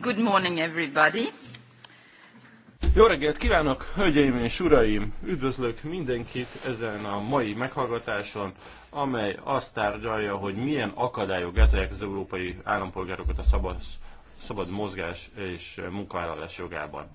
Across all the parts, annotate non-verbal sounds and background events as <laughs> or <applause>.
Good morning, everybody. Jó reggelt kívánok, hölgyeim és uraim! Üdvözlök mindenkit ezen a mai meghallgatáson, amely azt tárgyalja, hogy milyen akadályok gátolják az európai állampolgárokat a szabad, szabad mozgás és munkavállalás jogában.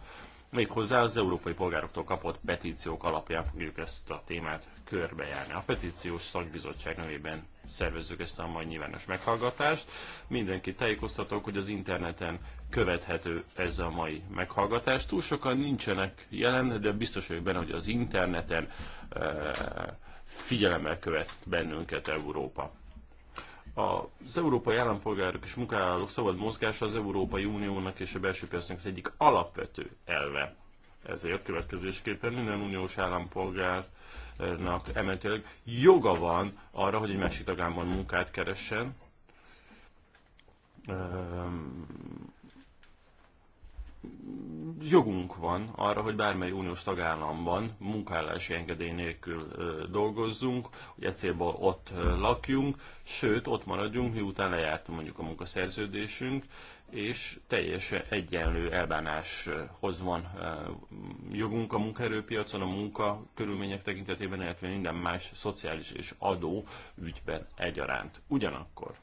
Méghozzá az európai polgároktól kapott petíciók alapján fogjuk ezt a témát körbejárni. A petíciós szakbizottság nevében szervezzük ezt a mai nyilvános meghallgatást. Mindenki tájékoztatok, hogy az interneten követhető ez a mai meghallgatás. Túl sokan nincsenek jelen, de biztos vagyok benne, hogy az interneten eh, figyelemmel követ bennünket Európa. Az európai állampolgárok és munkavállalók szabad mozgása az Európai Uniónak és a belső piacnak az egyik alapvető elve. Ezért következésképpen minden uniós állampolgár tagállamnak emeltőleg joga van arra, hogy egy másik tagállamban munkát keressen jogunk van arra, hogy bármely uniós tagállamban munkállási engedély nélkül dolgozzunk, hogy egy célból ott lakjunk, sőt, ott maradjunk, miután lejárt mondjuk a munkaszerződésünk, és teljes egyenlő elbánáshoz van jogunk a munkaerőpiacon, a munka körülmények tekintetében, illetve minden más szociális és adó ügyben egyaránt. Ugyanakkor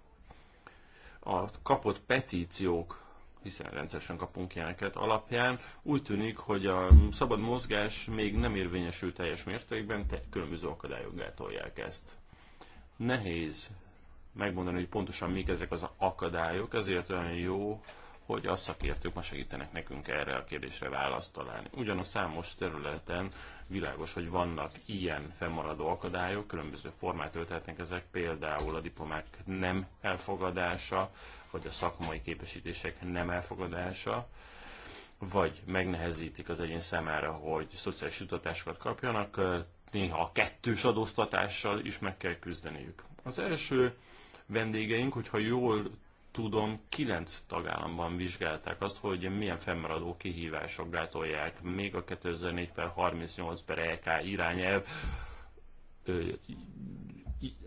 a kapott petíciók hiszen rendszeresen kapunk ilyeneket alapján. Úgy tűnik, hogy a szabad mozgás még nem érvényesül teljes mértékben, te különböző akadályok gátolják ezt. Nehéz megmondani, hogy pontosan mik ezek az akadályok, ezért olyan jó, hogy a szakértők ma segítenek nekünk erre a kérdésre választ találni. a számos területen világos, hogy vannak ilyen fennmaradó akadályok, különböző formát ölthetnek ezek, például a diplomák nem elfogadása, vagy a szakmai képesítések nem elfogadása, vagy megnehezítik az egyén számára, hogy szociális jutatásokat kapjanak, néha a kettős adóztatással is meg kell küzdeniük. Az első vendégeink, hogyha jól tudom, kilenc tagállamban vizsgálták azt, hogy milyen fennmaradó kihívások gátolják még a 2004 per 38 per EK irányelv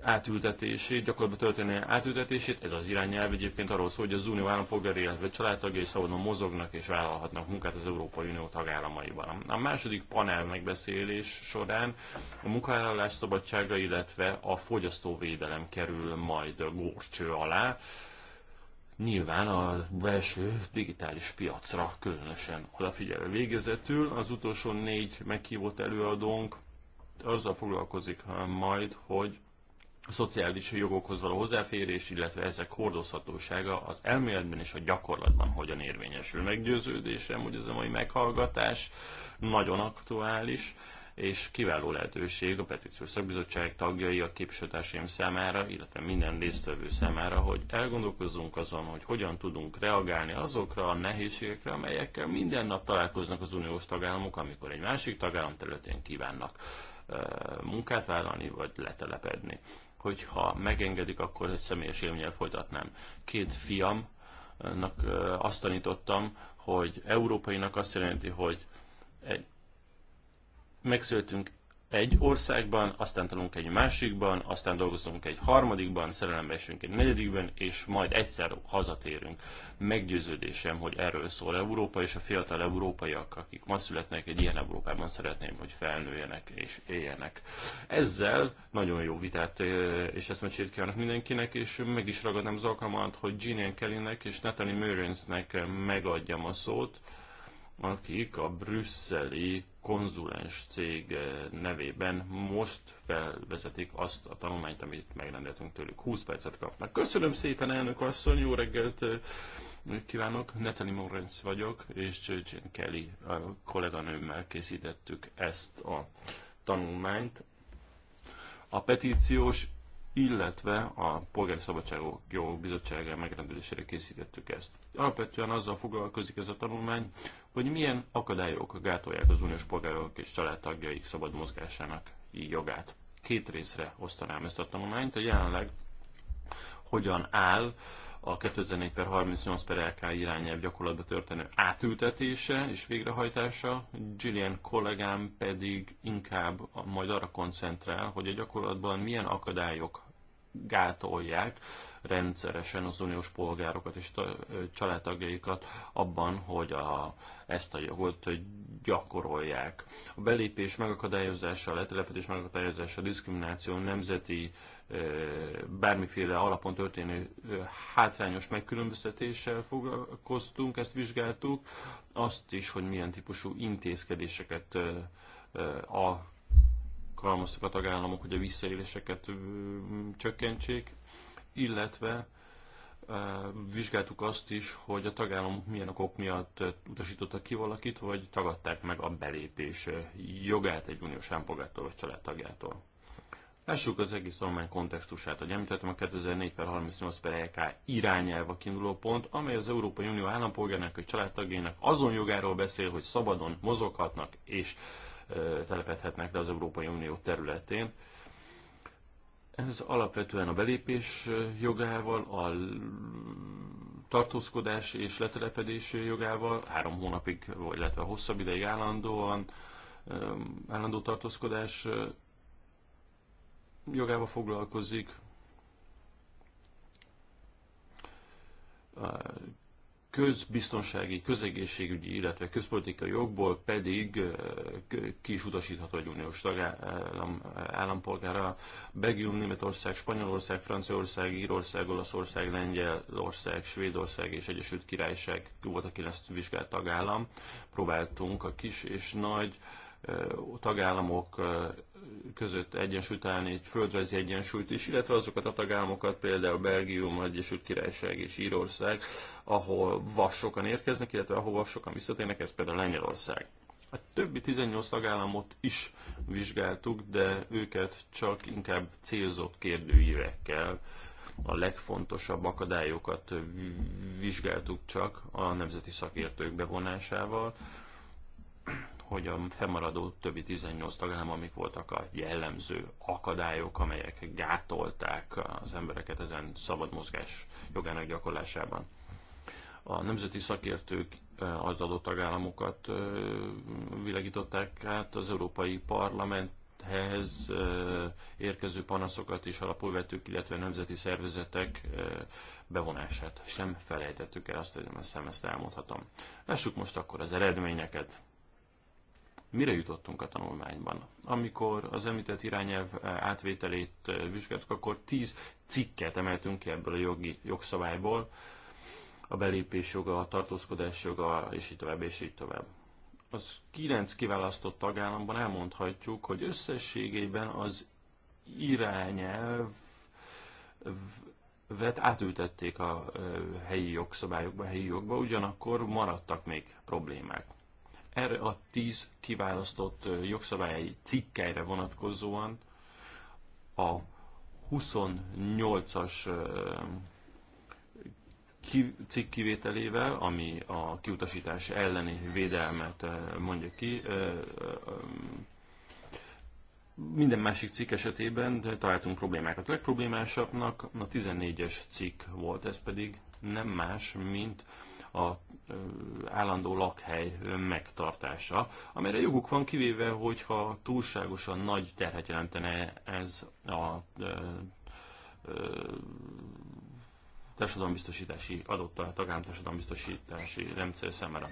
átültetését, gyakorlatban történő átültetését. Ez az irányelv egyébként arról szól, hogy az unió állampolgári, illetve családtagjai szabadon mozognak és vállalhatnak munkát az Európai Unió tagállamaiban. A második panel megbeszélés során a munkavállalás szabadsága, illetve a fogyasztóvédelem kerül majd górcső alá. Nyilván a belső digitális piacra különösen odafigyelő végezetül. Az utolsó négy meghívott előadónk azzal foglalkozik majd, hogy a szociális jogokhoz való hozzáférés, illetve ezek hordozhatósága az elméletben és a gyakorlatban hogyan érvényesül. Meggyőződésem, hogy ez a mai meghallgatás nagyon aktuális, és kiváló lehetőség a Petíciós Szakbizottság tagjai, a képviselőtársaim számára, illetve minden résztvevő számára, hogy elgondolkozzunk azon, hogy hogyan tudunk reagálni azokra a nehézségekre, amelyekkel minden nap találkoznak az uniós tagállamok, amikor egy másik tagállam területén kívánnak munkát vállalni, vagy letelepedni hogyha megengedik, akkor egy személyes élménnyel folytatnám. Két fiamnak azt tanítottam, hogy európainak azt jelenti, hogy egy, megszültünk egy országban, aztán tanulunk egy másikban, aztán dolgozunk egy harmadikban, szerelembe esünk egy negyedikben, és majd egyszer hazatérünk. Meggyőződésem, hogy erről szól Európa, és a fiatal európaiak, akik ma születnek, egy ilyen Európában szeretném, hogy felnőjenek és éljenek. Ezzel nagyon jó vitát és eszmecsét kívánok mindenkinek, és meg is ragadnám az alkalmat, hogy Gillian Kellynek és Natalie Murrensnek megadjam a szót akik a brüsszeli konzulens cég eh, nevében most felvezetik azt a tanulmányt, amit megrendeltünk tőlük. 20 percet kapnak. Köszönöm szépen, elnök asszony, jó reggelt eh, kívánok. Natalie Morenz vagyok, és Jane Kelly a kolléganőmmel készítettük ezt a tanulmányt. A petíciós illetve a Polgári Szabadságok Jogok Bizottsága megrendelésére készítettük ezt. Alapvetően azzal foglalkozik ez a tanulmány, hogy milyen akadályok gátolják az uniós polgárok és családtagjaik szabad mozgásának jogát. Két részre osztanám ezt a tanulmányt, a jelenleg hogyan áll a 2004 per 38 per LK irányelv gyakorlatba történő átültetése és végrehajtása, Gillian kollégám pedig inkább majd arra koncentrál, hogy a gyakorlatban milyen akadályok gátolják rendszeresen az uniós polgárokat és családtagjaikat abban, hogy a, ezt a jogot gyakorolják. A belépés megakadályozása, a letelepedés megakadályozása, a diszkrimináció, nemzeti bármiféle alapon történő hátrányos megkülönböztetéssel foglalkoztunk, ezt vizsgáltuk, azt is, hogy milyen típusú intézkedéseket a alkalmaztak a tagállamok, hogy a visszaéléseket csökkentsék, illetve vizsgáltuk azt is, hogy a tagállamok milyen okok miatt utasítottak ki valakit, vagy tagadták meg a belépés jogát egy uniós állampolgártól vagy családtagjától. Lássuk az egész tanulmány kontextusát, hogy említettem a 2004 per 38 per EK irányelva kiinduló pont, amely az Európai Unió állampolgárnak vagy családtagjának azon jogáról beszél, hogy szabadon mozoghatnak és telepedhetnek le az Európai Unió területén. Ez alapvetően a belépés jogával, a tartózkodás és letelepedés jogával, három hónapig, vagy illetve hosszabb ideig állandóan, állandó tartózkodás jogával foglalkozik, közbiztonsági, közegészségügyi, illetve közpolitikai jogból pedig eh, ki is utasítható egy uniós tagállam eh, eh, állampolgára. Belgium, Németország, Spanyolország, Franciaország, Írország, Olaszország, Lengyelország, Svédország és Egyesült Királyság volt a ezt vizsgált tagállam. Próbáltunk a kis és nagy tagállamok között egyensúlyt állni, egy földrajzi egyensúlyt is, illetve azokat a tagállamokat, például Belgium, Egyesült Királyság és Írország, ahol vassokan érkeznek, illetve ahova sokan visszatérnek, ez például Lengyelország. A többi 18 tagállamot is vizsgáltuk, de őket csak inkább célzott kérdőívekkel a legfontosabb akadályokat vizsgáltuk csak a nemzeti szakértők bevonásával hogy a fennmaradó többi 18 tagállam, amik voltak a jellemző akadályok, amelyek gátolták az embereket ezen szabad mozgás jogának gyakorlásában. A nemzeti szakértők eh, az adott tagállamokat eh, világították át, az Európai Parlamenthez eh, érkező panaszokat is alapul vettük, illetve nemzeti szervezetek bevonását sem felejtettük el, azt hiszem, ezt elmondhatom. Lássuk most akkor az eredményeket. Mire jutottunk a tanulmányban? Amikor az említett irányelv átvételét eh, vizsgáltuk, akkor tíz cikket emeltünk ki ebből a jogi jogszabályból, a belépés joga, a tartózkodás joga, és így tovább, és így tovább. Az kilenc kiválasztott tagállamban elmondhatjuk, hogy összességében az irányelv vet átültették a eh, helyi jogszabályokba, a helyi jogba, ugyanakkor maradtak még problémák erre a tíz kiválasztott jogszabályi cikkeire vonatkozóan a 28-as cikk kivételével, ami a kiutasítás elleni védelmet mondja ki, minden másik cikk esetében találtunk problémákat. A legproblémásabbnak a 14-es cikk volt, ez pedig nem más, mint a állandó lakhely megtartása, amelyre joguk van kivéve, hogyha túlságosan nagy terhet jelentene ez a társadalombiztosítási adott a tagállam társadalombiztosítási rendszer számára.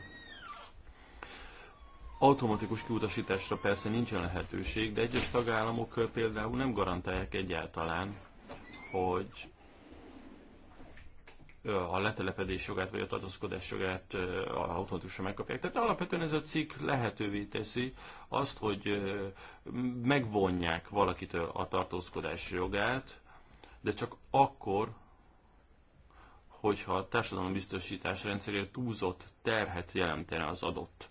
Automatikus kiutasításra persze nincsen lehetőség, de egyes tagállamok például nem garantálják egyáltalán, hogy a letelepedés jogát vagy a tartózkodás jogát automatikusan megkapják. Tehát alapvetően ez a cikk lehetővé teszi azt, hogy megvonják valakitől a tartózkodás jogát, de csak akkor, hogyha a társadalombiztosítás rendszerére túlzott terhet jelentene az adott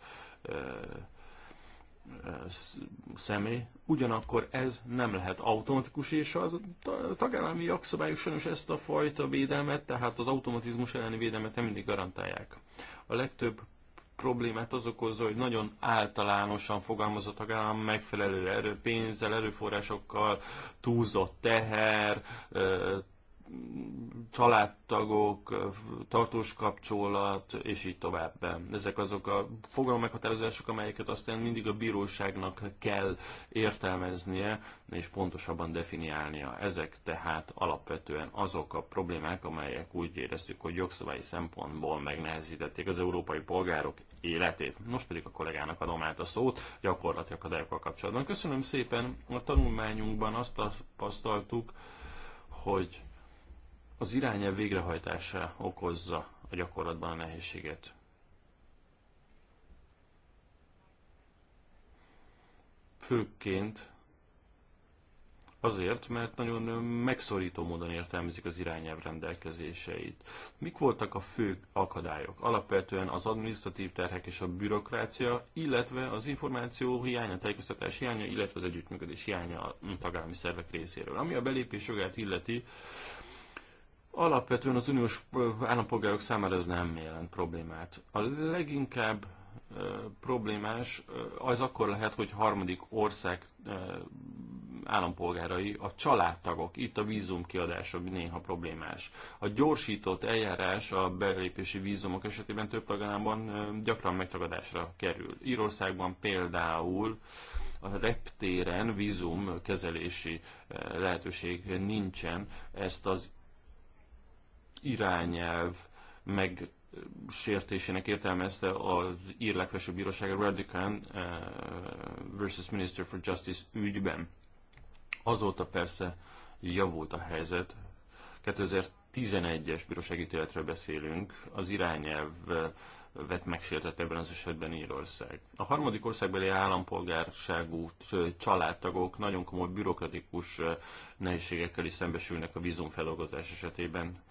személy, ugyanakkor ez nem lehet automatikus, és az tagállami jogszabályok sajnos ezt a fajta védelmet, tehát az automatizmus elleni védelmet nem mindig garantálják. A legtöbb problémát az okozza, hogy nagyon általánosan fogalmaz a tagállam megfelelő erő, pénzzel, erőforrásokkal, túlzott teher, családtagok, tartós kapcsolat, és így tovább. Ezek azok a fogalommeghatározások, amelyeket aztán mindig a bíróságnak kell értelmeznie, és pontosabban definiálnia. Ezek tehát alapvetően azok a problémák, amelyek úgy éreztük, hogy jogszabályi szempontból megnehezítették az európai polgárok életét. Most pedig a kollégának adom át a szót gyakorlati akadályokkal kapcsolatban. Köszönöm szépen, a tanulmányunkban azt tapasztaltuk, hogy az irányelv végrehajtása okozza a gyakorlatban a nehézséget. Főként Azért, mert nagyon megszorító módon értelmezik az irányelv rendelkezéseit. Mik voltak a fő akadályok? Alapvetően az administratív terhek és a bürokrácia, illetve az információ hiánya, tájékoztatás hiánya, illetve az együttműködés hiánya a tagállami szervek részéről. Ami a belépés jogát illeti, Alapvetően az uniós állampolgárok számára ez nem jelent problémát. A leginkább problémás az akkor lehet, hogy harmadik ország állampolgárai, a családtagok, itt a vízum kiadása néha problémás. A gyorsított eljárás a belépési vízumok esetében több tagállamban gyakran megtagadásra kerül. Írországban például a reptéren vízum kezelési lehetőség nincsen, ezt az irányelv sértésének értelmezte az ír legfelsőbb bíróság Radican eh, versus Minister for Justice ügyben. Azóta persze javult a helyzet. 2011-es bíróságítéletről beszélünk, az irányelv eh, vett megsértett ebben az esetben Írország. A harmadik országbeli állampolgárságú eh, családtagok nagyon komoly bürokratikus nehézségekkel is szembesülnek a vízumfelolgozás esetében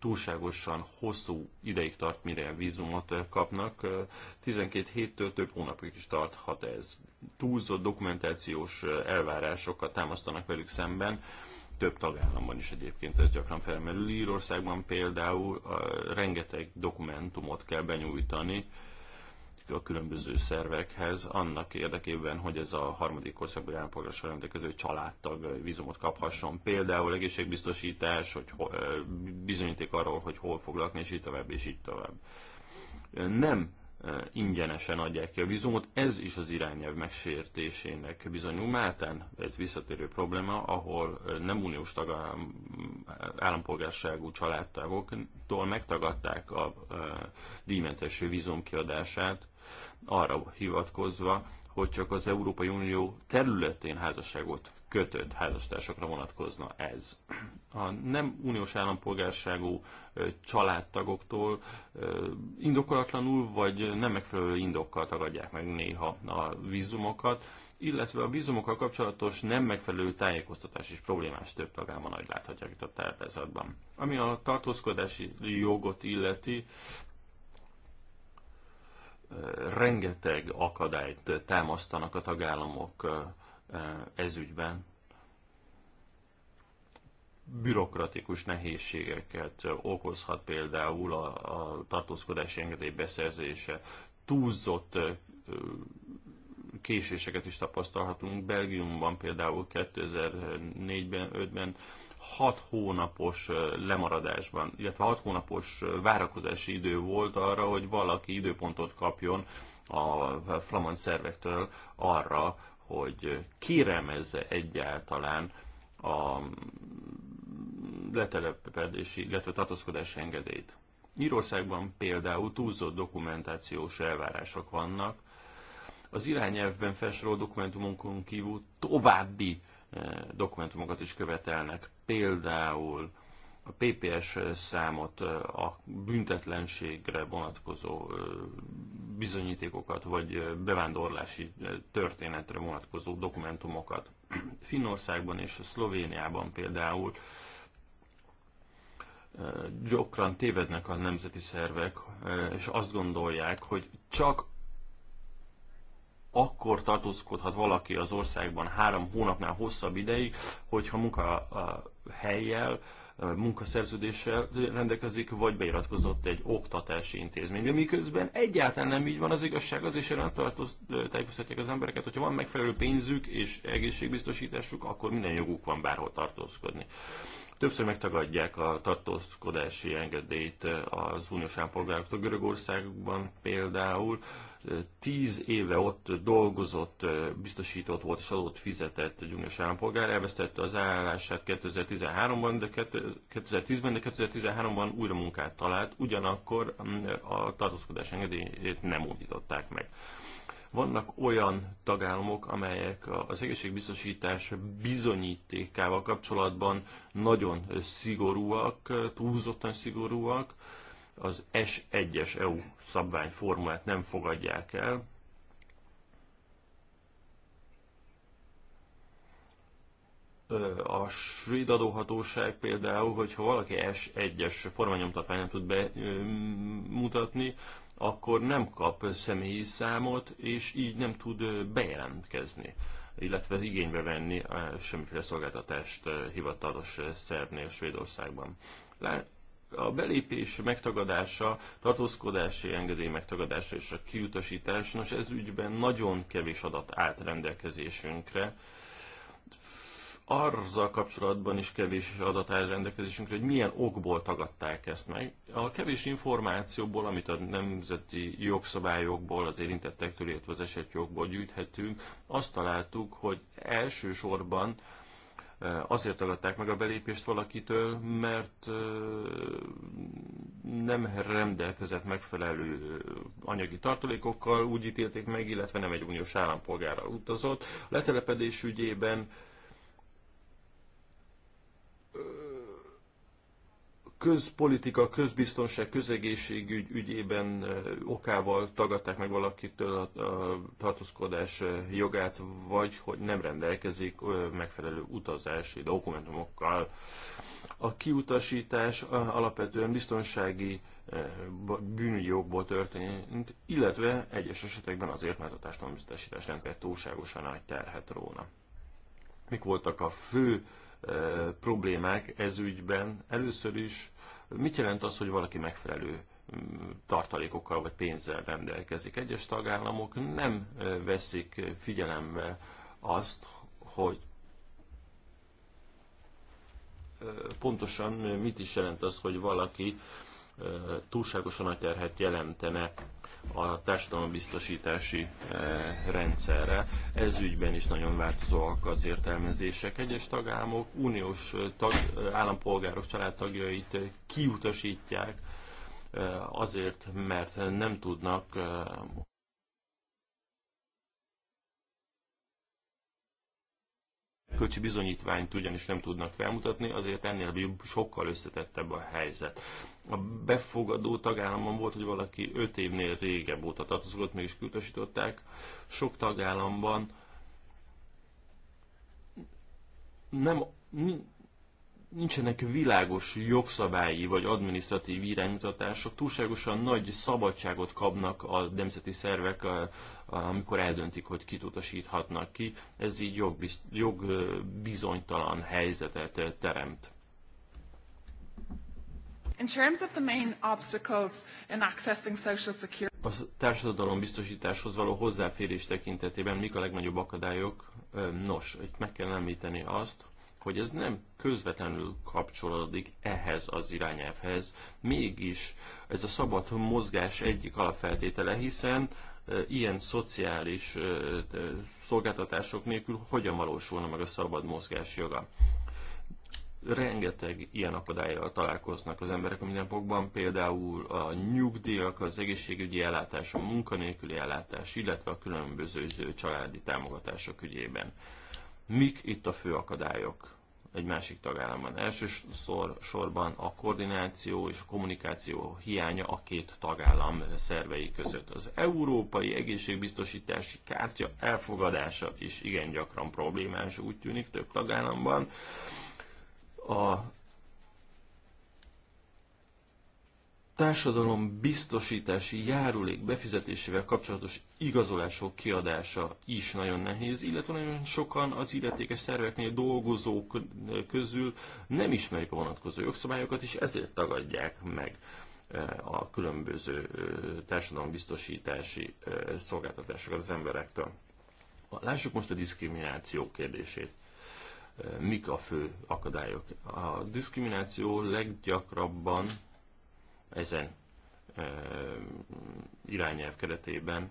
túlságosan hosszú ideig tart, mire vízumot kapnak. 12 héttől több hónapig is tarthat ez. Túlzott dokumentációs elvárásokat támasztanak velük szemben, több tagállamban is egyébként ez gyakran felmerül. Írországban például rengeteg dokumentumot kell benyújtani, a különböző szervekhez annak érdekében, hogy ez a harmadik országból állampolgárság rendelkező családtag vízumot kaphasson. Például egészségbiztosítás, hogy ho, bizonyíték arról, hogy hol fog lakni, és így tovább, és így tovább. Nem ingyenesen adják ki a vízumot, ez is az irányelv megsértésének bizonyul. Máltán ez visszatérő probléma, ahol nem uniós tag állampolgárságú családtagoktól megtagadták a díjmentes vízum kiadását, arra hivatkozva, hogy csak az Európai Unió területén házasságot kötött házastársakra vonatkozna ez. A nem uniós állampolgárságú családtagoktól indokolatlanul vagy nem megfelelő indokkal tagadják meg néha a vízumokat, illetve a vízumokkal kapcsolatos nem megfelelő tájékoztatás is problémás több tagában, ahogy láthatják itt a tárgyázatban. Ami a tartózkodási jogot illeti, rengeteg akadályt támasztanak a tagállamok ezügyben. Bürokratikus nehézségeket okozhat például a, a tartózkodási engedély beszerzése, túlzott késéseket is tapasztalhatunk. Belgiumban például 2004-ben, 5-ben 6 hónapos lemaradásban, illetve 6 hónapos várakozási idő volt arra, hogy valaki időpontot kapjon a flamand szervektől arra, hogy kiremezze egyáltalán a letelepedési, illetve tartózkodási engedélyt. Írországban például túlzott dokumentációs elvárások vannak, az irányelvben felsorolt dokumentumokon kívül további dokumentumokat is követelnek. Például a PPS számot, a büntetlenségre vonatkozó bizonyítékokat, vagy bevándorlási történetre vonatkozó dokumentumokat. <clears throat> Finnországban és Szlovéniában például gyakran tévednek a nemzeti szervek, és azt gondolják, hogy csak akkor tartózkodhat valaki az országban három hónapnál hosszabb ideig, hogyha munkahelyjel, munkaszerződéssel rendelkezik, vagy beiratkozott egy oktatási intézménybe. Miközben egyáltalán nem így van az igazság, az is jelent tartóztatják az embereket, hogyha van megfelelő pénzük és egészségbiztosításuk, akkor minden joguk van bárhol tartózkodni. Többször megtagadják a tartózkodási engedélyt az uniós állampolgároktól Görögországban például. Tíz éve ott dolgozott, biztosított volt és adott fizetett egy uniós állampolgár, elvesztette az állását 2013-ban, de 2010-ben, de 2013-ban újra munkát talált, ugyanakkor mm, a tartózkodás engedélyét nem újították meg. Vannak olyan tagállamok, amelyek az egészségbiztosítás bizonyítékával kapcsolatban nagyon szigorúak, túlzottan szigorúak, az S1-es EU szabványformulát nem fogadják el, a svéd adóhatóság például, hogyha valaki S1-es formanyomtatványt tud bemutatni, akkor nem kap személyi számot, és így nem tud bejelentkezni, illetve igénybe venni semmiféle szolgáltatást hivatalos szervnél Svédországban. A belépés megtagadása, tartózkodási engedély megtagadása és a kiutasítás, nos ez ügyben nagyon kevés adat állt rendelkezésünkre, azzal kapcsolatban is kevés adat áll rendelkezésünkre, hogy milyen okból tagadták ezt meg. A kevés információból, amit a nemzeti jogszabályokból, az érintettektől, illetve az esetjogból gyűjthetünk, azt találtuk, hogy elsősorban eh, azért tagadták meg a belépést valakitől, mert eh, nem rendelkezett megfelelő eh, anyagi tartalékokkal, úgy ítélték meg, illetve nem egy uniós állampolgárral utazott. A letelepedés ügyében közpolitika, közbiztonság, közegészségügy ügyében eh, okával tagadták meg valakitől a tartózkodás eh, jogát, vagy hogy nem rendelkezik eh, megfelelő utazási dokumentumokkal. A kiutasítás alapvetően biztonsági bűnügyi jogból történt, illetve egyes esetekben azért, mert a társadalmi biztosítás rendkívül túlságosan nagy terhet róna. Mik voltak a fő problémák ez ügyben. Először is mit jelent az, hogy valaki megfelelő mm, tartalékokkal vagy pénzzel rendelkezik. Egyes tagállamok nem veszik figyelembe azt, hogy pontosan mit is jelent az, hogy valaki túlságosan nagy terhet jelentene a társadalombiztosítási eh, rendszerre. Ez ügyben is nagyon változóak az értelmezések. Egyes tagállamok uniós eh, tag, eh, állampolgárok családtagjait kiutasítják azért, mert nem tudnak erkölcsi bizonyítványt ugyanis nem tudnak felmutatni, azért ennél sokkal összetettebb a helyzet. A befogadó tagállamban volt, hogy valaki 5 évnél régebb óta tartozott, mégis kiutasították. Sok tagállamban nem nincsenek világos jogszabályi vagy adminisztratív iránymutatások, túlságosan nagy szabadságot kapnak a nemzeti szervek, amikor eldöntik, hogy kit utasíthatnak ki. Ez így jogbizonytalan helyzetet teremt. In terms of the main obstacles in accessing social security, a társadalom biztosításhoz való hozzáférés tekintetében mik a legnagyobb akadályok? Nos, itt meg kell említeni azt, hogy ez nem közvetlenül kapcsolódik ehhez az irányelvhez, mégis ez a szabad mozgás egyik alapfeltétele, hiszen ilyen szociális szolgáltatások nélkül hogyan valósulna meg a szabad mozgás joga. Rengeteg ilyen akadályjal találkoznak az emberek a mindennapokban, például a nyugdíjak, az egészségügyi ellátás, a munkanélküli ellátás, illetve a különböző családi támogatások ügyében. Mik itt a fő akadályok egy másik tagállamban? Elsősorban sorban a koordináció és a kommunikáció hiánya a két tagállam szervei között. Az európai egészségbiztosítási kártya elfogadása is igen gyakran problémás, úgy tűnik több tagállamban. A társadalom biztosítási járulék befizetésével kapcsolatos igazolások kiadása is nagyon nehéz, illetve nagyon sokan az illetékes szerveknél dolgozók közül nem ismerik a vonatkozó jogszabályokat, és ezért tagadják meg eh, a különböző eh, társadalombiztosítási eh, szolgáltatásokat az emberektől. Lássuk most a diszkrimináció kérdését mik a fő akadályok. A diszkrimináció leggyakrabban ezen irányelv keretében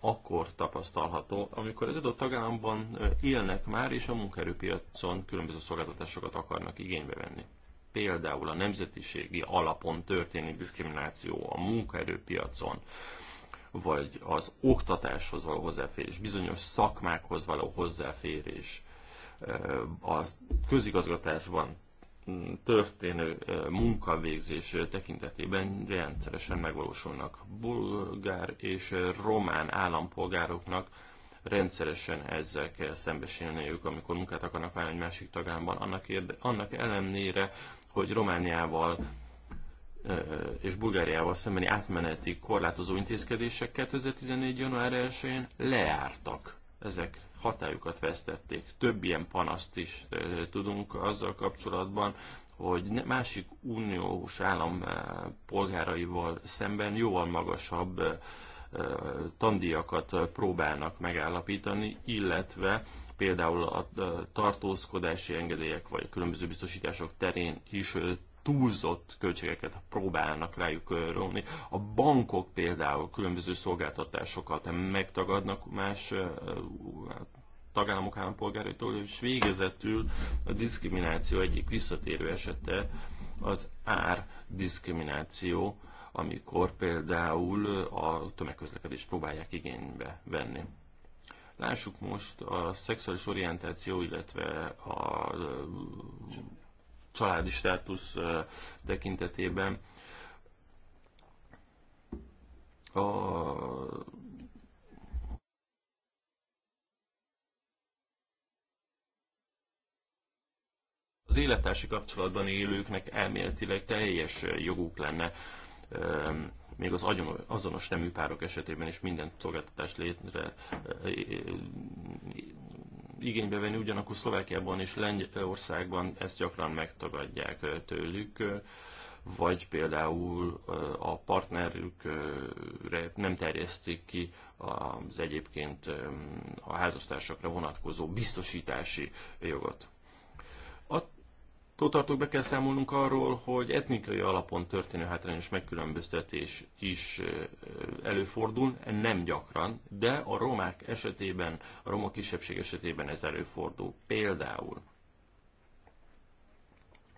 akkor tapasztalható, amikor egy adott tagállamban élnek már, és a munkaerőpiacon különböző szolgáltatásokat akarnak igénybe venni. Például a nemzetiségi alapon történik diszkrimináció a munkaerőpiacon, vagy az oktatáshoz való hozzáférés, bizonyos szakmákhoz való hozzáférés, a közigazgatásban történő munkavégzés tekintetében rendszeresen megvalósulnak. Bulgár és román állampolgároknak rendszeresen ezzel kell szembesülniük, amikor munkát akarnak válni egy másik tagállamban, annak, érde, annak ellenére, hogy Romániával és Bulgáriával szembeni átmeneti korlátozó intézkedések 2014. január 1-én leártak. Ezek hatályukat vesztették. Több ilyen panaszt is tudunk azzal kapcsolatban, hogy másik uniós állam polgáraival szemben jóval magasabb tandíjakat próbálnak megállapítani, illetve például a tartózkodási engedélyek vagy a különböző biztosítások terén is túlzott költségeket próbálnak rájuk róni. A bankok például különböző szolgáltatásokat megtagadnak más tagállamok állampolgáraitól, és végezetül a diszkrimináció egyik visszatérő esete az ár diszkrimináció, amikor például a tömegközlekedést próbálják igénybe venni. Lássuk most a szexuális orientáció, illetve a családi státusz tekintetében a az élettársi kapcsolatban élőknek elméletileg teljes joguk lenne még az azonos nemű párok esetében is minden szolgáltatást létre igénybe venni, ugyanakkor Szlovákiában és Lengyelországban ezt gyakran megtagadják tőlük, vagy például a partnerükre nem terjesztik ki az egyébként a házastársakra vonatkozó biztosítási jogot. Tótartók be kell számolnunk arról, hogy etnikai alapon történő hátrányos megkülönböztetés is előfordul, nem gyakran, de a romák esetében, a roma kisebbség esetében ez előfordul. Például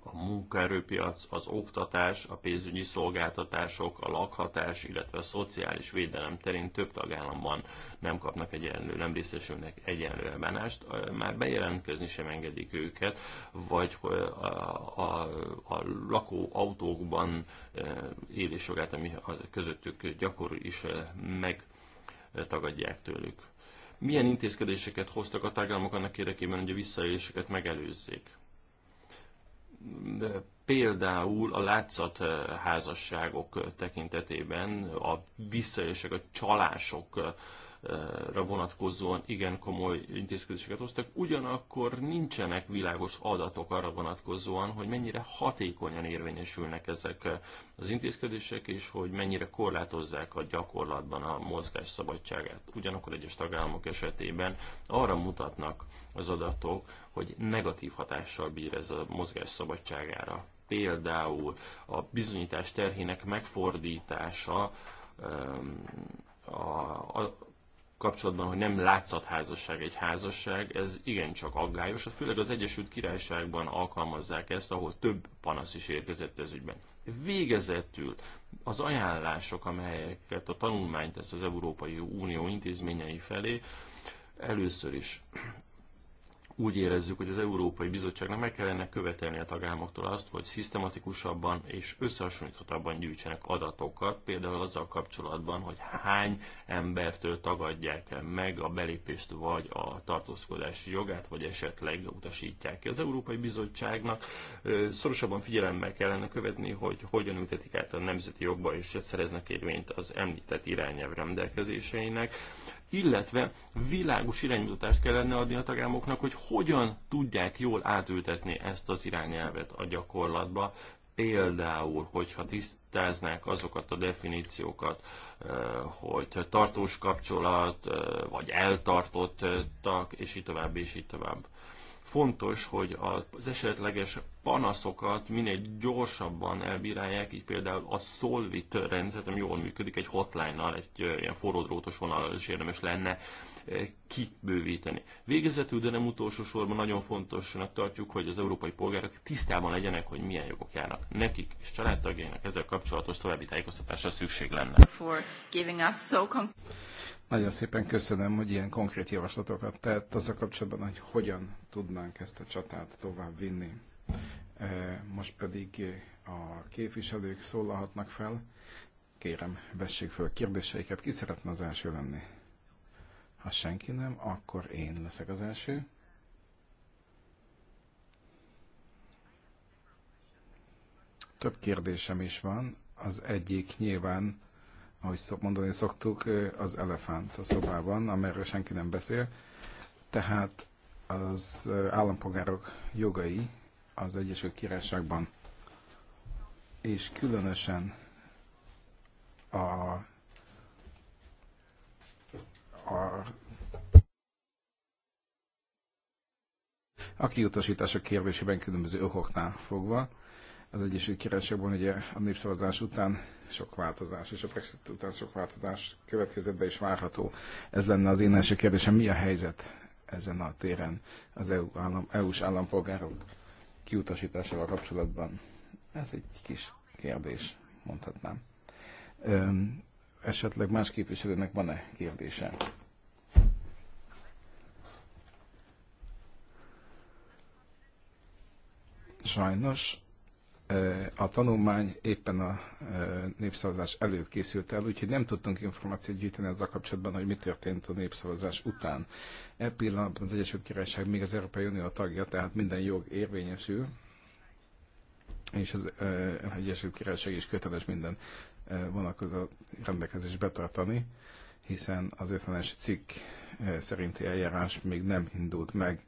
a munkaerőpiac, az oktatás, a pénzügyi szolgáltatások, a lakhatás, illetve a szociális védelem terén több tagállamban nem kapnak egyenlő, nem részesülnek egyenlő elbánást, már bejelentkezni sem engedik őket, vagy a, a, a lakó autókban élés jogát, ami közöttük gyakori is megtagadják tőlük. Milyen intézkedéseket hoztak a tagállamok annak érdekében, hogy a visszaéléseket megelőzzék? például a látszat eh, házasságok tekintetében a visszaélések, a csalások eh, ra vonatkozóan igen komoly intézkedéseket hoztak, ugyanakkor nincsenek világos adatok arra vonatkozóan, hogy mennyire hatékonyan érvényesülnek ezek az intézkedések, és hogy mennyire korlátozzák a gyakorlatban a mozgás szabadságát. Ugyanakkor egyes tagállamok esetében arra mutatnak az adatok, hogy negatív hatással bír ez a mozgás szabadságára. Például a bizonyítás terhének megfordítása a, a kapcsolatban, hogy nem látszatházasság egy házasság, ez igencsak aggályos, hát főleg az Egyesült Királyságban alkalmazzák ezt, ahol több panasz is érkezett ez ügyben. Végezetül az ajánlások, amelyeket a tanulmányt tesz az Európai Unió intézményei felé, először is úgy érezzük, hogy az Európai Bizottságnak meg kellene követelni a tagállamoktól azt, hogy szisztematikusabban és összehasonlíthatóbban gyűjtsenek adatokat, például azzal kapcsolatban, hogy hány embertől tagadják meg a belépést vagy a tartózkodási jogát, vagy esetleg utasítják ki. Az Európai Bizottságnak szorosabban figyelemmel kellene követni, hogy hogyan ültetik át a nemzeti jogba, és szereznek érvényt az említett irányelv rendelkezéseinek illetve világos iránymutatást kellene adni a tagállamoknak, hogy hogyan tudják jól átültetni ezt az irányelvet a gyakorlatba, például, hogyha tisztáznák azokat a definíciókat, eh, hogy tartós kapcsolat, eh, vagy eltartott tag, és így tovább, és így tovább. Fontos, hogy az esetleges panaszokat minél gyorsabban elbírálják, így például a Solvit rendszer, ami jól működik, egy hotline-nal, egy ilyen forródrótos vonal is érdemes lenne kibővíteni. Végezetül, de nem utolsó sorban nagyon fontosnak tartjuk, hogy az európai polgárok tisztában legyenek, hogy milyen jogok járnak nekik és családtagjainak ezzel kapcsolatos további tájékoztatásra szükség lenne. Nagyon szépen köszönöm, hogy ilyen konkrét javaslatokat tett az a kapcsolatban, hogy hogyan tudnánk ezt a csatát tovább vinni. E, most pedig a képviselők szólalhatnak fel. Kérem, vessék föl kérdéseiket. Ki szeretne az első lenni? Ha senki nem, akkor én leszek az első. Több kérdésem is van. Az egyik nyilván ahogy mondani szoktuk, az elefánt a szobában, amelyről senki nem beszél. Tehát az állampolgárok jogai az Egyesült Királyságban, és különösen a, a a kiutasítások kérdésében különböző okoknál fogva az Egyesült Királyságban ugye a népszavazás után sok változás, és a Brexit után sok változás következett be is várható. Ez lenne az én első kérdésem, mi a helyzet ezen a téren az EU állam, EU-s állampolgárok kiutasításával kapcsolatban? Ez egy kis kérdés, mondhatnám. Öm, esetleg más képviselőnek van-e kérdése? Sajnos a tanulmány éppen a népszavazás előtt készült el, úgyhogy nem tudtunk információt gyűjteni a kapcsolatban, hogy mi történt a népszavazás után. E pillanatban az Egyesült Királyság még az Európai Unió tagja, tehát minden jog érvényesül, és az Egyesült Királyság is köteles minden vonatkozó rendelkezést betartani, hiszen az 50-es cikk szerinti eljárás még nem indult meg,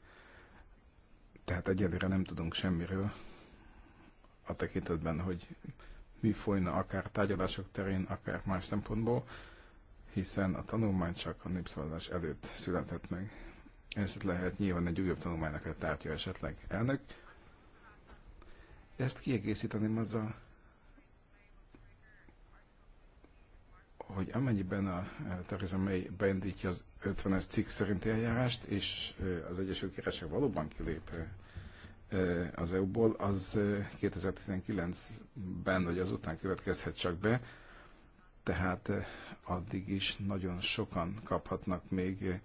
tehát egyelőre nem tudunk semmiről a tekintetben, hogy mi folyna akár tárgyalások terén, akár más szempontból, hiszen a tanulmány csak a népszavazás előtt született meg. Ez lehet nyilván egy újabb tanulmánynak a tárgya esetleg elnök. Ezt kiegészíteném azzal, hogy amennyiben a eh, Theresa May beindítja az 50-es cikk szerinti eljárást, és eh, az Egyesült Királyság valóban kilép eh, az EU-ból, az 2019-ben vagy azután következhet csak be, tehát addig is nagyon sokan kaphatnak még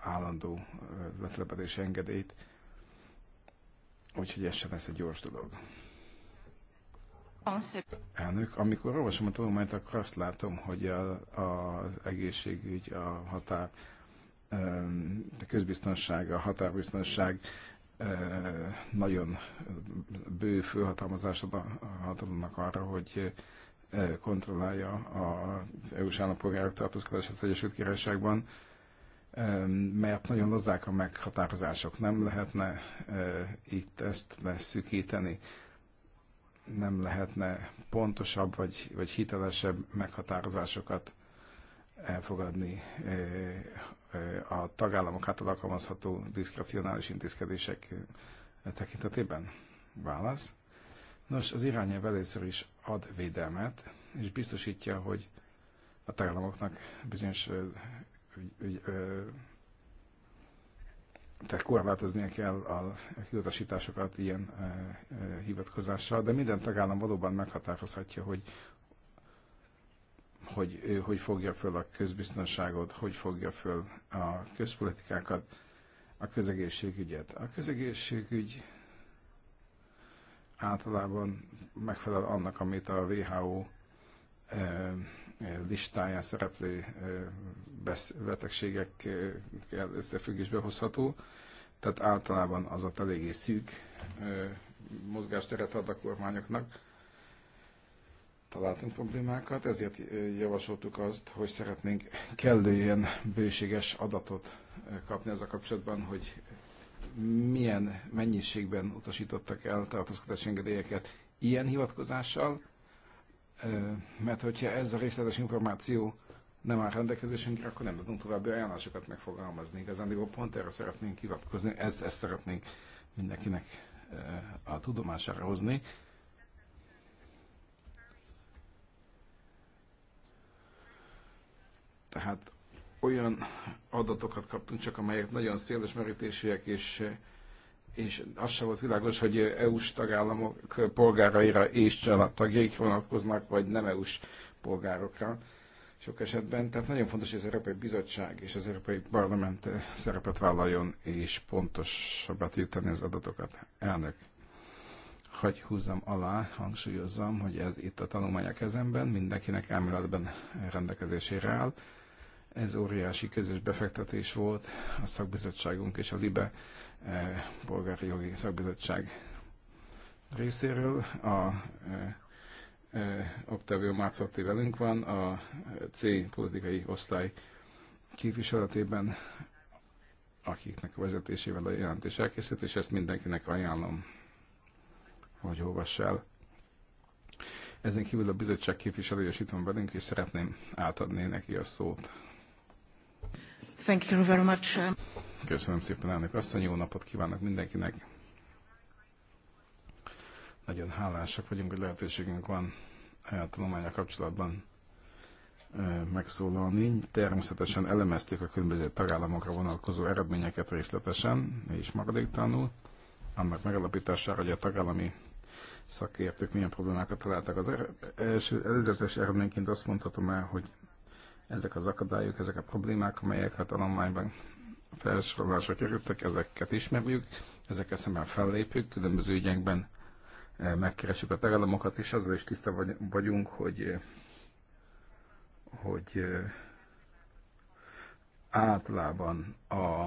állandó letelepedési engedélyt, úgyhogy ez sem lesz egy gyors dolog. Elnök, amikor olvasom a tanulmányt, akkor azt látom, hogy az egészségügy, a határ, a közbiztonság, a határbiztonság nagyon bő főhatalmazása a hatalomnak arra, hogy kontrollálja az EU-s állampolgárok tartózkodását az Egyesült Királyságban, mert nagyon lazzák a meghatározások. Nem lehetne itt ezt leszűkíteni, nem lehetne pontosabb vagy, vagy hitelesebb meghatározásokat elfogadni Eh, a tagállamok által alkalmazható diszkrecionális intézkedések eh, tekintetében? Válasz. Nos, az irányelv először is ad védelmet, és biztosítja, hogy a tagállamoknak bizonyos eh, tehát korlátoznia kell a kiutasításokat ilyen hivatkozással, de minden tagállam valóban meghatározhatja, hogy hogy hogy fogja föl a közbiztonságot, hogy fogja föl a közpolitikákat, a közegészségügyet. A közegészségügy általában megfelel annak, amit a WHO listáján szereplő betegségekkel összefüggésbe hozható, tehát általában az ott eléggé szűk mozgásteret ad a kormányoknak, találtunk problémákat, ezért javasoltuk azt, hogy szeretnénk kellően bőséges adatot kapni ezzel kapcsolatban, hogy milyen mennyiségben utasítottak el tartózkodási engedélyeket ilyen hivatkozással, mert hogyha ez a részletes információ nem áll rendelkezésünkre, akkor nem tudunk további ajánlásokat megfogalmazni. Igazán, pont erre szeretnénk hivatkozni, ezt, ezt szeretnénk mindenkinek a tudomására hozni, Tehát olyan adatokat kaptunk csak, amelyek nagyon széles merítésűek, és, és az sem volt világos, hogy EU-s tagállamok polgáraira és családtagjaik vonatkoznak, vagy nem EU-s polgárokra sok esetben. Tehát nagyon fontos, hogy az Európai Bizottság és az Európai Parlament szerepet vállaljon, és pontosabbat jutani az adatokat. Elnök, Hogy húzzam alá, hangsúlyozzam, hogy ez itt a tanulmány a kezemben, mindenkinek elméletben rendelkezésére áll. Ez óriási közös befektetés volt a szakbizottságunk és a LIBE eh, polgári jogi szakbizottság részéről. A eh, eh, Octavio Márcotti velünk van, a C politikai osztály képviseletében, akiknek a vezetésével a jelentés elkészült, és ezt mindenkinek ajánlom, hogy olvass el. Ezen kívül a bizottság képviselője is itt van velünk, és szeretném átadni neki a szót. Thank you very much. Uh, Köszönöm szépen, elnök asszony, jó napot kívánok mindenkinek. Nagyon hálásak vagyunk, hogy lehetőségünk van a tanulmánya kapcsolatban megszólalni. Természetesen elemezték a különböző tagállamokra vonatkozó eredményeket részletesen és maradéktalanul, annak megalapítására, hogy a tagállami szakértők milyen problémákat találtak. Az er-, első előzetes eredményként azt mondhatom el, hogy ezek az akadályok, ezek a problémák, amelyek a hát tanulmányban felsorolásra kerültek, ezeket ismerjük, ezekkel szemben fellépünk, különböző ügyekben eh, megkeresjük a tagállamokat, és azzal is tiszta vagyunk, hogy, eh, hogy eh, általában a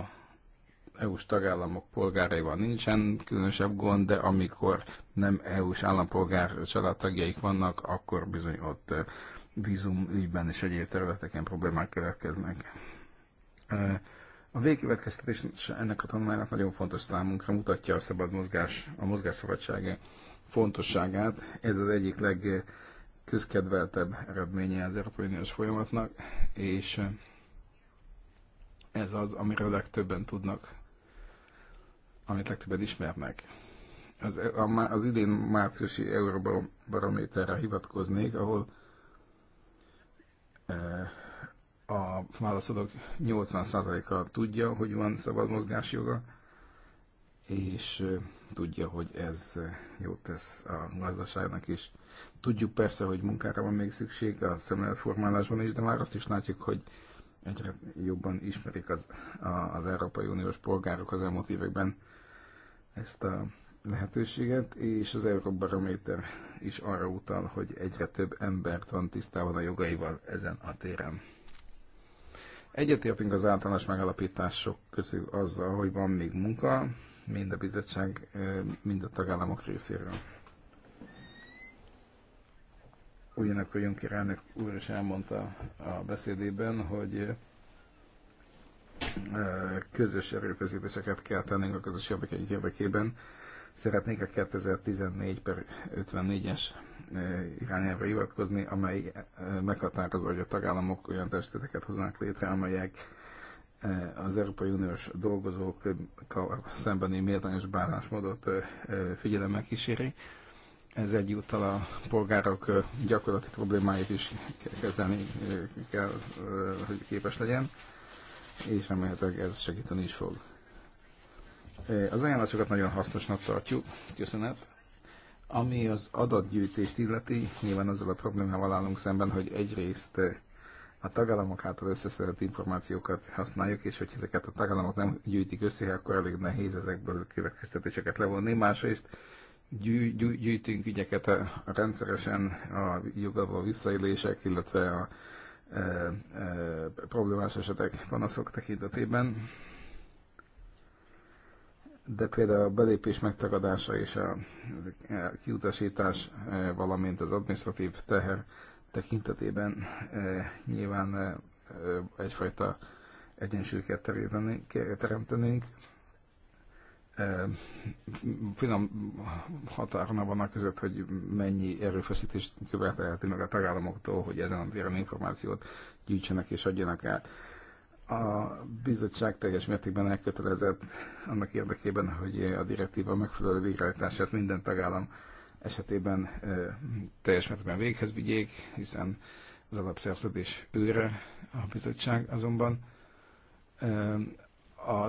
EU-s tagállamok polgáraival nincsen különösebb gond, de amikor nem EU-s állampolgár családtagjaik vannak, akkor bizony ott vízum ügyben és egyéb területeken problémák keletkeznek. A végkövetkeztetés ennek a tanulmánynak nagyon fontos számunkra, mutatja a szabad mozgás, a mozgásszabadság fontosságát. Ez az egyik legközkedveltebb eredménye az Európai Uniós folyamatnak, és ez az, amiről legtöbben tudnak, amit legtöbben ismernek. Az, a, az idén márciusi Euróbarométerre hivatkoznék, ahol a válaszadók 80%-a tudja, hogy van szabad mozgásjoga, és tudja, hogy ez jót tesz a gazdaságnak is. Tudjuk persze, hogy munkára van még szükség a szemléletformálásban is, de már azt is látjuk, hogy egyre jobban ismerik az, az Európai Uniós polgárok az elmúlt években ezt a lehetőséget, és az Euróbarométer is arra utal, hogy egyre több embert van tisztában a jogaival ezen a téren. Egyetértünk az általános megalapítások közül azzal, hogy van még munka, mind a bizottság, mind a tagállamok részéről. Ugyanakkor Juncker elnök úr is elmondta a beszédében, hogy közös erőfeszítéseket kell tennünk a közös érdekeink érdekében, Szeretnék a 2014 per 54-es eh, irányelvre hivatkozni, amely eh, meghatározza, hogy a tagállamok olyan testületeket hoznak létre, amelyek eh, az Európai Uniós dolgozók szembeni méltányos bánásmódot figyelemmel kíséri. Ez egyúttal a polgárok gyakorlati problémáit is kezelni kell, hogy képes legyen, és remélhetőleg ez segíteni is fog. Az ajánlásokat nagyon hasznosnak tartjuk. Köszönet. Ami az adatgyűjtést illeti, nyilván azzal a problémával állunk szemben, hogy egyrészt a tagállamok által összeszedett információkat használjuk, és hogy ezeket a tagállamok nem gyűjtik össze, akkor elég nehéz ezekből következtetéseket levonni. Másrészt gyű, gyű, gyűjtünk ügyeket a, a rendszeresen a jogalva visszaélések, illetve a e, e, problémás esetek panaszok tekintetében de például a belépés megtagadása és a kiutasítás, e, valamint az administratív teher tekintetében e, nyilván e, egyfajta egyensúlyt kell teremtenünk. Finom határon van a között, hogy mennyi erőfeszítést követelhetünk meg a tagállamoktól, hogy ezen a téren információt gyűjtsenek és adjanak át a bizottság teljes mértékben elkötelezett annak érdekében, hogy a direktíva megfelelő végrehajtását minden tagállam esetében teljes mértékben véghez vigyék, hiszen az alapszerződés őre a bizottság azonban a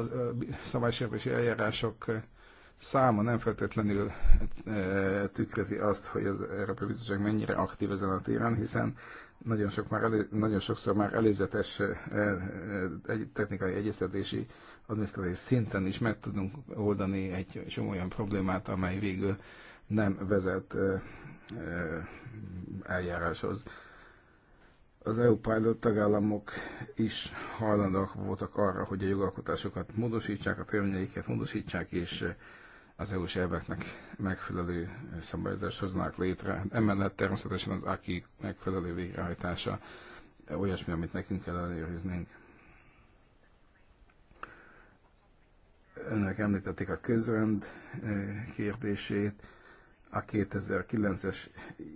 szabálysérvési eljárások száma nem feltétlenül tükrözi azt, hogy az Európai Bizottság mennyire aktív ezen a téren, hiszen nagyon, sok már elő, nagyon sokszor már előzetes eh, eh, egy technikai egyeztetési adminisztratív szinten is meg tudunk oldani egy csomó olyan problémát, amely végül nem vezet eh, eljáráshoz. Az EU pilot tagállamok is hajlandóak voltak arra, hogy a jogalkotásokat módosítsák, a törvényeiket módosítsák, és az EU-s érveknek megfelelő szabályozást hoznák létre. Emellett természetesen az AKI megfelelő végrehajtása olyasmi, amit nekünk kell elérőznünk. Önök említették a közrend eh, kérdését, a 2009-es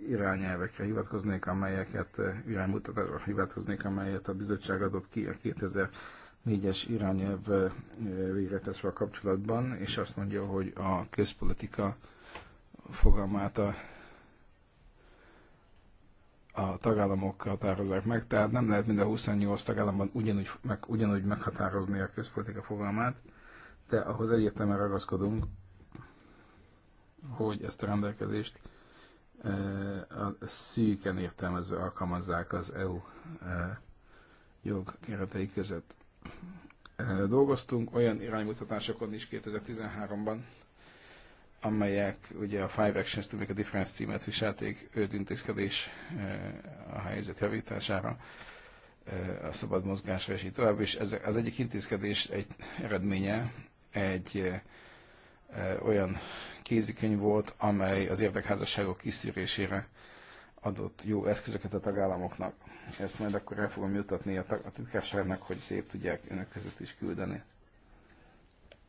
irányelvekre hivatkoznék, amelyeket, eh, iránymutatásra hivatkoznék, amelyet a bizottság adott ki a 2000 négyes irányelv végletesről kapcsolatban, és azt mondja, hogy a közpolitika fogalmát a, a tagállamok határozzák meg, tehát nem lehet minden 28 tagállamban ugyanúgy, meg, ugyanúgy meghatározni a közpolitika fogalmát, de ahhoz egyértelműen ragaszkodunk, hogy ezt a rendelkezést e, a szűken értelmező alkalmazzák az EU e, jog keretei között Eh, dolgoztunk, olyan iránymutatásokon is 2013-ban, amelyek ugye a Five Actions to Make a Difference címet viselték, öt intézkedés eh, a helyzet javítására, eh, a szabad mozgásra és így tovább, és ez, az egyik intézkedés egy eredménye egy olyan kézikönyv volt, amely az érdekházasságok kiszűrésére adott jó eszközöket a tagállamoknak ezt majd akkor el fogom jutatni a, a titkárságnak, hogy szép tudják önök között is küldeni.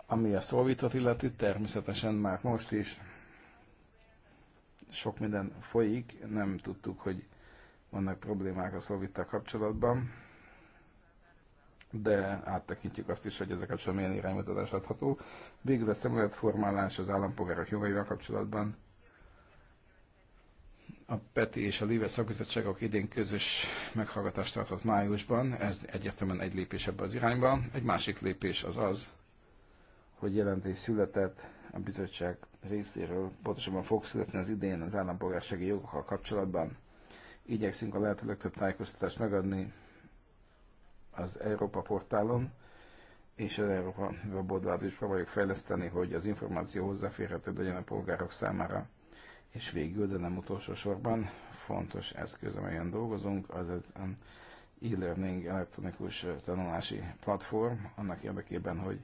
Ami a szolvítat illeti, természetesen már most is sok minden folyik, nem tudtuk, hogy vannak problémák a szolvittal kapcsolatban, de áttekintjük azt is, hogy ezek a milyen iránymutatás adható. Végül a szemléletformálás az állampolgárok jogaival kapcsolatban a PETI és a Live szakbizottságok idén közös meghallgatást tartott májusban, ez egyértelműen egy lépés ebbe az irányba. Egy másik lépés az az, hogy jelentés született a bizottság részéről, pontosabban fog születni az idén az állampolgársági jogokkal kapcsolatban. Igyekszünk a lehető legtöbb tájékoztatást megadni az Európa portálon, és az Európa weboldalt is próbáljuk fejleszteni, hogy az információ hozzáférhető legyen a polgárok számára és végül, de nem utolsó sorban, fontos eszköz, amelyen dolgozunk, az egy um, e-learning elektronikus uh, tanulási platform, annak érdekében, hogy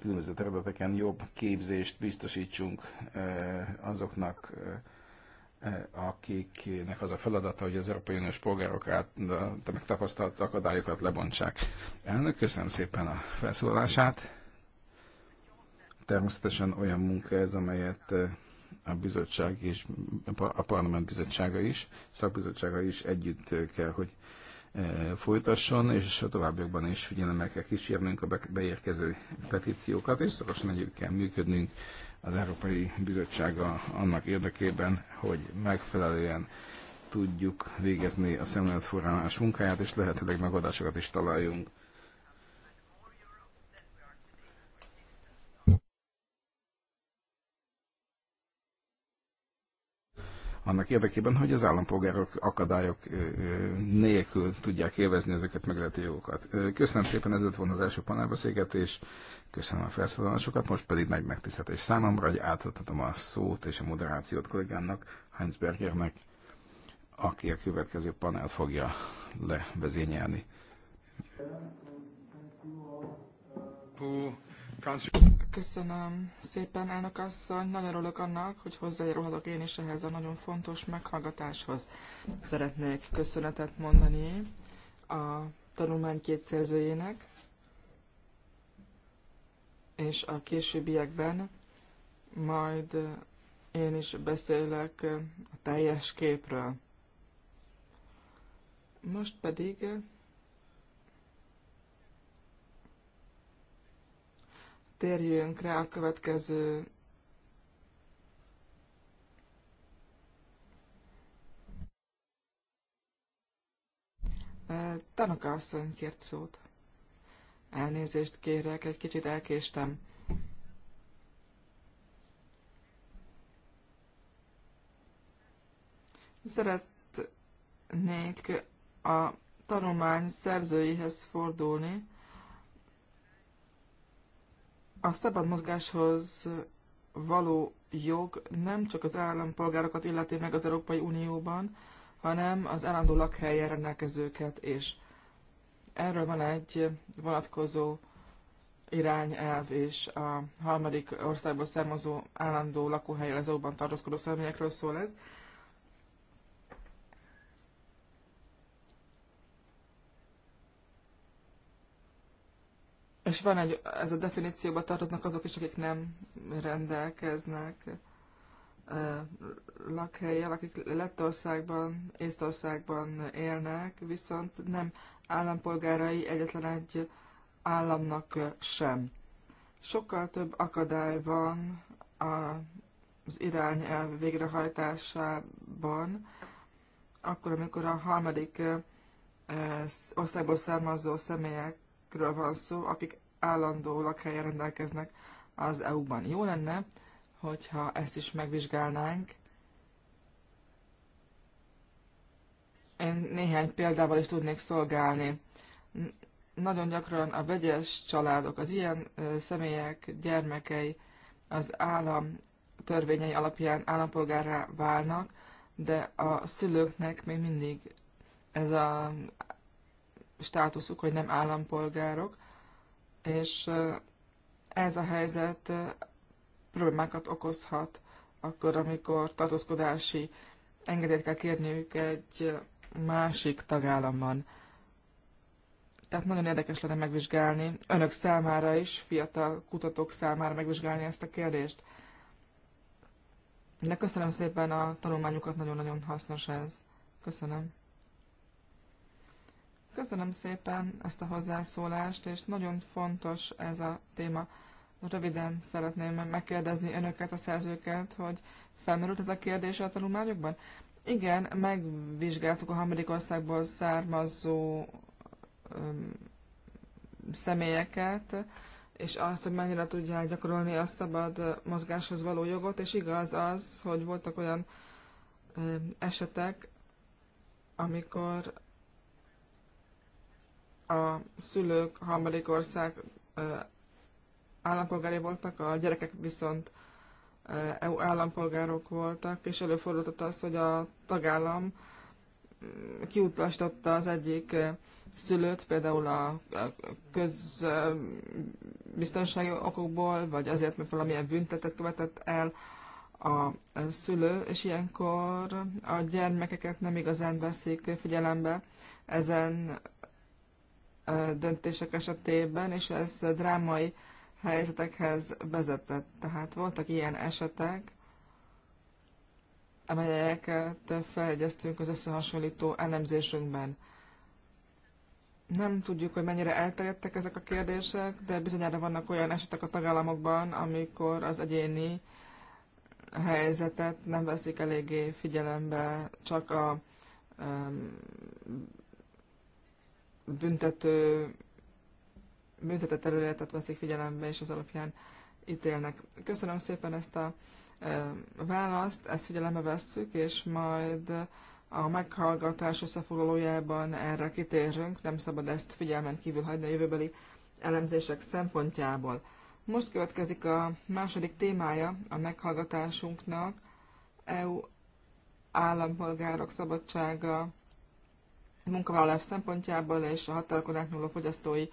különböző területeken jobb képzést biztosítsunk uh, azoknak, uh, akiknek az a feladata, hogy az Európai Uniós polgárok által megtapasztalt akadályokat lebontsák. Elnök, köszönöm szépen a felszólalását. Természetesen olyan munka ez, amelyet eh, a bizottság és a parlament bizottsága is, szakbizottsága is együtt eh, kell, hogy eh, folytasson, és a továbbiakban is figyelemmel kell kísérnünk a beérkező petíciókat, és szorosan együtt kell működnünk az Európai Bizottsága annak érdekében, hogy megfelelően tudjuk végezni a szemléletforrás munkáját, és lehetőleg megoldásokat is találjunk annak érdekében, hogy az állampolgárok akadályok nélkül tudják élvezni ezeket meglehető jogokat. Köszönöm szépen, ez lett volna az első panelbeszélgetés, köszönöm a felszólalásokat, most pedig nagy megtiszteltetés számomra, hogy átadhatom a szót és a moderációt kollégának, Heinz Bergernek, aki a következő panelt fogja levezényelni. Who Köszönöm szépen, elnök asszony. Nagyon örülök annak, hogy hozzájárulhatok én is ehhez a nagyon fontos meghallgatáshoz. Szeretnék köszönetet mondani a tanulmány két szerzőjének, és a későbbiekben majd én is beszélek a teljes képről. Most pedig térjünk rá a következő eh, Tanaka asszony kért szót. Elnézést kérek, egy kicsit elkéstem. Szeretnék a tanulmány szerzőihez fordulni, a szabad mozgáshoz való jog nem csak az állampolgárokat illeti meg az Európai Unióban, hanem az állandó lakhelyen rendelkezőket is. Erről van egy vonatkozó irányelv és a harmadik országból származó állandó lakóhelyen az EU-ban tartózkodó személyekről szól ez. és van egy, ez a definícióba tartoznak azok is, akik nem rendelkeznek lakhelyjel, akik Lettországban, Észtországban élnek, viszont nem állampolgárai egyetlen egy államnak sem. Sokkal több akadály van az irányelv végrehajtásában, akkor, amikor a harmadik országból származó személyek akikről van szó, akik állandó lakhelyen rendelkeznek az EU-ban. Jó lenne, hogyha ezt is megvizsgálnánk. Én néhány példával is tudnék szolgálni. Nagyon gyakran a vegyes családok, az ilyen személyek gyermekei az állam törvényei alapján állampolgárra válnak, de a szülőknek még mindig ez az státuszuk, hogy nem állampolgárok, és ez a helyzet problémákat okozhat akkor, amikor tartózkodási engedélyt kell kérniük egy másik tagállamban. Tehát nagyon érdekes lenne megvizsgálni, önök számára is, fiatal kutatók számára megvizsgálni ezt a kérdést. De köszönöm szépen a tanulmányukat, nagyon-nagyon hasznos ez. Köszönöm. Köszönöm szépen ezt a hozzászólást, és nagyon fontos ez a téma. Röviden szeretném megkérdezni önöket, a szerzőket, hogy felmerült ez a kérdés a tanulmányokban? Igen, megvizsgáltuk a harmadik országból származó öm, személyeket, és azt, hogy mennyire tudják gyakorolni a szabad mozgáshoz való jogot, és igaz az, hogy voltak olyan esetek, amikor a szülők harmadik ország állampolgári voltak, a gyerekek viszont EU állampolgárok voltak, és előfordult az, hogy a tagállam mm, kiutasította az egyik szülőt, például a közbiztonsági okokból, vagy azért, mert valamilyen büntetet követett el a szülő, és ilyenkor a gyermekeket nem igazán veszik figyelembe ezen döntések esetében, és ez drámai helyzetekhez vezetett. Tehát voltak ilyen esetek, amelyeket felegyeztünk az összehasonlító elemzésünkben. Nem tudjuk, hogy mennyire elterjedtek ezek a kérdések, de bizonyára vannak olyan esetek a tagállamokban, amikor az egyéni helyzetet nem veszik eléggé figyelembe, csak a um, büntető büntetett területet veszik figyelembe, és az alapján ítélnek. Köszönöm szépen ezt a e, választ, ezt figyelembe vesszük, és majd a meghallgatás összefoglalójában erre kitérünk, nem szabad ezt figyelmen kívül hagyni a jövőbeli elemzések szempontjából. Most következik a második témája a meghallgatásunknak, EU állampolgárok szabadsága munkavállalás szempontjából és a határokon átnyúló fogyasztói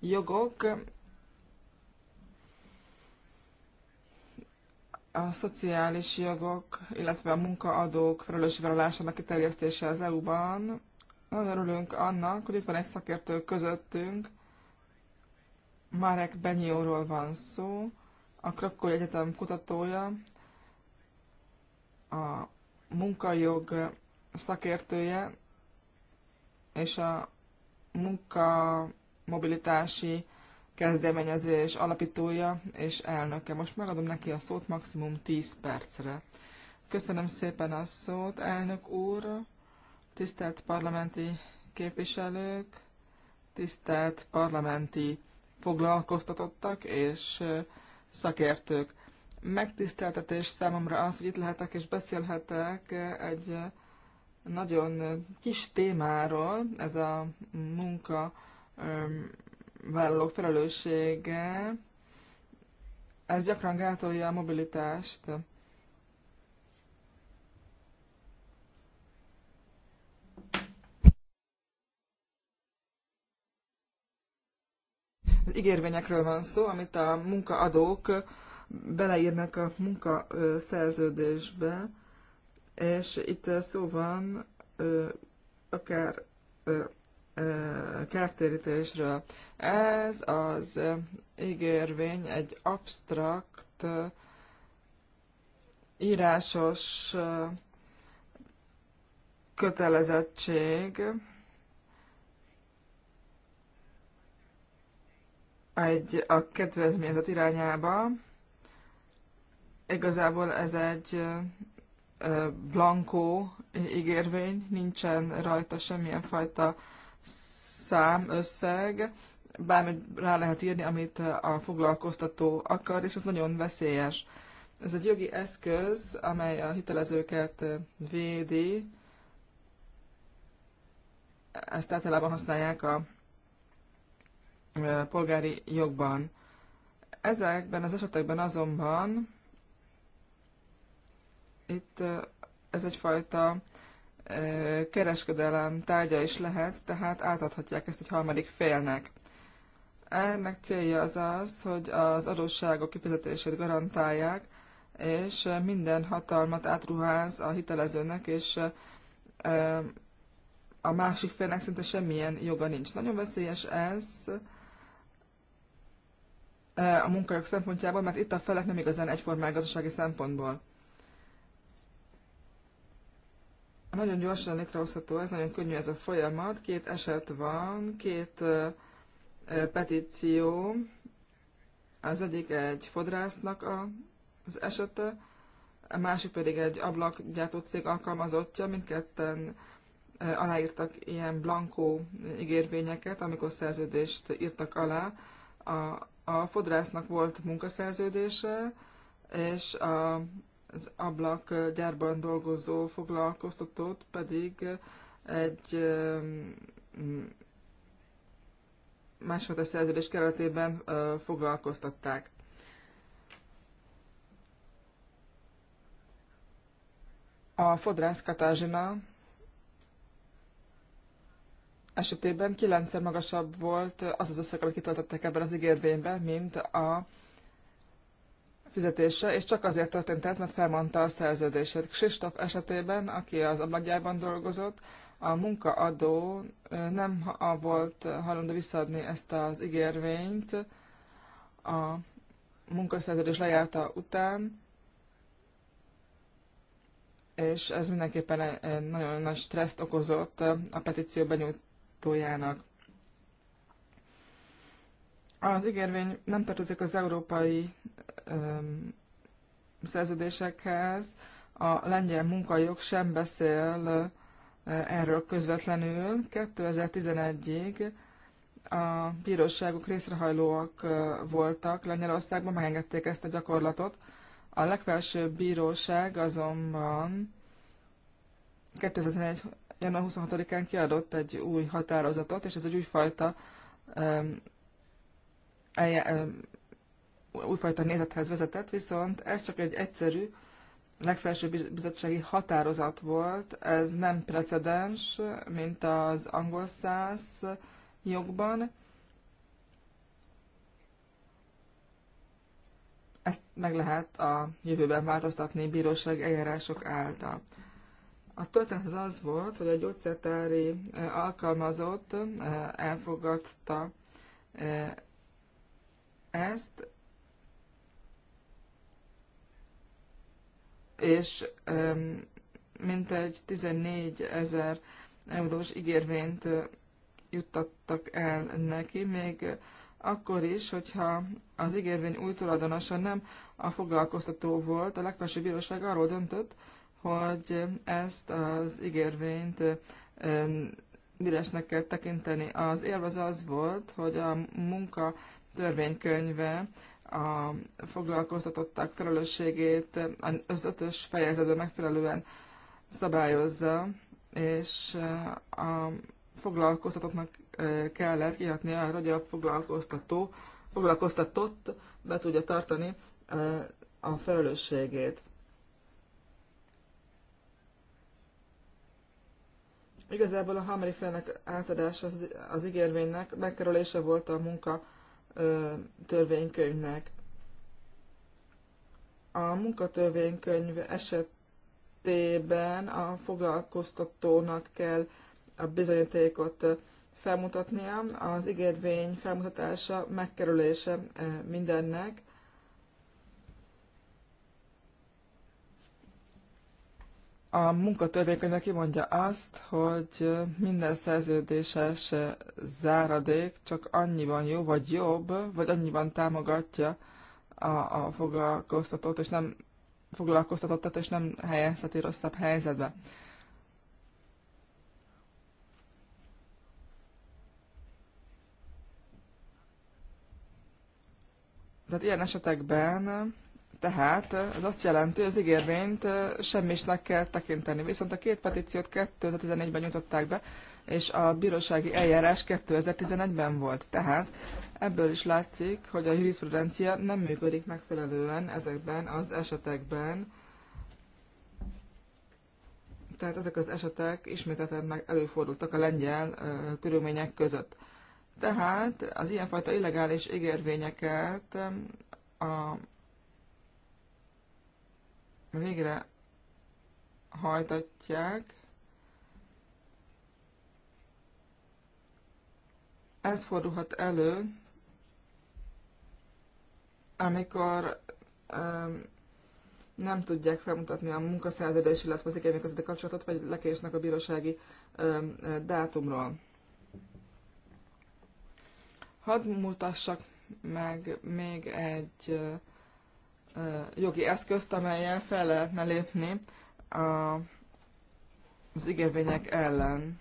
jogok. A szociális jogok, illetve a munkaadók felelősségvállalásának kiterjesztése az EU-ban. Nagyon örülünk annak, hogy itt van egy szakértő közöttünk, Marek Benyóról van szó, a Krakói Egyetem kutatója, a munkajog szakértője, és a munka mobilitási kezdeményezés alapítója és elnöke. Most megadom neki a szót maximum 10 percre. Köszönöm szépen a szót, elnök úr, tisztelt parlamenti képviselők, tisztelt parlamenti foglalkoztatottak és szakértők. Megtiszteltetés számomra az, hogy itt lehetek és beszélhetek egy nagyon kis témáról, ez a munka vállalók felelőssége, ez gyakran gátolja a mobilitást. Az ígérvényekről van szó, amit a munkaadók beleírnak a munkaszerződésbe és itt szó van akár kártérítésről. Ez az ígérvény egy absztrakt, írásos kötelezettség egy a kedvezményezet irányába. Igazából ez egy blankó ígérvény, nincsen rajta semmilyen fajta szám, összeg, bármit rá lehet írni, amit a foglalkoztató akar, és ez nagyon veszélyes. Ez egy jogi eszköz, amely a hitelezőket védi, ezt általában használják a polgári jogban. Ezekben az esetekben azonban itt ez egyfajta kereskedelem tárgya is lehet, tehát átadhatják ezt egy harmadik félnek. Ennek célja az az, hogy az adósságok kifizetését garantálják, és minden hatalmat átruház a hitelezőnek, és a másik félnek szinte semmilyen joga nincs. Nagyon veszélyes ez a munkajog szempontjából, mert itt a felek nem igazán egyformák gazdasági szempontból. Nagyon gyorsan létrehozható ez, nagyon könnyű ez a folyamat. Két eset van, két petíció. Az egyik egy fodrásznak a, az esete, a másik pedig egy ablakgyártó cég alkalmazottja. Mindketten aláírtak ilyen blankó ígérvényeket, amikor szerződést írtak alá. A, a fodrásznak volt munkaszerződése, és a az gyárban dolgozó foglalkoztatót pedig egy másfajta szerződés keretében foglalkoztatták. A fodrász Katázsina esetében kilencszer magasabb volt az az összeg, amit kitöltöttek ebben az ígérvényben, mint a fizetése, és csak azért történt ez, mert felmondta a szerződését. Kristóf esetében, aki az ablakjában dolgozott, a munkaadó nem volt hajlandó visszaadni ezt az ígérvényt a munkaszerződés lejárta után, és ez mindenképpen egy e-, nagyon nagy stresszt okozott a petíció benyújtójának. Az ígérvény nem tartozik az Európai szerződésekhez. A lengyel munkajog sem beszél erről közvetlenül. 2011-ig a bíróságok részrehajlóak voltak Lengyelországban, megengedték ezt a gyakorlatot. A legfelsőbb bíróság azonban 2011. január 26-án kiadott egy új határozatot, és ez egy újfajta újfajta nézethez vezetett, viszont ez csak egy egyszerű, legfelső bizottsági határozat volt, ez nem precedens, mint az angol száz jogban. Ezt meg lehet a jövőben változtatni bíróság eljárások által. A történet az az volt, hogy a gyógyszertári alkalmazott elfogadta ezt, és mintegy 14 ezer eurós ígérvényt juttattak el neki, még akkor is, hogyha az ígérvény új tulajdonosa nem a foglalkoztató volt, a legfelsőbb bíróság arról döntött, hogy ezt az ígérvényt bíresnek kell tekinteni. Az érv az az volt, hogy a munka törvénykönyve a foglalkoztatottak felelősségét az ötös fejezetben megfelelően szabályozza, és eh, a foglalkoztatottnak eh, kellett kihatni arra, hogy a foglalkoztató, foglalkoztatott be tudja tartani eh, a felelősségét. Igazából a hamari felnek átadása az, az ígérvénynek megkerülése volt a munka törvénykönyvnek. A munkatörvénykönyv esetében a foglalkoztatónak kell a bizonyítékot felmutatnia, az ígérvény felmutatása megkerülése mindennek, a munkatörvénykönyve kimondja azt, hogy minden szerződéses záradék csak annyiban jó, vagy jobb, vagy annyiban támogatja a, a foglalkoztatót, és nem foglalkoztatottat, és nem helyezheti rosszabb helyzetbe. Tehát ilyen esetekben tehát az azt jelenti, hogy az ígérvényt semmisnek kell tekinteni. Viszont a két petíciót 2014-ben nyújtották be, és a bírósági eljárás 2011-ben volt. Tehát ebből is látszik, hogy a jurisprudencia nem működik megfelelően ezekben az esetekben. Tehát ezek az esetek ismételten meg előfordultak a lengyel körülmények között. Tehát az ilyenfajta illegális ígérvényeket a végre hajtatják. Ez fordulhat elő, amikor um, nem tudják felmutatni a munkaszerződés, illetve az igények közötti kapcsolatot, vagy lekésnek a bírósági um, dátumról. Hadd mutassak meg még egy uh, jogi eszközt, amelyel fel lehetne lépni a, az igények ellen.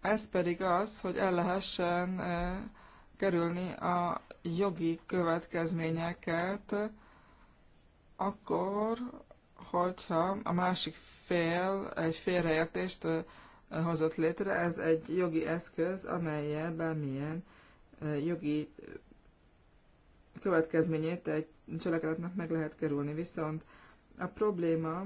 Ez pedig az, hogy el lehessen kerülni a jogi következményeket akkor, hogyha a másik fél egy félreértést hozott létre, ez egy jogi eszköz, amelyel bármilyen jogi következményét egy cselekedetnek meg lehet kerülni. Viszont a probléma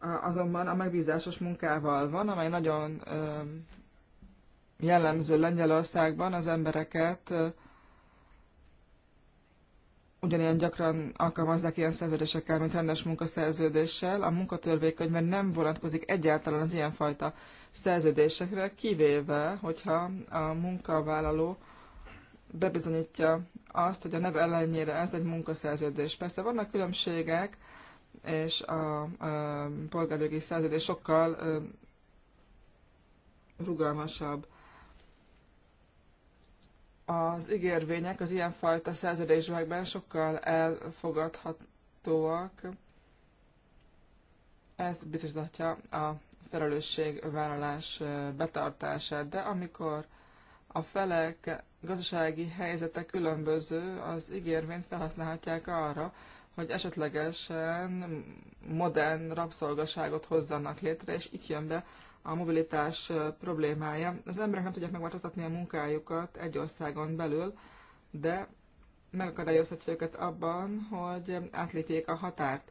azonban a megbízásos munkával van, amely nagyon jellemző Lengyelországban az embereket ugyanilyen gyakran alkalmazzák ilyen szerződésekkel, mint rendes munkaszerződéssel. A munkatörvénykönyvben nem vonatkozik egyáltalán az ilyenfajta szerződésekre, kivéve, hogyha a munkavállaló bebizonyítja azt, hogy a neve ellenére ez egy munkaszerződés. Persze vannak különbségek, és a, a polgárjogi szerződés sokkal ö, rugalmasabb. Az ígérvények az ilyenfajta szerződésekben sokkal elfogadhatóak. Ez biztosítja a felelősségvállalás betartását, de amikor a felek gazdasági helyzete különböző, az ígérvényt felhasználhatják arra, hogy esetlegesen modern rabszolgaságot hozzanak létre, és itt jön be a mobilitás problémája. Az emberek nem tudják megváltoztatni a munkájukat egy országon belül, de megakadályozhatja őket abban, hogy átlépjék a határt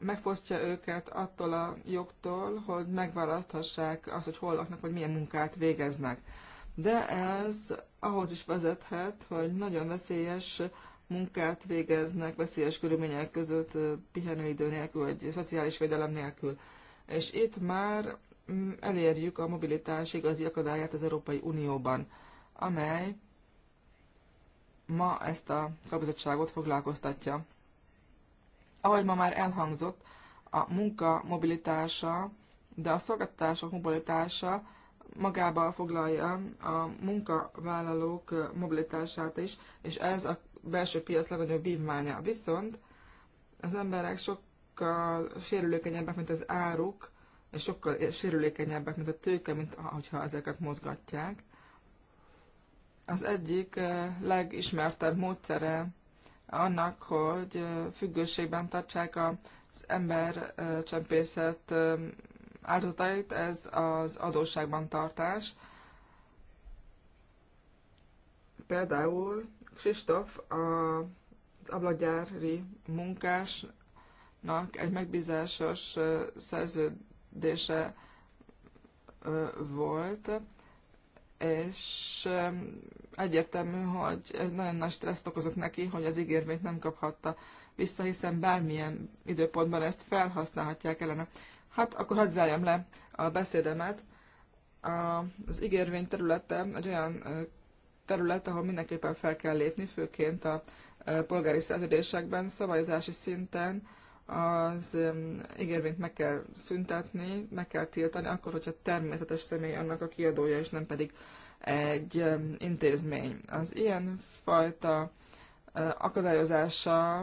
megfosztja őket attól a jogtól, hogy megválaszthassák azt, hogy hol laknak, vagy milyen munkát végeznek. De ez ahhoz is vezethet, hogy nagyon veszélyes munkát végeznek, veszélyes körülmények között, pihenőidő nélkül, vagy szociális védelem nélkül. És itt már mm, elérjük a mobilitás igazi akadályát az Európai Unióban, amely ma ezt a szabadságot foglalkoztatja. Ahogy ma már elhangzott, a munka mobilitása, de a szolgáltatások mobilitása magába foglalja a munkavállalók mobilitását is, és ez a belső piac legnagyobb vívmánya. Viszont az emberek sokkal sérülékenyebbek, mint az áruk, és sokkal sérülékenyebbek, mint a tőke, mint ahogyha ezeket mozgatják. Az egyik eh, legismertebb módszere annak, hogy függőségben tartsák az ember csempészet áldozatait, ez az adósságban tartás. Például Kristóf az ablagyári munkásnak egy megbízásos szerződése volt, és egyértelmű, hogy egy nagyon nagy stresszt okozott neki, hogy az ígérvényt nem kaphatta vissza, hiszen bármilyen időpontban ezt felhasználhatják ellene. Hát akkor hadd zárjam le a beszédemet. az ígérvény területe egy olyan terület, ahol mindenképpen fel kell lépni, főként a polgári szerződésekben, szabályozási szinten, az ígérvényt meg kell szüntetni, meg kell tiltani, akkor, hogyha természetes személy annak a kiadója, és nem pedig egy intézmény. Az ilyen fajta akadályozása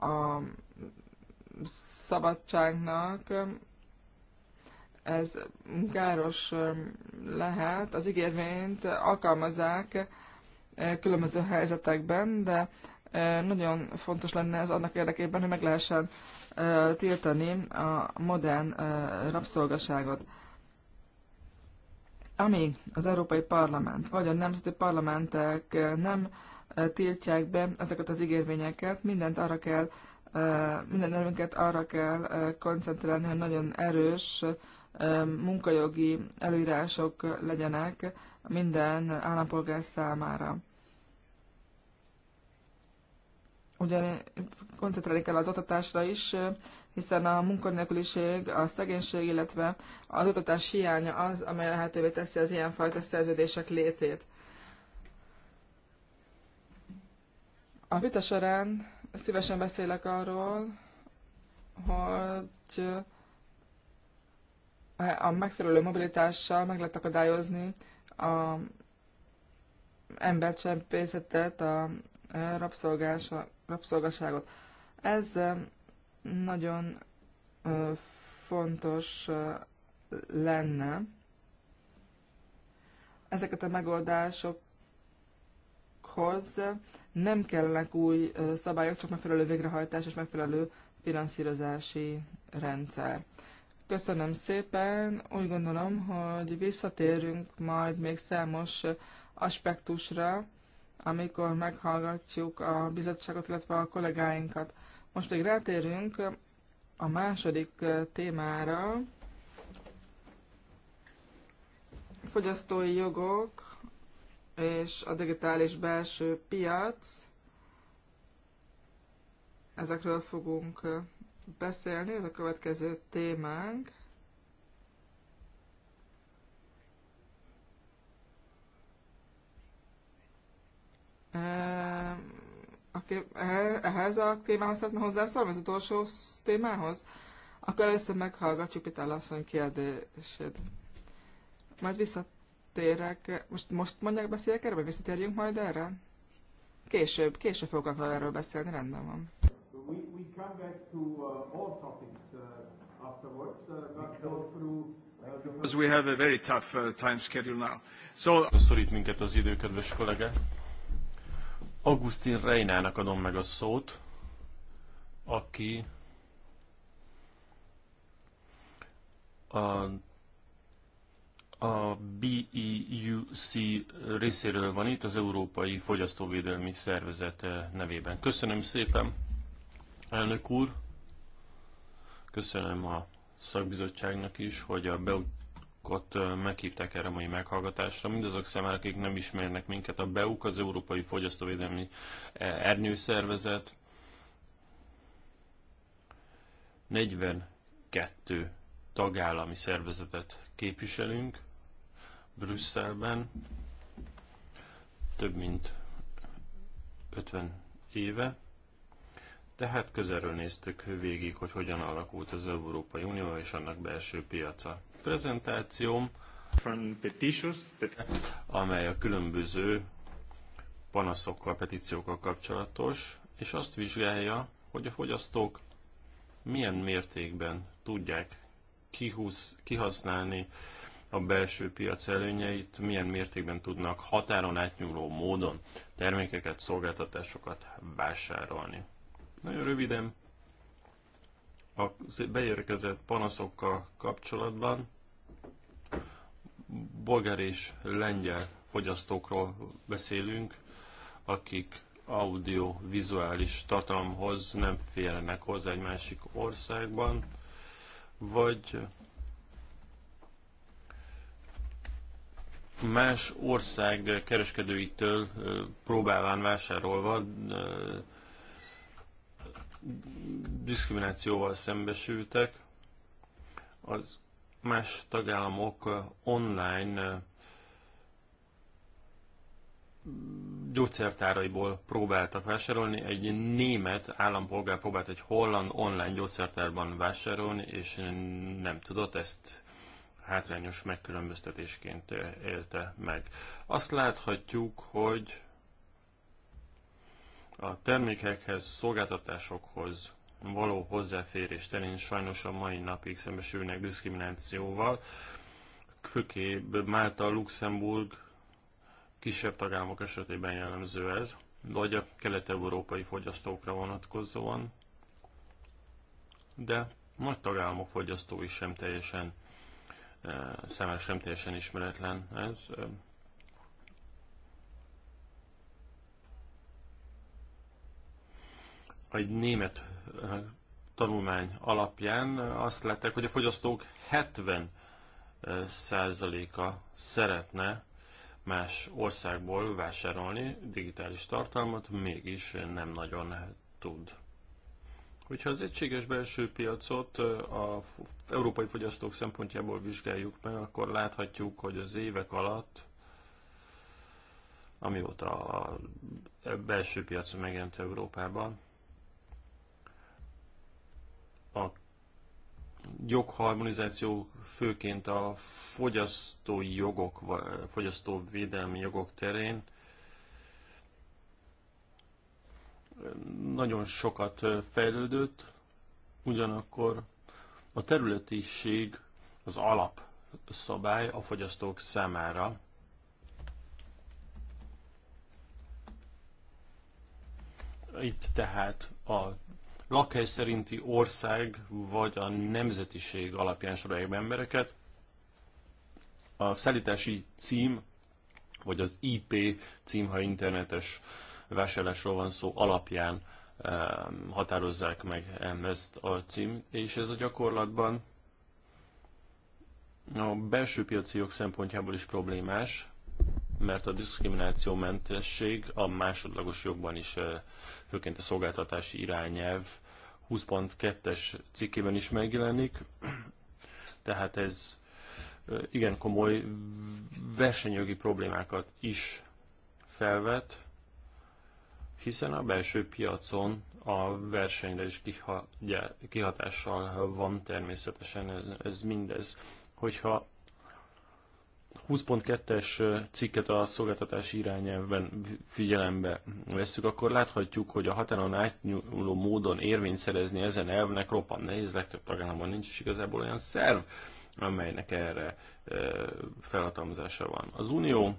a szabadságnak ez káros lehet. Az ígérvényt alkalmazzák különböző helyzetekben, de nagyon fontos lenne ez annak érdekében, hogy meg lehessen tiltani a modern rabszolgaságot. Amíg az Európai Parlament vagy a nemzeti parlamentek nem tiltják be ezeket az ígérvényeket, mindent arra kell, minden erőnket arra kell koncentrálni, hogy nagyon erős munkajogi előírások legyenek minden állampolgár számára. ugye koncentrálni kell az oktatásra is, hiszen a munkanélküliség, a szegénység, illetve az oktatás hiánya az, amely lehetővé teszi az ilyenfajta szerződések létét. A vita során szívesen beszélek arról, hogy a megfelelő mobilitással meg lehet akadályozni a embercsempészetet, a rabszolgása, rabszolgaságot. Ez nagyon fontos lenne. Ezeket a megoldásokhoz nem kellnek új szabályok, csak megfelelő végrehajtás és megfelelő finanszírozási rendszer. Köszönöm szépen, úgy gondolom, hogy visszatérünk majd még számos aspektusra, amikor meghallgatjuk a bizottságot, illetve a kollégáinkat. Most még rátérünk a második témára. Fogyasztói jogok és a digitális belső piac. Ezekről fogunk beszélni, ez a következő témánk. ehhez a témához szeretne hozzászólni, az utolsó témához? Akkor először meghallgatjuk Pitál asszony kérdését. Majd visszatérek. Most, most mondják, beszéljek erre, vagy visszatérjünk majd erre? Később, később fogok akkor erről beszélni, rendben van. We, we come back to uh, all topics uh, afterwards, uh, not go through uh, Because we have a very tough uh, time schedule now. So... Szorít minket az idő, kedves kollégák. Augustin Reinának adom meg a szót, aki a, a BEUC részéről van itt, az Európai Fogyasztóvédelmi Szervezet eh, nevében. Köszönöm szépen, elnök úr! Köszönöm a szakbizottságnak is, hogy a Beukot meghívták erre a mai meghallgatásra. Mindazok számára, akik nem ismernek minket, a BEUK az Európai Fogyasztóvédelmi e, Ernyőszervezet. 42 tagállami szervezetet képviselünk Brüsszelben több mint 50 éve. Tehát közelről néztük végig, hogy hogyan alakult az Európai Unió és annak belső piaca. Prezentációm, amely a különböző panaszokkal, petíciókkal kapcsolatos, és azt vizsgálja, hogy a fogyasztók milyen mértékben tudják kihúz, kihasználni a belső piac előnyeit, milyen mértékben tudnak határon átnyúló módon termékeket, szolgáltatásokat vásárolni. Nagyon röviden a beérkezett panaszokkal kapcsolatban bolgár és lengyel fogyasztókról beszélünk, akik audio-vizuális tartalomhoz nem férnek hozzá egy másik országban, vagy más ország kereskedőitől próbálván vásárolva diszkriminációval szembesültek, az más tagállamok online eh, gyógyszertáraiból próbáltak vásárolni. Egy német állampolgár próbált egy holland online gyógyszertárban vásárolni, és nem tudott ezt hátrányos megkülönböztetésként eh, élte meg. Azt láthatjuk, hogy a termékekhez, szolgáltatásokhoz való hozzáférés terén sajnos a mai napig szembesülnek diszkriminációval. Főképp Málta, Luxemburg, kisebb tagállamok esetében jellemző ez, vagy a kelet-európai fogyasztókra vonatkozóan, de nagy tagállamok fogyasztói sem teljesen, eh, számára sem teljesen ismeretlen ez. egy német eh, tanulmány alapján azt látták, hogy a fogyasztók 70%-a eh, szeretne más országból vásárolni digitális tartalmat, mégis nem nagyon tud. Hogyha az egységes belső piacot eh, a európai fogyasztók szempontjából vizsgáljuk meg, akkor láthatjuk, hogy az évek alatt, amióta a belső piac megjelent Európában, a jogharmonizáció főként a fogyasztói jogok, fogyasztóvédelmi jogok terén nagyon sokat fejlődött, ugyanakkor a területiség az alapszabály a fogyasztók számára. Itt tehát a lakhely szerinti ország vagy a nemzetiség alapján sorolják be embereket. A szállítási cím vagy az IP cím, ha internetes vásárlásról van szó, alapján határozzák meg ezt a cím, és ez a gyakorlatban a belső piaci jog szempontjából is problémás, mert a diszkriminációmentesség a másodlagos jogban is, eh, főként a szolgáltatási irányelv 20.2-es cikkében is megjelenik, tehát ez eh, igen komoly versenyjogi problémákat is felvet, hiszen a belső piacon a versenyre is kihatással van természetesen ez, ez mindez. Hogyha 20.2-es cikket a szolgáltatási irányelvben figyelembe vesszük, akkor láthatjuk, hogy a határon átnyúló módon érvényt szerezni ezen elvnek roppan nehéz, legtöbb tagállamban nincs is igazából olyan szerv, amelynek erre felhatalmazása van. Az unió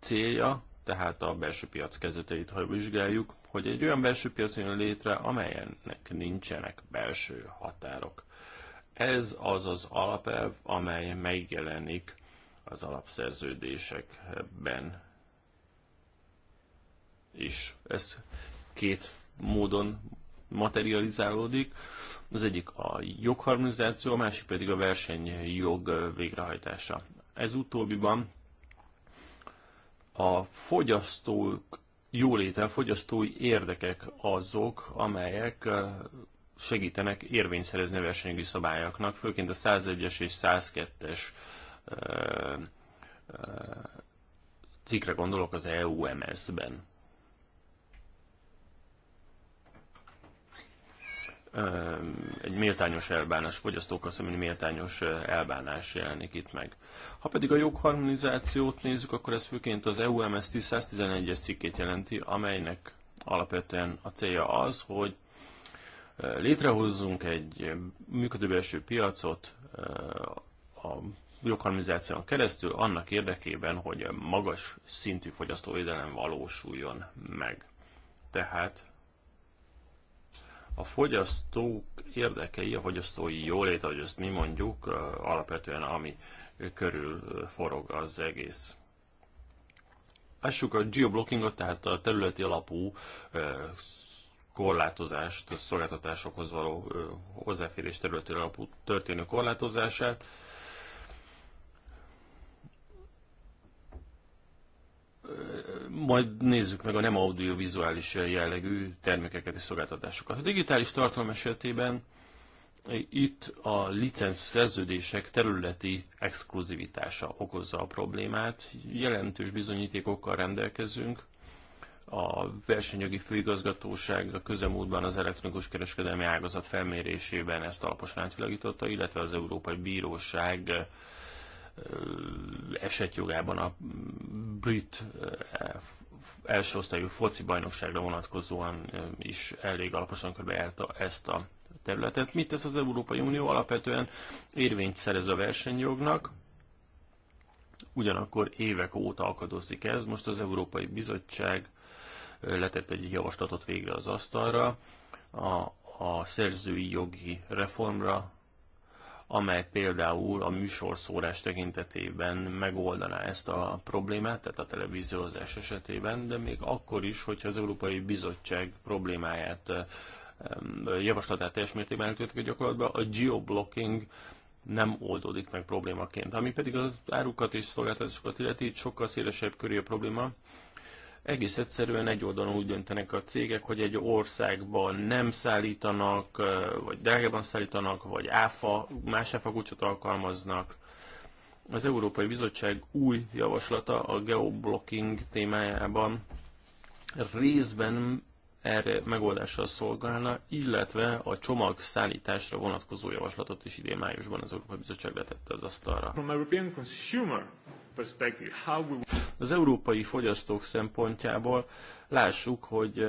célja, tehát a belső piac kezeteit, ha vizsgáljuk, hogy egy olyan belső piac jön létre, amelyennek nincsenek belső határok. Ez az az alapelv, amely megjelenik az alapszerződésekben is. Ez két módon materializálódik. Az egyik a jogharmonizáció, a másik pedig a versenyjog végrehajtása. Ez utóbbiban a fogyasztók jóléte, a fogyasztói érdekek azok, amelyek segítenek érvényszerezni a versenyügyi szabályoknak, főként a 101-es és 102-es cikkre gondolok az EUMS-ben. egy méltányos elbánás, azt fogyasztókkal hogy méltányos elbánás jelenik itt meg. Ha pedig a jogharmonizációt nézzük, akkor ez főként az EUMS 111-es cikkét jelenti, amelynek alapvetően a célja az, hogy létrehozzunk egy működő belső piacot a jogharmonizáción keresztül annak érdekében, hogy a magas szintű fogyasztóvédelem valósuljon meg. Tehát a fogyasztók érdekei, a fogyasztói jólét, ahogy ezt mi mondjuk, alapvetően ami körül forog az egész. Lássuk a geoblockingot, tehát a területi alapú korlátozást, szolgáltatásokhoz való hozzáférés területi alapú történő korlátozását majd nézzük meg a nem audiovizuális jellegű termékeket és szolgáltatásokat. A digitális tartalom esetében itt a licenc szerződések területi exkluzivitása okozza a problémát. Jelentős bizonyítékokkal rendelkezünk. A versenyjogi főigazgatóság a közelmúltban az elektronikus kereskedelmi ágazat felmérésében ezt alaposan átvilágította, illetve az Európai Bíróság jogában a brit első osztályú foci bajnokságra vonatkozóan is elég alaposan körbejárta ezt a területet. Mit tesz az Európai Unió? Alapvetően érvényt szerez a versenyjognak, ugyanakkor évek óta akadozik ez. Most az Európai Bizottság letett egy javaslatot végre az asztalra a, a szerzői jogi reformra amely például a műsorszórás tekintetében megoldaná ezt a problémát, tehát a televíziózás esetében, de még akkor is, hogyha az Európai Bizottság problémáját, javaslatát teljes mértékben eltöltik a gyakorlatba, a geoblocking nem oldódik meg problémaként. Ami pedig az árukat és szolgáltatásokat illeti, itt sokkal szélesebb körű a probléma, egész egyszerűen egy oldalon úgy döntenek a cégek, hogy egy országban nem szállítanak, vagy drágában szállítanak, vagy áfa, más áfa kulcsot alkalmaznak. Az Európai Bizottság új javaslata a geoblocking témájában részben erre megoldással szolgálna, illetve a csomag szállításra vonatkozó javaslatot is idén májusban az Európai Bizottság letette az asztalra. From European consumer az európai fogyasztók szempontjából lássuk, hogy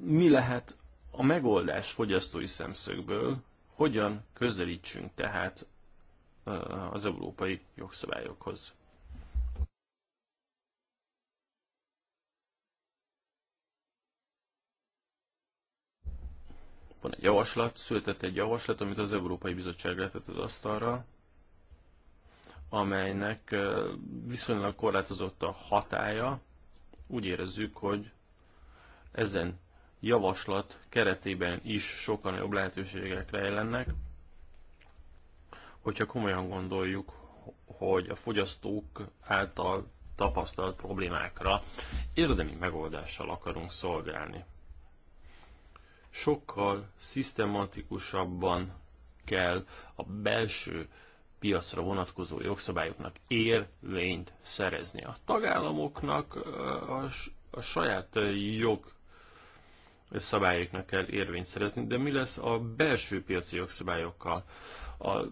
mi lehet a megoldás fogyasztói szemszögből, hogyan közelítsünk tehát az európai jogszabályokhoz. Van egy javaslat, született egy javaslat, amit az Európai Bizottság letett az asztalra, amelynek viszonylag korlátozott a hatája. Úgy érezzük, hogy ezen javaslat keretében is sokkal jobb lehetőségek rejlennek, hogyha komolyan gondoljuk, hogy a fogyasztók által tapasztalt problémákra érdemi megoldással akarunk szolgálni. Sokkal szisztematikusabban kell a belső piacra vonatkozó jogszabályoknak érvényt szerezni. A tagállamoknak a, a saját jog szabályoknak kell érvényt szerezni, de mi lesz a belső piaci jogszabályokkal? A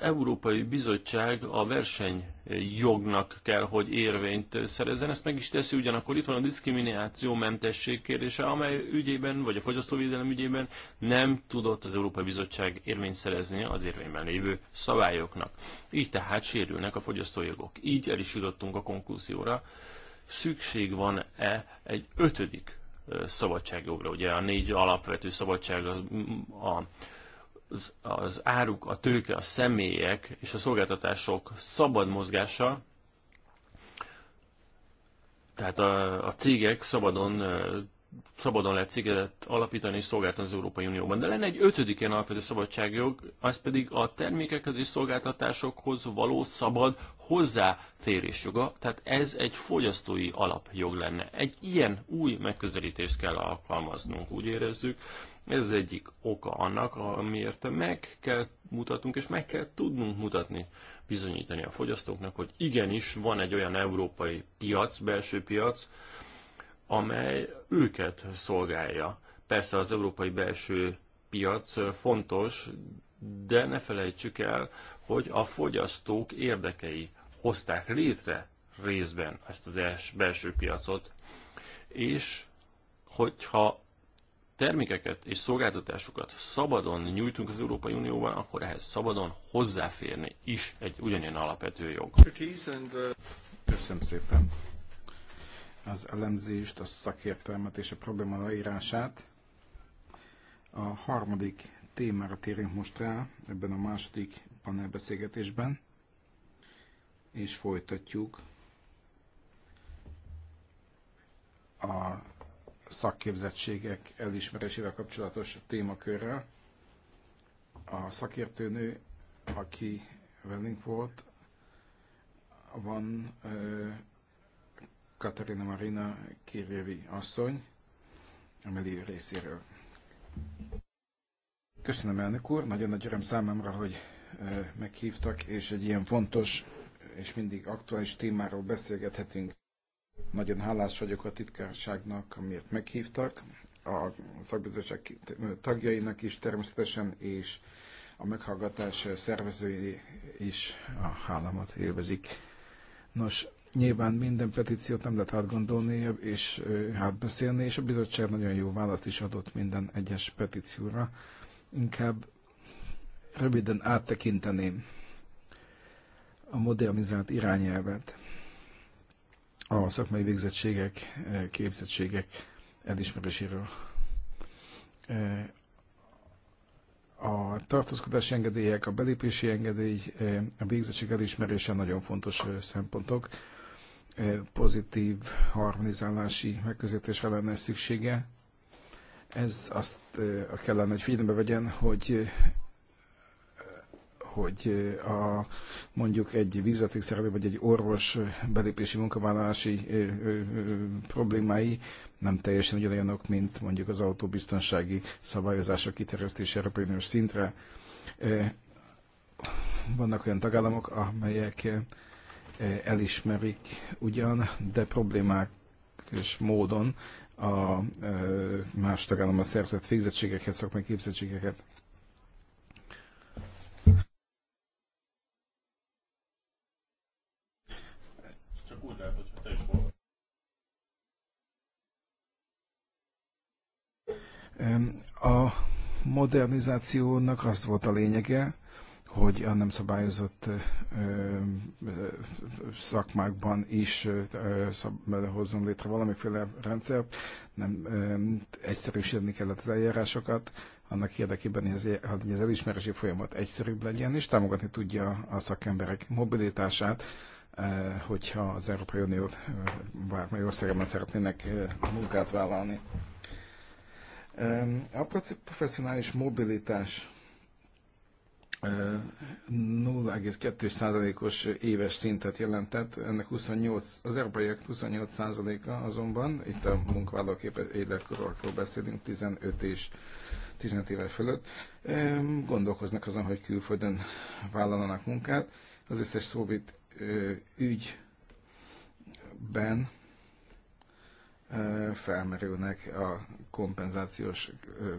Európai Bizottság a versenyjognak kell, hogy érvényt szerezzen. Ezt meg is teszi, ugyanakkor itt van a diszkrimináció mentesség kérdése, amely ügyében, vagy a fogyasztóvédelem ügyében nem tudott az Európai Bizottság érvényt szerezni az érvényben lévő szabályoknak. Így tehát sérülnek a fogyasztójogok. Így el is jutottunk a konklúzióra. Szükség van-e egy ötödik szabadságjogra? Ugye a négy alapvető szabadság a, a az, az áruk, a tőke, a személyek és a szolgáltatások szabad mozgása, tehát a, a cégek szabadon szabadon lehet cégedet alapítani és szolgáltatni az Európai Unióban. De lenne egy ötödik ilyen alapvető szabadságjog, az pedig a termékekhez és szolgáltatásokhoz való szabad hozzáférés joga, tehát ez egy fogyasztói alapjog lenne. Egy ilyen új megközelítést kell alkalmaznunk, úgy érezzük, ez az egyik oka annak, amiért meg kell mutatnunk és meg kell tudnunk mutatni, bizonyítani a fogyasztóknak, hogy igenis van egy olyan európai piac, belső piac, amely őket szolgálja. Persze az európai belső piac fontos, de ne felejtsük el, hogy a fogyasztók érdekei hozták létre részben ezt az els belső piacot, és hogyha termékeket és szolgáltatásokat szabadon nyújtunk az Európai Unióban, akkor ehhez szabadon hozzáférni is egy ugyanilyen alapvető jog. Köszönöm szépen az elemzést, a szakértelmet és a probléma leírását. A harmadik témára térünk most rá ebben a második panelbeszélgetésben, és folytatjuk a szakképzettségek elismerésével kapcsolatos témakörrel. A szakértőnő, aki velünk volt, van Katarina Marina Kirjevi asszony, a részéről. Köszönöm, elnök úr, nagyon nagy öröm számomra, hogy meghívtak, és egy ilyen fontos és mindig aktuális témáról beszélgethetünk. Nagyon hálás vagyok a titkárságnak, amiért meghívtak, a szakbizottság tagjainak is természetesen, és a meghallgatás szervezői is a hálamat élvezik. Nos, nyilván minden petíciót nem lehet átgondolni és átbeszélni, és a bizottság nagyon jó választ is adott minden egyes petícióra. Inkább röviden áttekinteném a modernizált irányelvet a szakmai végzettségek, e, képzettségek elismeréséről. E, a tartózkodási engedélyek, a belépési engedély, e, a végzettség elismerése nagyon fontos szempontok. Pozitív harmonizálási megközelítésre lenne szüksége. Ez azt kellene, hogy figyelembe vegyen, hogy hogy a, mondjuk egy vízvetékszerelő vagy egy orvos belépési munkavállalási ö, ö, problémái nem teljesen ugyanolyanok, mint mondjuk az autóbiztonsági szabályozások kiterjesztése például szintre. Vannak olyan tagállamok, amelyek elismerik ugyan, de problémák és módon a más tagállamban szerzett végzettségeket, szakmai képzettségeket. A modernizációnak az volt a lényege, hogy a nem szabályozott szakmákban is hozzon létre valamiféle rendszer, nem egyszerűsíteni kellett az eljárásokat, annak érdekében, hogy az, hogy az elismerési folyamat egyszerűbb legyen, és támogatni tudja a szakemberek mobilitását, hogyha az Európai Unió bármely országban szeretnének munkát vállalni. A professzionális mobilitás 0,2%-os éves szintet jelentett, ennek 28, az európaiak 28%-a azonban, itt a munkavállalók életkorokról beszélünk, 15 és 15 éve fölött, gondolkoznak azon, hogy külföldön vállalanak munkát. Az összes szóvit ügyben felmerülnek a kompenzációs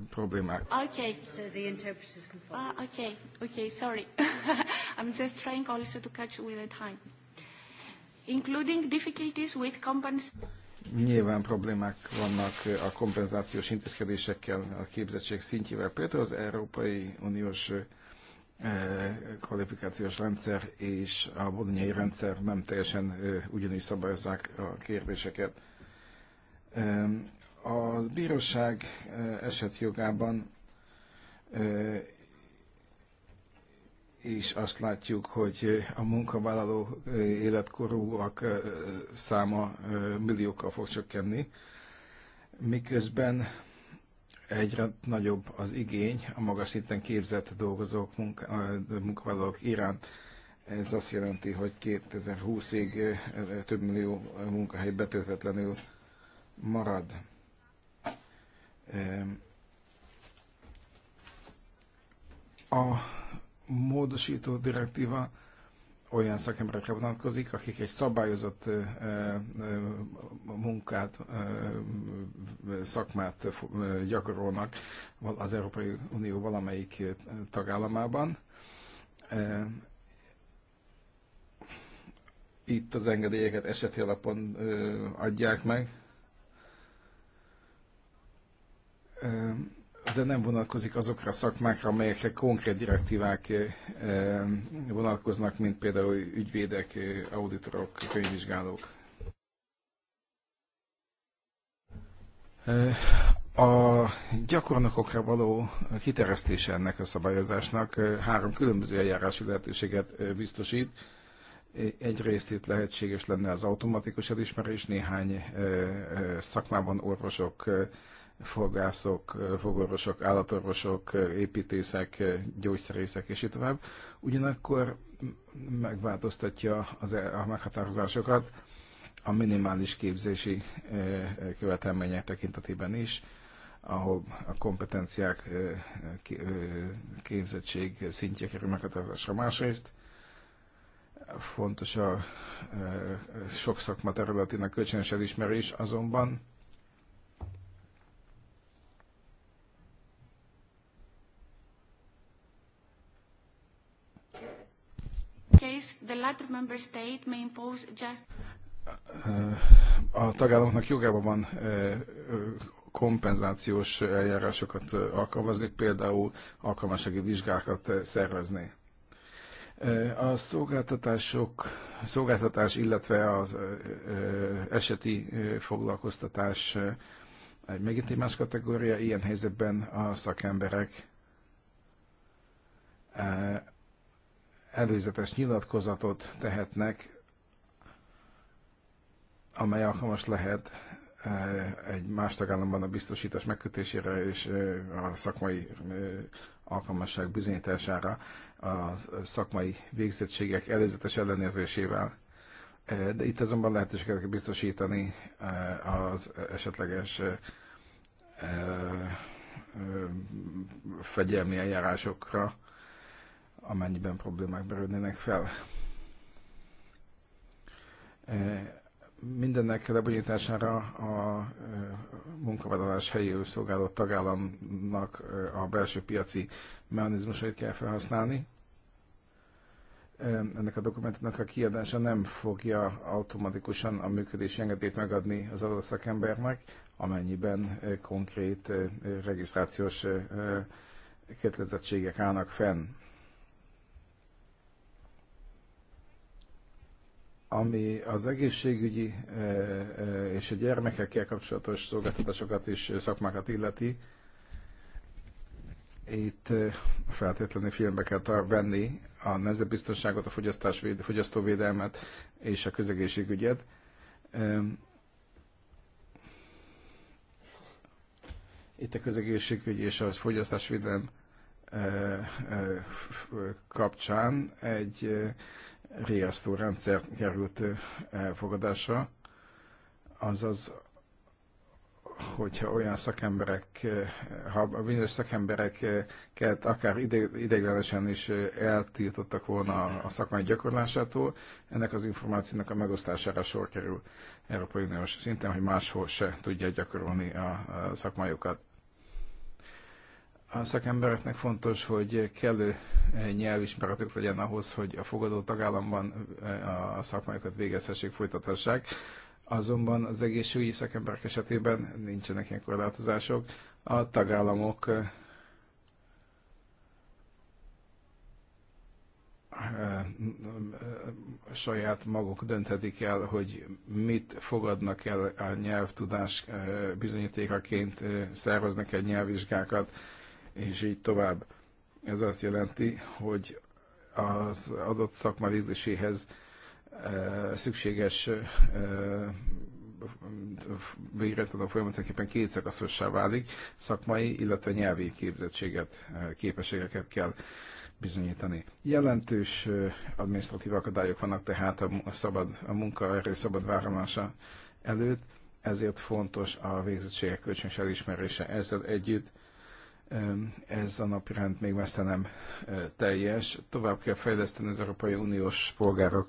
problémák. Okay. So the interpreters can follow. Uh, okay, okay, sorry. <laughs> I'm just trying also to catch with the time. Including difficulties with compensation. Nyilván problémák vannak a kompenzációs intézkedésekkel, a képzettség szintjével. Például az Európai Uniós kvalifikációs rendszer és a bolonyai rendszer nem teljesen ugyanúgy szabályozzák a kérdéseket a bíróság esetjogában és azt látjuk, hogy a munkavállaló életkorúak száma milliókkal fog csökkenni, miközben egyre nagyobb az igény a magas szinten képzett dolgozók, munka, munkavállalók iránt. Ez azt jelenti, hogy 2020-ig több millió munkahely betöltetlenül marad. A módosító direktíva olyan szakemberekre vonatkozik, akik egy szabályozott munkát, szakmát gyakorolnak az Európai Unió valamelyik tagállamában. Itt az engedélyeket eseti alapon adják meg, de nem vonatkozik azokra a szakmákra, amelyekre konkrét direktívák eh, eh, vonatkoznak, mint például ügyvédek, eh, auditorok, könyvvizsgálók. A gyakornokokra való kiteresztése ennek a szabályozásnak három különböző eljárási lehetőséget biztosít. Egyrészt itt lehetséges lenne az automatikus elismerés, néhány szakmában orvosok fogászok, fogorvosok, állatorvosok, építészek, gyógyszerészek és így tovább. Ugyanakkor megváltoztatja az, e- a meghatározásokat a minimális képzési e, követelmények tekintetében is, ahol a kompetenciák e, képzettség szintje kerül meghatározásra. Másrészt fontos a sok szakma területének kölcsönös elismerés, azonban case, the latter member state may impose just... A tagállamoknak jogában van eh, kompenzációs eljárásokat alkalmazni, például alkalmassági vizsgákat eh, szervezni. Eh, a szolgáltatások, szolgáltatás, illetve az eseti foglalkoztatás egy megint egy más kategória, ilyen helyzetben a szakemberek előzetes nyilatkozatot tehetnek, amely alkalmas lehet e, egy más tagállamban a biztosítás megkötésére és e, a szakmai e, alkalmasság bizonyítására a szakmai végzettségek előzetes ellenőrzésével. De itt azonban lehetőséget biztosítani az esetleges fegyelmi eljárásokra, amennyiben problémák merülnének fel. E, mindennek lebonyítására a e, munkavállalás helyi szolgáló tagállamnak e, a belső piaci mechanizmusait kell felhasználni. Ennek a dokumentumnak a kiadása nem fogja automatikusan a működési engedélyt megadni az adott szakembernek, amennyiben konkrét regisztrációs kötelezettségek állnak fenn ami az egészségügyi eh, eh, és a gyermekekkel kapcsolatos szolgáltatásokat és szakmákat illeti, itt eh, feltétlenül filmbe kell venni a nemzetbiztonságot, a fogyasztóvédelmet és a közegészségügyet. Itt a közegészségügy és a fogyasztásvédelem kapcsán egy riasztó rendszer került elfogadásra, azaz, hogyha olyan szakemberek, ha bizonyos szakembereket akár ideiglenesen is eltiltottak volna a szakmai gyakorlásától, ennek az információnak a megosztására sor kerül Európai Uniós szinten, hogy máshol se tudja gyakorolni a szakmájukat. A szakembereknek fontos, hogy kellő nyelvismeretük legyen ahhoz, hogy a fogadó tagállamban eh, a szakmájukat végezhessék, folytathassák. Azonban az egészségügyi szakemberek esetében nincsenek ilyen korlátozások. A tagállamok eh, saját maguk dönthetik el, hogy mit fogadnak el a nyelvtudás eh, bizonyítékaként, szerveznek egy nyelvvizsgákat, és így tovább. Ez azt jelenti, hogy az adott szakma végzéséhez eh, szükséges eh, végrehajtató folyamatoképpen két szakaszossá válik, szakmai, illetve nyelvi képzettséget, eh, képességeket kell bizonyítani. Jelentős adminisztratív akadályok vannak tehát a, szabad, a munkaerő szabad váramása előtt, ezért fontos a végzettségek kölcsönös elismerése ezzel együtt ez a napirend még messze nem teljes. Tovább kell fejleszteni az Európai Uniós polgárok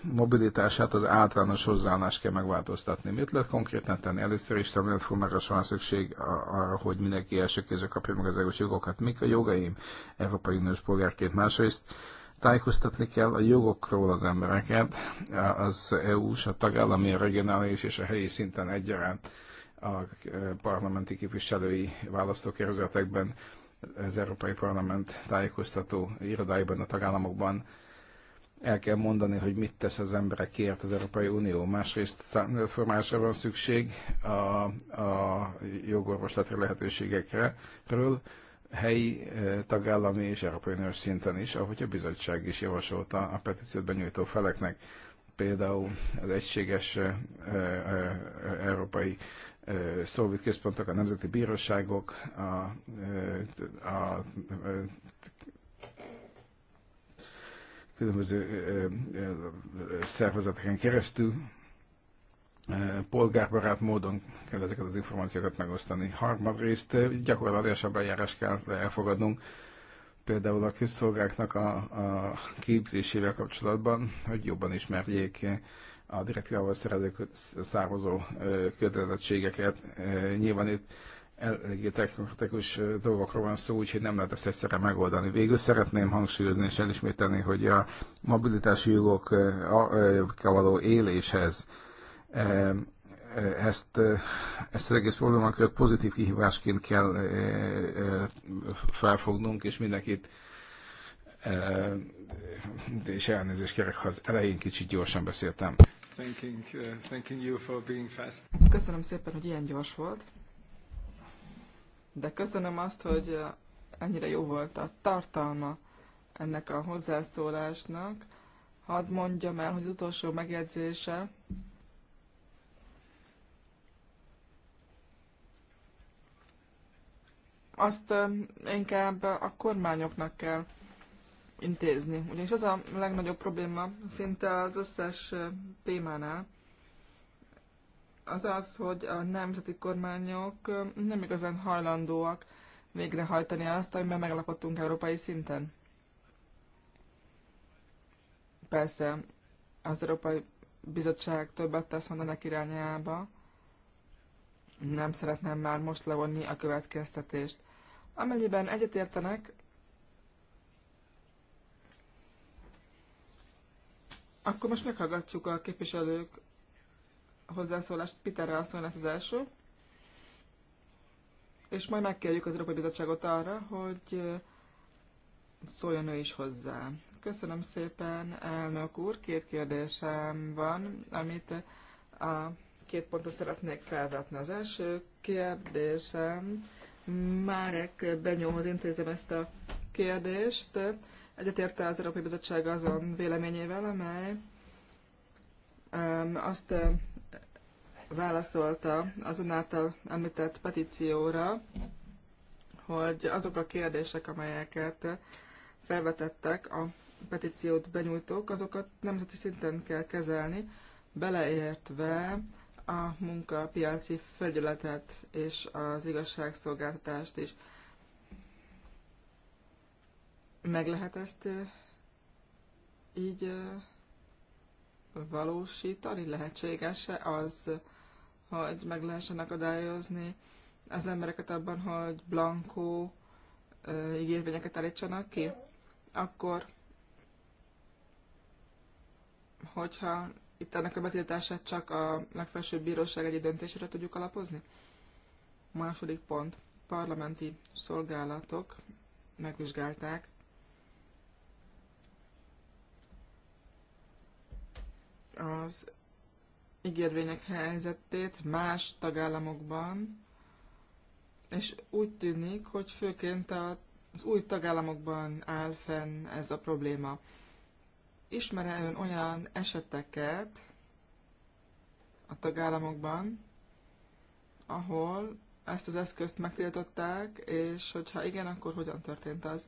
mobilitását, az általános hozzáállást kell megváltoztatni. Mit lehet konkrétan tenni? Először is szemléletformára van szükség arra, hogy mindenki első kézre kapja meg az EU jogokat. Mik a jogaim Európai Uniós polgárként? Másrészt tájékoztatni kell a jogokról az embereket, az EU-s, a tagállami, a regionális és a helyi szinten egyaránt a parlamenti képviselői választókérzetekben, az Európai Parlament tájékoztató irodáiban, a tagállamokban el kell mondani, hogy mit tesz az emberekért az Európai Unió. Másrészt számítatformálásra van szükség a, a jogorvoslati lehetőségekre, ről helyi, eh, tagállami és Európai Uniós szinten is, ahogy a bizottság is javasolta a petíciót benyújtó feleknek például az egységes eh, eh, európai szolvit központok, a nemzeti bíróságok, a, a, a különböző szervezeteken keresztül polgárbarát módon kell ezeket az információkat megosztani. Harmadrészt gyakorlatilag eljárás kell elfogadnunk, például a közszolgáknak a, a képzésével kapcsolatban, hogy jobban ismerjék a direktívával szerelők származó kötelezettségeket. Nyilván itt eléggé technikus dolgokról van szó, úgyhogy nem lehet ezt egyszerre megoldani. Végül szeretném hangsúlyozni és elismételni, hogy a mobilitási jogok való éléshez ezt, ezt az egész problémakört pozitív kihívásként kell felfognunk, és mindenkit és elnézést kérek, ha az elején kicsit gyorsan beszéltem. Thanking, uh, thanking you for being fast. Köszönöm szépen, hogy ilyen gyors volt. De köszönöm azt, hogy uh, ennyire jó volt a tartalma ennek a hozzászólásnak. Hadd mondjam el, hogy az utolsó megjegyzése azt um, inkább a kormányoknak kell intézni. Ugyanis az a legnagyobb probléma szinte az összes témánál, az az, hogy a nemzeti kormányok nem igazán hajlandóak végrehajtani azt, amiben meglapottunk európai szinten. Persze az Európai Bizottság többet tesz mondanak irányába. Nem szeretném már most levonni a következtetést. Amennyiben egyetértenek, Akkor most meghallgatjuk a képviselők hozzászólást. Peter Rasson lesz az első. És majd megkérjük az Európai Bizottságot arra, hogy szóljon ő is hozzá. Köszönöm szépen, elnök úr. Két kérdésem van, amit a két pontot szeretnék felvetni. Az első kérdésem, Márek Benyóhoz intézem ezt a kérdést egyetérte az Európai Bizottság azon véleményével, amely um, azt um, válaszolta azonáltal említett petícióra, hogy azok a kérdések, amelyeket felvetettek a petíciót benyújtók, azokat nemzeti szinten kell kezelni, beleértve a munkapiaci felületet és az igazságszolgáltatást is. Meg lehet ezt így valósítani? Lehetséges-e az, hogy meg lehessen akadályozni az embereket abban, hogy blankó ígérvényeket állítsanak ki? Akkor, hogyha itt ennek a betiltását csak a legfelsőbb bíróság egy döntésére tudjuk alapozni? Második pont. Parlamenti szolgálatok megvizsgálták az ígérvények helyzetét más tagállamokban, és úgy tűnik, hogy főként az új tagállamokban áll fenn ez a probléma. Ismere ön olyan eseteket a tagállamokban, ahol ezt az eszközt megtiltották, és hogyha igen, akkor hogyan történt az?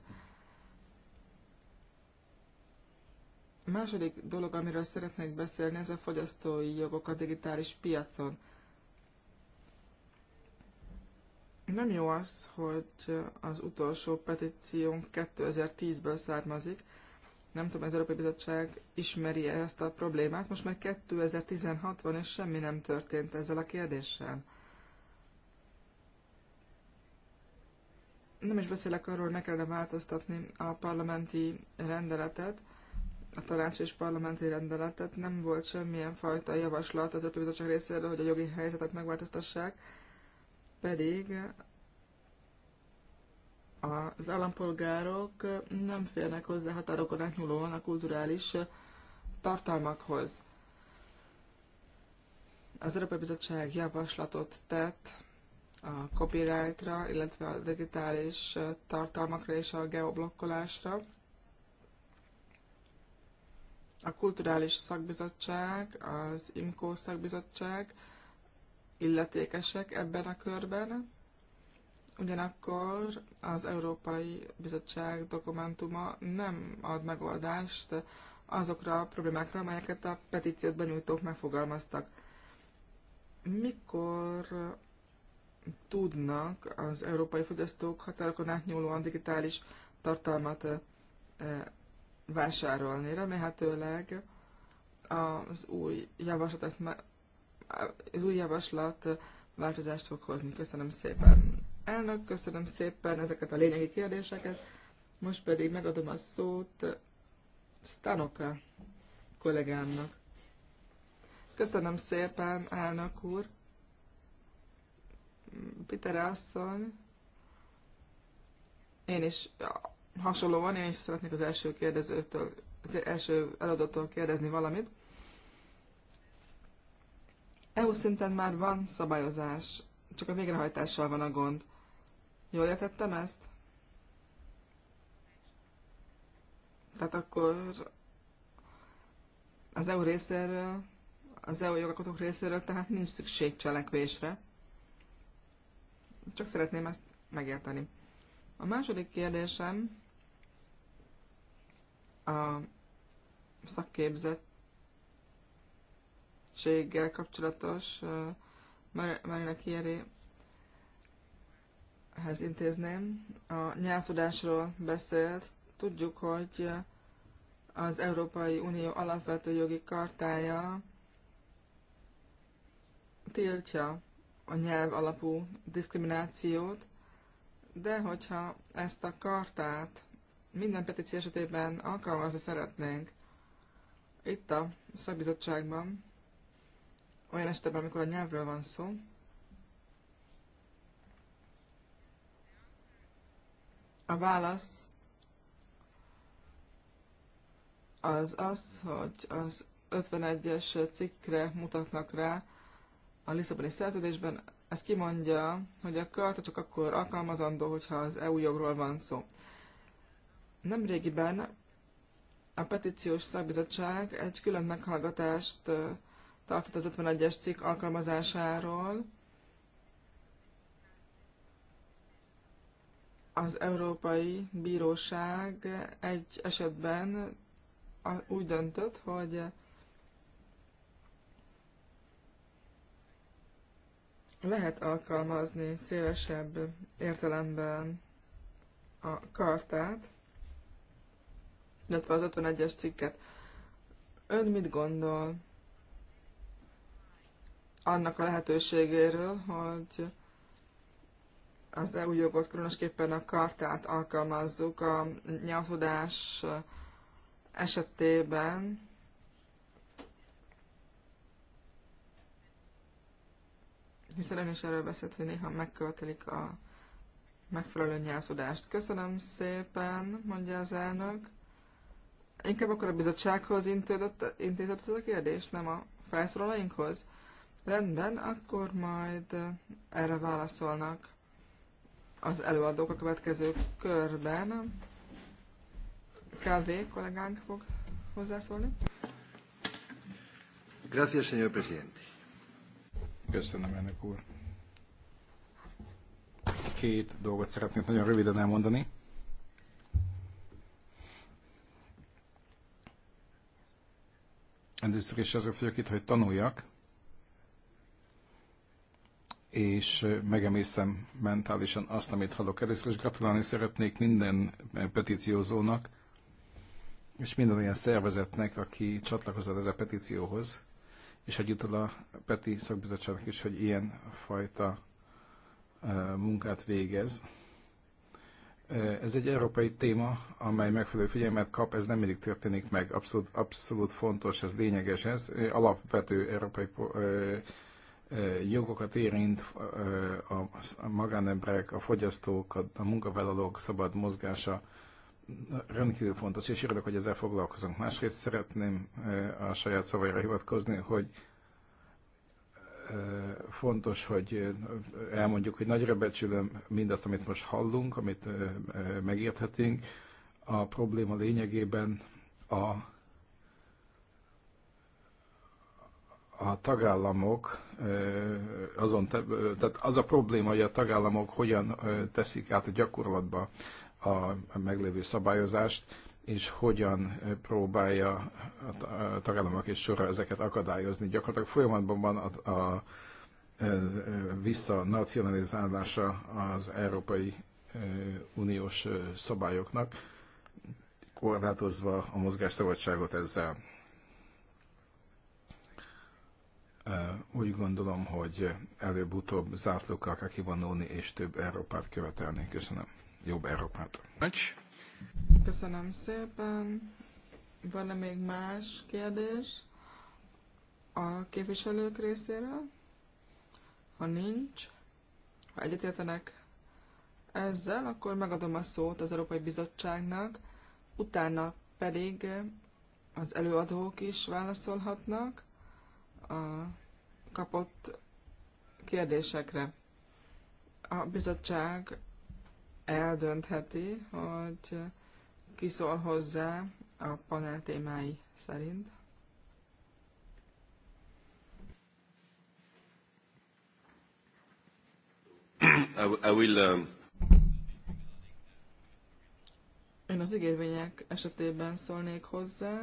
A második dolog, amiről szeretnék beszélni, ez a fogyasztói jogok a digitális piacon. Nem jó az, hogy az utolsó petíciónk 2010-ből származik. Nem tudom, az Európai Bizottság ismeri -e ezt a problémát. Most már 2016 van, és semmi nem történt ezzel a kérdéssel. Nem is beszélek arról, hogy meg kellene változtatni a parlamenti rendeletet, a tanács és parlamenti rendeletet, nem volt semmilyen fajta javaslat az Európai Bizottság részéről, hogy a jogi helyzetet megváltoztassák, pedig az állampolgárok nem férnek hozzá határokon átnyúlóan a kulturális tartalmakhoz. Az Európai Bizottság javaslatot tett a copyrightra, illetve a digitális tartalmakra és a geoblokkolásra. A Kulturális Szakbizottság, az IMKO Szakbizottság illetékesek ebben a körben, ugyanakkor az Európai Bizottság dokumentuma nem ad megoldást azokra a problémákra, amelyeket a petíciót benyújtók megfogalmaztak. Mikor tudnak az európai fogyasztók határokon átnyúlóan digitális tartalmat eh, vásárolni. Remélhetőleg az új javaslat, ezt az új javaslat változást fog hozni. Köszönöm szépen, elnök, köszönöm szépen ezeket a lényegi kérdéseket. Most pedig megadom a szót Stanoka kollégámnak. Köszönöm szépen, elnök úr. Peter asszony. Én is van, én is szeretnék az első kérdezőtől, az első előadótól kérdezni valamit. EU szinten már van szabályozás, csak a végrehajtással van a gond. Jól értettem ezt? Tehát akkor az EU részéről, az EU jogalkotók részéről tehát nincs szükség cselekvésre. Csak szeretném ezt megérteni. A második kérdésem a szakképzettséggel kapcsolatos Marina Kieréhez intézném. A nyelvtudásról beszélt. Tudjuk, hogy az Európai Unió alapvető jogi kartája tiltja a nyelv alapú diszkriminációt, de hogyha ezt a kartát minden petíció esetében alkalmazni szeretnénk itt a szakbizottságban, olyan esetben, amikor a nyelvről van szó, a válasz az az, hogy az 51-es cikkre mutatnak rá a Lisszaboni szerződésben. Ez kimondja, hogy a költ csak akkor alkalmazandó, hogyha az EU jogról van szó. Nemrégiben a petíciós szakbizottság egy külön meghallgatást tartott az 51-es cikk alkalmazásáról az Európai Bíróság egy esetben úgy döntött, hogy lehet alkalmazni szélesebb értelemben a kartát, illetve az 51-es cikket. Ön mit gondol annak a lehetőségéről, hogy az EU jogot, különösképpen a kartát alkalmazzuk a nyelvtudás esetében, hiszen ön is erről beszélt, hogy néha megköltelik a megfelelő nyelvtudást. Köszönöm szépen, mondja az elnök. Inkább akkor a bizottsághoz intézett, intézett ez a kérdés, nem a felszólalainkhoz? Rendben, akkor majd eh, erre válaszolnak az előadók a következő körben. Kávé kollégánk fog hozzászólni. Gracias, señor presidente. Köszönöm, elnök úr. Két dolgot szeretnék nagyon röviden elmondani. Először is azért vagyok itt, hogy tanuljak, és megemészem mentálisan azt, amit hallok. Először és gratulálni szeretnék minden petíciózónak, és minden olyan szervezetnek, aki csatlakozott ez a petícióhoz, és egyúttal a Peti szakbizottságnak is, hogy ilyen fajta eh, munkát végez. Ez egy európai téma, amely megfelelő figyelmet kap, ez nem mindig történik meg, abszolút, abszolút fontos, ez lényeges, ez alapvető európai jogokat érint a magánemberek, a fogyasztók, a munkavállalók szabad mozgása rendkívül fontos, és örülök, hogy ezzel foglalkozunk. Másrészt szeretném a saját szavaira hivatkozni, hogy fontos, hogy elmondjuk, hogy nagyra becsülöm mindazt, amit most hallunk, amit megérthetünk. A probléma lényegében a, a tagállamok, azon, tehát az a probléma, hogy a tagállamok hogyan teszik át a gyakorlatba a meglévő szabályozást, és hogyan próbálja a tagállamok és sorra ezeket akadályozni. Gyakorlatilag folyamatban van a, a, visszanacionalizálása az Európai Uniós szabályoknak, korlátozva a mozgásszabadságot ezzel. Úgy gondolom, hogy előbb-utóbb zászlókkal kell kivonulni és több Európát követelni. Köszönöm. Jobb Európát. Köszönöm szépen. Van-e még más kérdés a képviselők részéről? Ha nincs, ha egyetértenek ezzel, akkor megadom a szót az Európai Bizottságnak, utána pedig az előadók is válaszolhatnak a kapott kérdésekre. A bizottság eldöntheti, hogy ki szól hozzá a panel témái szerint. I will, um... Én az ígérvények esetében szólnék hozzá.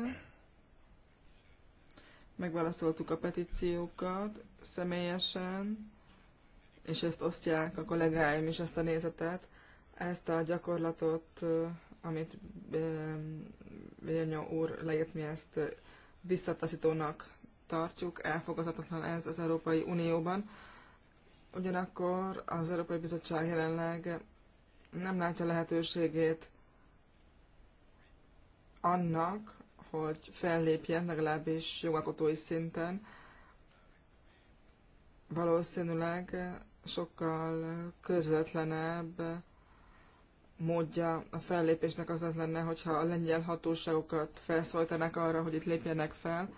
Megválaszoltuk a petíciókat személyesen, és ezt osztják a kollégáim is ezt a nézetet, ezt a gyakorlatot amit Viljanyó úr leírt, mi ezt eh, visszataszítónak tartjuk, elfogadhatatlan ez az Európai Unióban. Ugyanakkor az Európai Bizottság jelenleg nem látja lehetőségét annak, hogy fellépjen legalábbis jogalkotói szinten. Valószínűleg sokkal közvetlenebb módja a fellépésnek az az lenne, hogyha a lengyel hatóságokat felszólítanák arra, hogy itt lépjenek fel.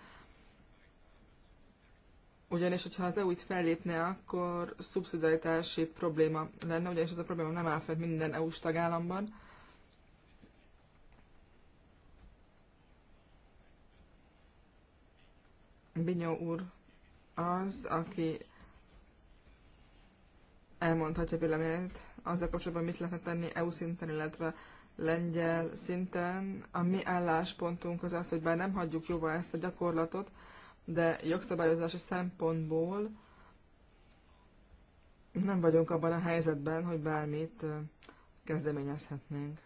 Ugyanis, hogyha az EU itt fellépne, akkor szubszidaritási probléma lenne, ugyanis ez a probléma nem áll fent minden EU-s tagállamban. Binyó úr az, aki elmondhatja véleményét azzal kapcsolatban mit lehetne tenni EU szinten, illetve lengyel szinten. A mi álláspontunk az az, hogy bár nem hagyjuk jóvá ezt a gyakorlatot, de jogszabályozási szempontból nem vagyunk abban a helyzetben, hogy bármit kezdeményezhetnénk.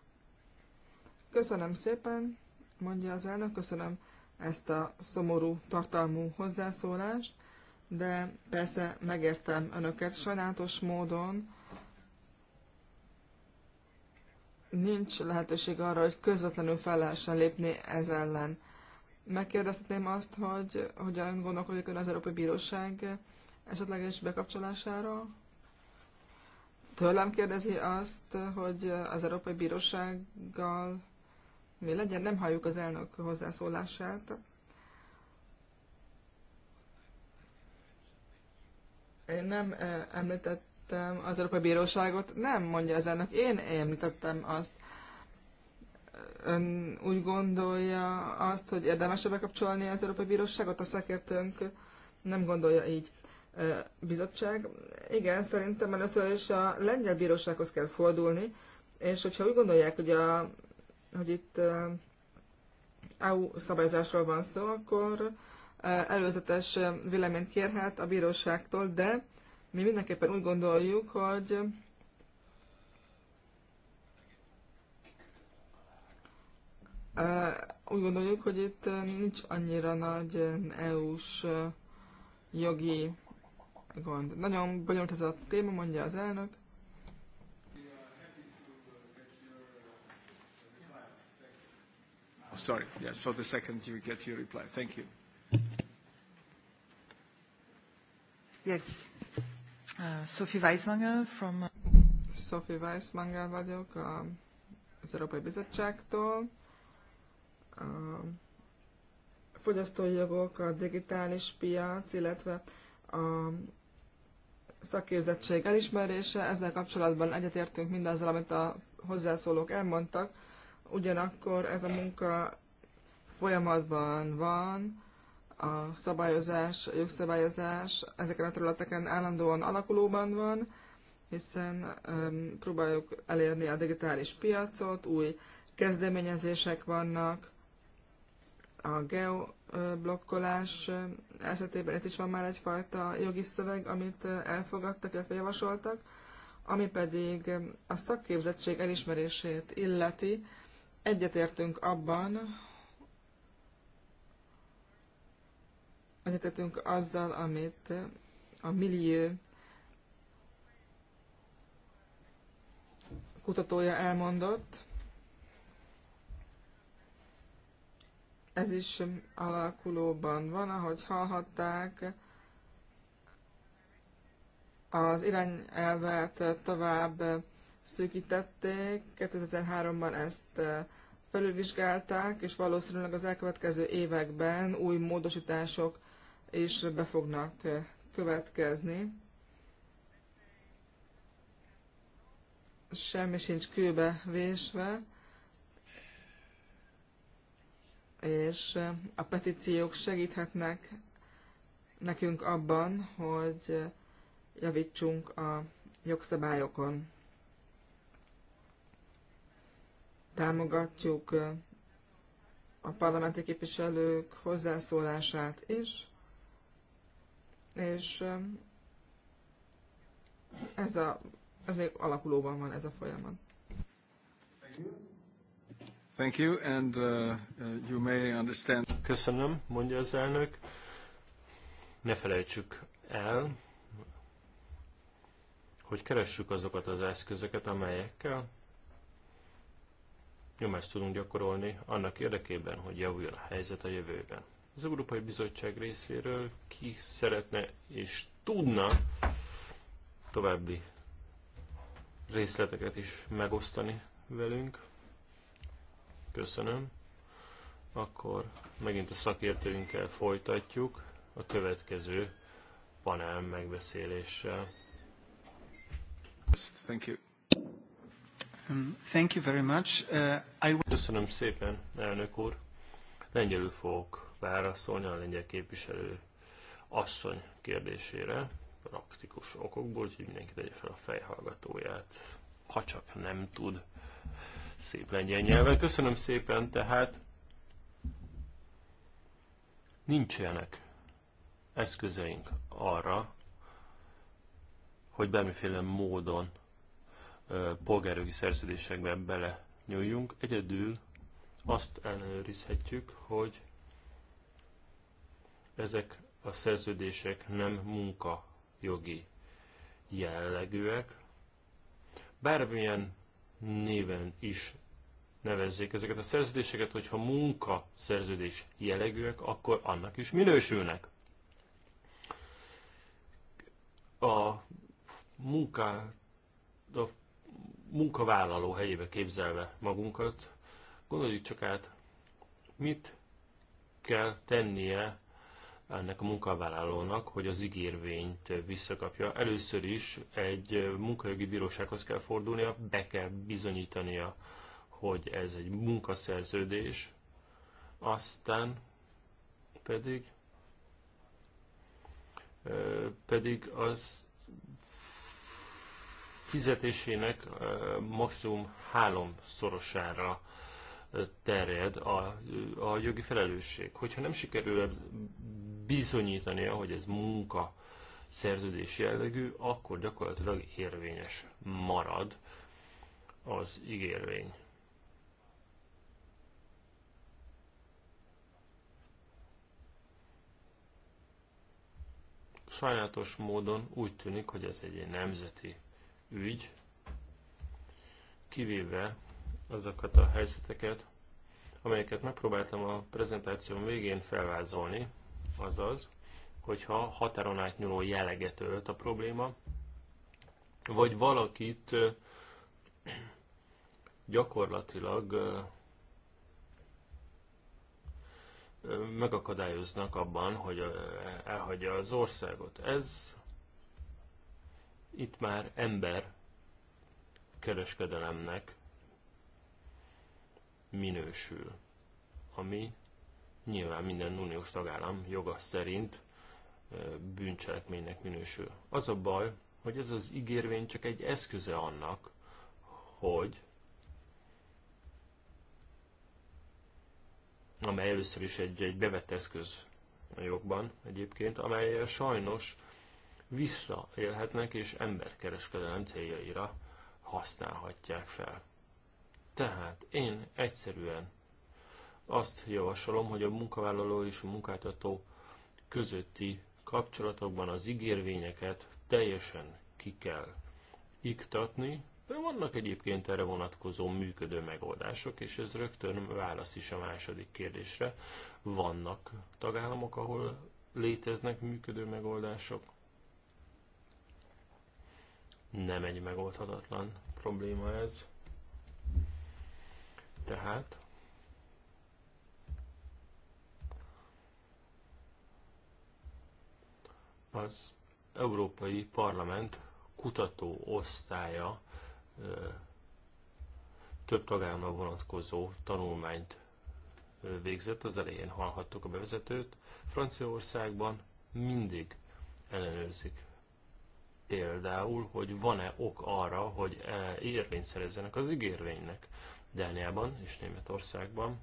Köszönöm szépen, mondja az elnök, köszönöm ezt a szomorú tartalmú hozzászólást, de persze megértem önöket sajnálatos módon, nincs lehetőség arra, hogy közvetlenül fel lehessen lépni ez ellen. Megkérdezhetném azt, hogy hogyan gondolkodik ön az Európai Bíróság esetleges bekapcsolásáról? Tőlem kérdezi azt, hogy az Európai Bírósággal mi legyen, nem halljuk az elnök hozzászólását. Én nem eh, említett említettem az Európai Bíróságot, nem mondja az ennek, én említettem azt. Ön úgy gondolja azt, hogy érdemes bekapcsolni az Európai Bíróságot, a szakértőnk nem gondolja így. Bizottság, igen, szerintem először is a lengyel bírósághoz kell fordulni, és hogyha úgy gondolják, hogy, a, hogy itt EU szabályozásról van szó, akkor előzetes véleményt kérhet a bíróságtól, de mi mindenképpen úgy gondoljuk, hogy úgy gondoljuk, hogy itt nincs annyira nagy EU-s jogi gond. Nagyon bonyolult ez a téma, mondja az elnök. Oh, sorry, yes, for the second you get your reply. Thank you. Yes, Uh, Sophie Weismanger from... Uh, Sophie Weismanger vagyok az Európai Bizottságtól. A fogyasztói jogok, a digitális piac, illetve a szakképzettség elismerése. Ezzel kapcsolatban egyetértünk mindazzal, amit a hozzászólók elmondtak. Ugyanakkor ez a munka folyamatban van, a szabályozás, a jogszabályozás ezeken a területeken állandóan alakulóban van, hiszen um, próbáljuk elérni a digitális piacot, új kezdeményezések vannak, a geoblokkolás esetében itt is van már egyfajta jogi szöveg, amit elfogadtak, illetve javasoltak, ami pedig a szakképzettség elismerését illeti. Egyetértünk abban, egyetetünk azzal, amit a millió kutatója elmondott. Ez is alakulóban van, ahogy hallhatták, az irányelvet tovább szűkítették, 2003-ban ezt felülvizsgálták, és valószínűleg az elkövetkező években új módosítások és be fognak eh, következni. Semmi sincs kőbe vésve, és eh, a petíciók segíthetnek nekünk abban, hogy eh, javítsunk a jogszabályokon. Támogatjuk a parlamenti képviselők hozzászólását is, és ez, a, ez még alakulóban van ez a folyamat. Thank you, and uh, uh, you may understand. Köszönöm, mondja az elnök. Ne felejtsük el, hogy keressük azokat az eszközöket, amelyekkel nyomást tudunk gyakorolni annak érdekében, hogy javuljon a helyzet a jövőben az Európai Bizottság részéről ki szeretne és tudna további részleteket is megosztani velünk. Köszönöm. Akkor megint a szakértőinkkel folytatjuk a következő panel megbeszéléssel. Thank you. Um, thank you very much. Uh, I... Köszönöm szépen, elnök úr. Lengyelül fogok válaszolni a lengyel képviselő asszony kérdésére, praktikus okokból, úgyhogy mindenki tegye fel a fejhallgatóját, ha csak nem tud szép lengyel nyelven. Köszönöm szépen, tehát nincsenek eszközeink arra, hogy bármiféle módon polgárjogi szerződésekbe bele nyúljunk. Egyedül azt ellenőrizhetjük, hogy ezek a szerződések nem munkajogi jellegűek. Bármilyen néven is nevezzék ezeket a szerződéseket, hogyha munka szerződés jellegűek, akkor annak is minősülnek. A munka, a munkavállaló helyébe képzelve magunkat, gondoljuk csak át, mit kell tennie ennek a munkavállalónak, hogy az ígérvényt visszakapja. Először is egy munkajogi bírósághoz kell fordulnia, be kell bizonyítania, hogy ez egy munkaszerződés, aztán pedig pedig az fizetésének maximum háromszorosára terjed a, a jogi felelősség. Hogyha nem sikerül bizonyítani, hogy ez munka szerződés jellegű, akkor gyakorlatilag érvényes marad az ígérvény. Sajnálatos módon úgy tűnik, hogy ez egy nemzeti ügy, kivéve, azokat a helyzeteket, amelyeket megpróbáltam a prezentációm végén felvázolni, azaz, hogyha határon átnyúló jelleget ölt a probléma, vagy valakit gyakorlatilag megakadályoznak abban, hogy elhagyja az országot. Ez itt már ember kereskedelemnek minősül, ami nyilván minden uniós tagállam joga szerint bűncselekménynek minősül. Az a baj, hogy ez az ígérvény csak egy eszköze annak, hogy amely először is egy, egy bevett eszköz a jogban egyébként, amely sajnos visszaélhetnek és emberkereskedelem céljaira használhatják fel. Tehát én egyszerűen azt javasolom, hogy a munkavállaló és a munkáltató közötti kapcsolatokban az ígérvényeket teljesen ki kell iktatni, de vannak egyébként erre vonatkozó működő megoldások, és ez rögtön válasz is a második kérdésre. Vannak tagállamok, ahol léteznek működő megoldások? Nem egy megoldhatatlan probléma ez tehát. Az Európai Parlament kutató osztálya több tagállamra vonatkozó tanulmányt végzett, az elején hallhattuk a bevezetőt. Franciaországban mindig ellenőrzik például, hogy van-e ok arra, hogy e, érvényt szerezzenek az ígérvénynek. Dániában és Németországban.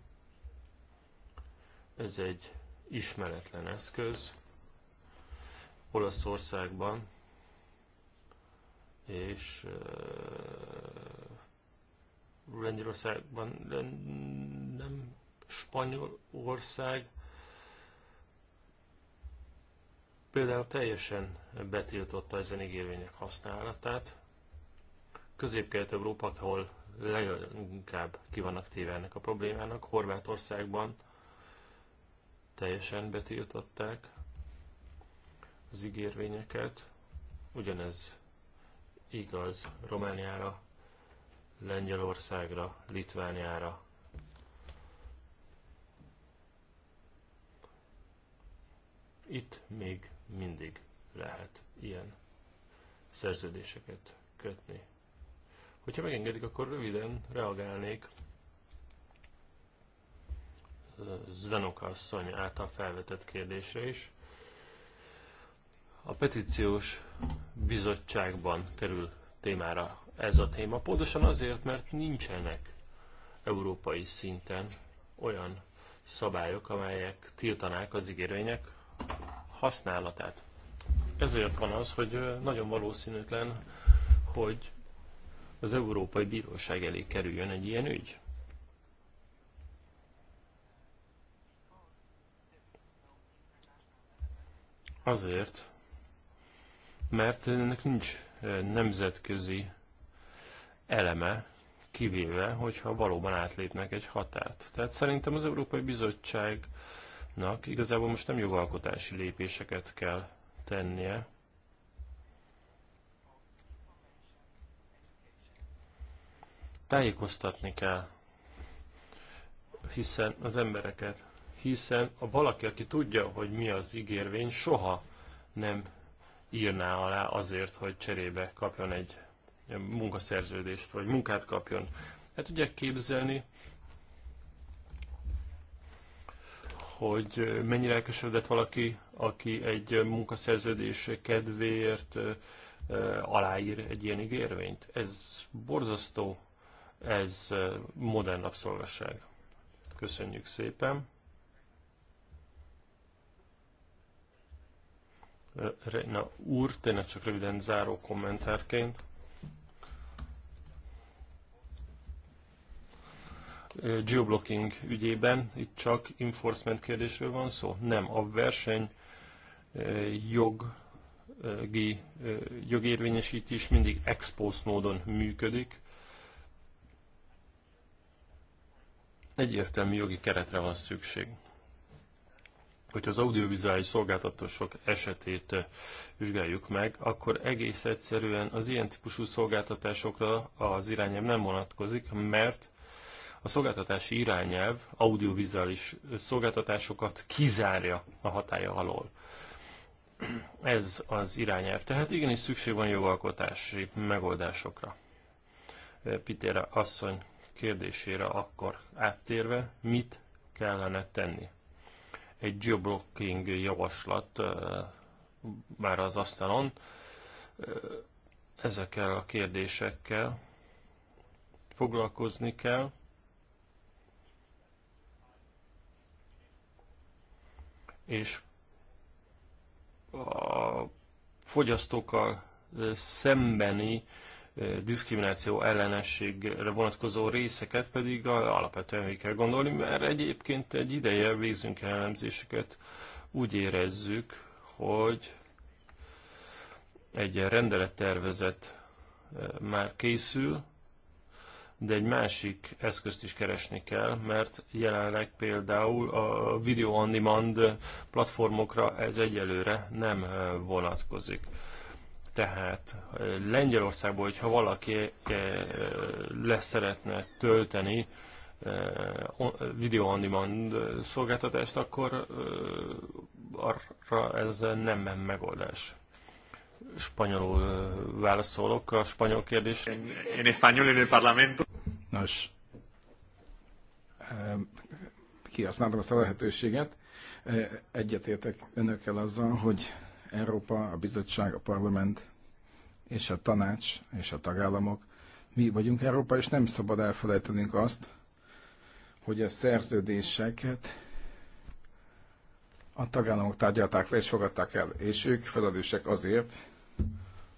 Ez egy ismeretlen eszköz. Olaszországban és uh, Lengyelországban, nem Spanyolország például teljesen betiltotta ezen ígérvények használatát. Közép-Kelet-Európa, ahol leginkább kivannak téve ennek a problémának. Horvátországban teljesen betiltották az ígérvényeket. Ugyanez igaz Romániára, Lengyelországra, Litvániára. Itt még mindig lehet ilyen szerződéseket kötni. Hogyha megengedik, akkor röviden reagálnék Zdenok asszony által felvetett kérdésre is. A petíciós bizottságban kerül témára ez a téma, pontosan azért, mert nincsenek európai szinten olyan szabályok, amelyek tiltanák az ígérvények használatát. Ezért van az, hogy nagyon valószínűtlen, hogy az Európai Bíróság elé kerüljön egy ilyen ügy? Azért, mert ennek nincs eh, nemzetközi eleme, kivéve, hogyha valóban átlépnek egy határt. Tehát szerintem az Európai Bizottságnak igazából most nem jogalkotási lépéseket kell tennie, tájékoztatni kell hiszen az embereket, hiszen a valaki, aki tudja, hogy mi az ígérvény, soha nem írná alá azért, hogy cserébe kapjon egy munkaszerződést, vagy munkát kapjon. Hát tudják képzelni, hogy mennyire elkeseredett valaki, aki egy munkaszerződés kedvéért aláír egy ilyen ígérvényt. Ez borzasztó ez modern abszolgasság. Köszönjük szépen. Na, úr, tényleg csak röviden záró kommentárként. Geoblocking ügyében itt csak enforcement kérdésről van szó? Nem, a verseny jog jogérvényesítés mindig expose módon működik. egyértelmű jogi keretre van szükség. Hogyha az audiovizuális szolgáltatások esetét eh, vizsgáljuk meg, akkor egész egyszerűen az ilyen típusú szolgáltatásokra az irányelv nem vonatkozik, mert a szolgáltatási irányelv audiovizuális eh, szolgáltatásokat kizárja a hatája alól. Ez az irányelv. Tehát igenis szükség van jogalkotási megoldásokra. Eh, Pitére asszony kérdésére akkor áttérve, mit kellene tenni? Egy geoblocking javaslat már az asztalon, ezekkel a kérdésekkel foglalkozni kell. És a fogyasztókkal szembeni diszkrimináció ellenességre vonatkozó részeket pedig alapvetően végig kell gondolni, mert egyébként egy ideje végzünk el elemzéseket, úgy érezzük, hogy egy rendelettervezet már készül, de egy másik eszközt is keresni kell, mert jelenleg például a video on demand platformokra ez egyelőre nem vonatkozik. Tehát Lengyelországból, hogyha valaki leszeretne tölteni video on demand szolgáltatást, akkor arra ez nem megoldás. Spanyolul válaszolok a spanyol kérdés. En español en el parlamento. Nos, kihasználtam ezt a lehetőséget. Egyetértek önökkel azzal, hogy Európa, a bizottság, a parlament és a tanács és a tagállamok. Mi vagyunk Európa, és nem szabad elfelejtenünk azt, hogy a szerződéseket a tagállamok tárgyalták le és fogadták el, és ők felelősek azért,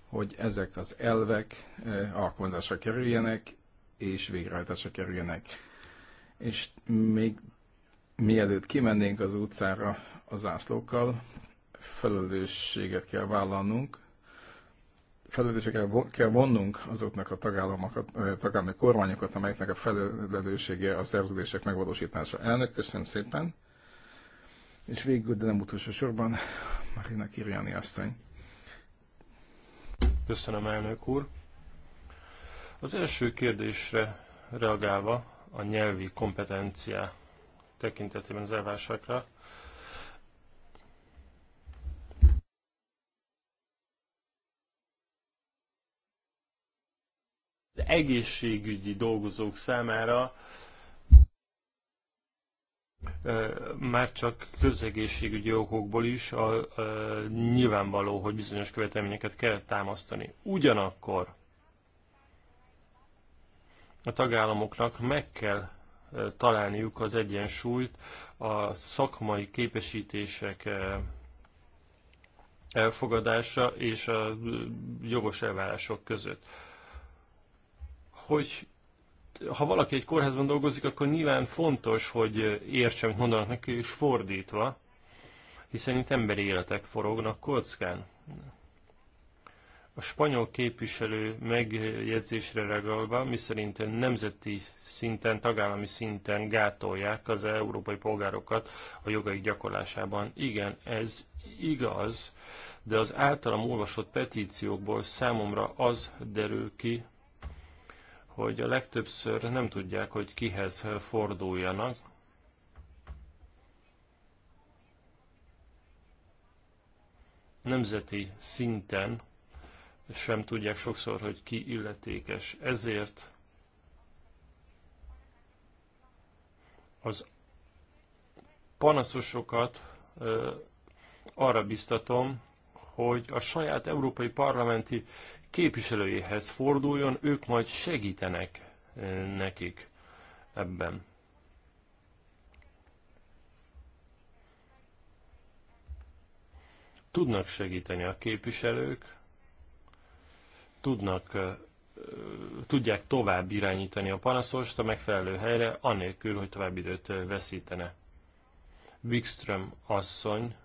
hogy ezek az elvek eh, alkalmazásra kerüljenek, és végrehajtásra kerüljenek. És még mielőtt kimennénk az utcára az zászlókkal, felelősséget kell vállalnunk, felelősséget kell vonnunk azoknak a tagállamokat, tagállami kormányokat, amelyeknek a felelőssége a szerződések megvalósítása. Elnök, köszönöm szépen. És végül, de nem utolsó sorban, Marina Kirjani asszony. Köszönöm, elnök úr. Az első kérdésre reagálva a nyelvi kompetencia tekintetében az elvásakra, egészségügyi dolgozók számára már csak közegészségügyi okokból is a, a, nyilvánvaló, hogy bizonyos követelményeket kell támasztani. Ugyanakkor a tagállamoknak meg kell találniuk az egyensúlyt a szakmai képesítések elfogadása és a jogos elvárások között hogy ha valaki egy kórházban dolgozik, akkor nyilván fontos, hogy értse, amit mondanak neki, és fordítva, hiszen itt emberi életek forognak kockán. A spanyol képviselő megjegyzésre reagálva, miszerint nemzeti szinten, tagállami szinten gátolják az európai polgárokat a jogaik gyakorlásában. Igen, ez igaz, de az általam olvasott petíciókból számomra az derül ki, hogy a legtöbbször nem tudják, hogy kihez forduljanak. Nemzeti szinten sem tudják sokszor, hogy ki illetékes. Ezért az panaszosokat arra biztatom, hogy a saját európai parlamenti képviselőjéhez forduljon, ők majd segítenek eh, nekik ebben. Tudnak segíteni a képviselők, tudnak, eh, tudják tovább irányítani a panaszost a megfelelő helyre, anélkül, hogy tovább időt eh, veszítene. Wikström asszony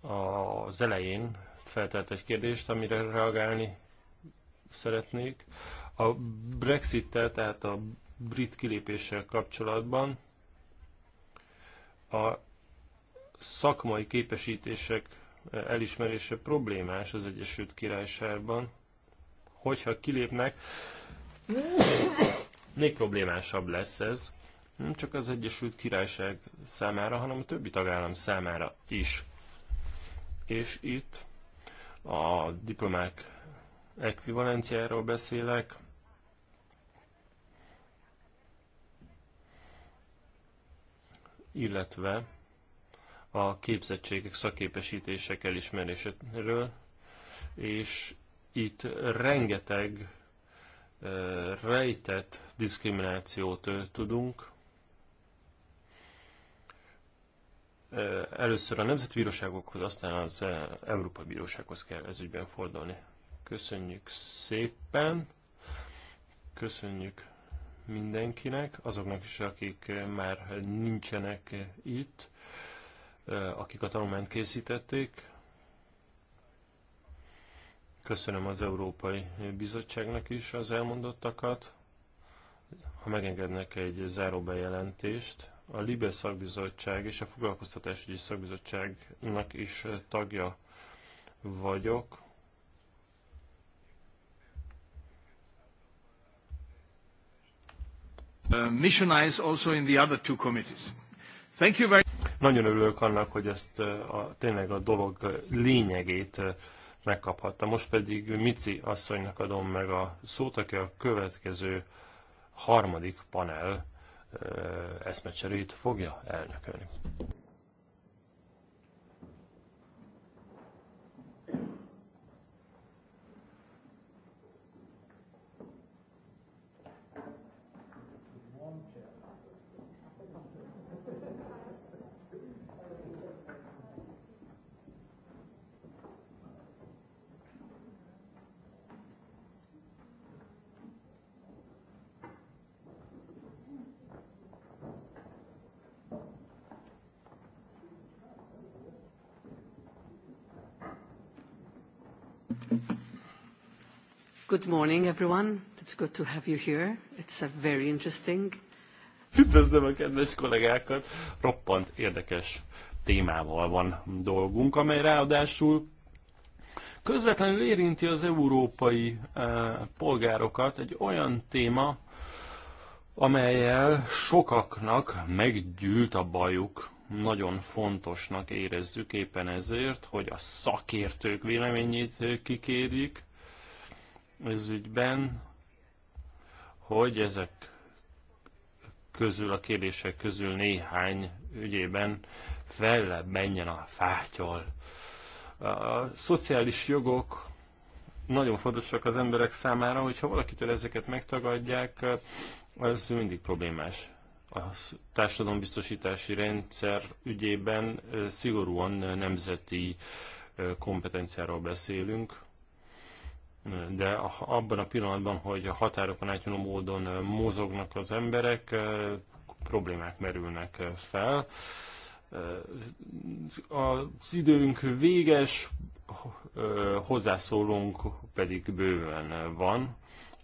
az elején feltelt egy kérdést, amire reagálni szeretnék. A Brexit-tel, tehát a brit kilépéssel kapcsolatban a szakmai képesítések elismerése problémás az Egyesült Királyságban. Hogyha kilépnek, még problémásabb lesz ez, nem csak az Egyesült Királyság számára, hanem a többi tagállam számára is. És itt a diplomák ekvivalenciáról beszélek, illetve a képzettségek, szaképesítések elismeréséről, és itt rengeteg eh, rejtett diszkriminációt eh, tudunk, Először a Bíróságokhoz, aztán az Európai Bírósághoz kell ezügyben fordulni. Köszönjük szépen, köszönjük mindenkinek, azoknak is, akik már nincsenek itt, akik a tanulmányt készítették. Köszönöm az Európai Bizottságnak is az elmondottakat. Ha megengednek egy záró bejelentést, a Libe szakbizottság és a foglalkoztatásügyi szakbizottságnak is tagja vagyok. Uh, Missionize also in the other two committees. Thank you very Nagyon örülök annak, hogy ezt uh, a, tényleg a dolog lényegét uh, megkaphatta. Most pedig Mici asszonynak adom meg a szót, aki a következő harmadik panel eszmecserét fogja elnökölni. Good morning, everyone. It's good to have you here. It's a very interesting. Üdvözlöm a kedves kollégákat! Roppant érdekes témával van dolgunk, amely ráadásul közvetlenül érinti az európai eh, polgárokat egy olyan téma, amelyel sokaknak meggyűlt a bajuk. Nagyon fontosnak érezzük éppen ezért, hogy a szakértők véleményét kikérjük, ez ügyben, hogy ezek közül, a kérdések közül néhány ügyében fel menjen a fátyol. A szociális jogok nagyon fontosak az emberek számára, hogyha valakitől ezeket megtagadják, az mindig problémás. A társadalombiztosítási rendszer ügyében szigorúan nemzeti kompetenciáról beszélünk, de abban a pillanatban, hogy a határokon átnyúló módon mozognak az emberek, problémák merülnek fel. Az időnk véges, hozzászólónk pedig bőven van.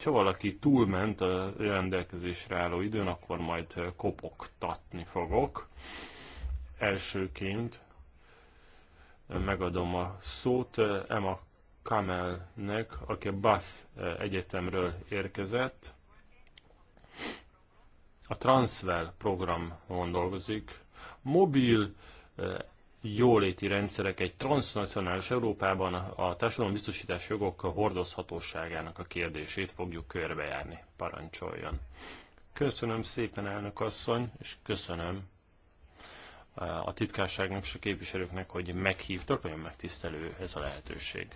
Ha valaki túlment a rendelkezésre álló időn, akkor majd kopogtatni fogok. Elsőként megadom a szót Emma Kamelnek, aki a Bath eh, Egyetemről érkezett. A Transvel programon dolgozik. Mobil eh, jóléti rendszerek egy transnacionális Európában a biztosítás jogok hordozhatóságának a kérdését fogjuk körbejárni. Parancsoljon! Köszönöm szépen, elnök asszony, és köszönöm a titkárságnak és a képviselőknek, hogy meghívtak, nagyon megtisztelő ez a lehetőség.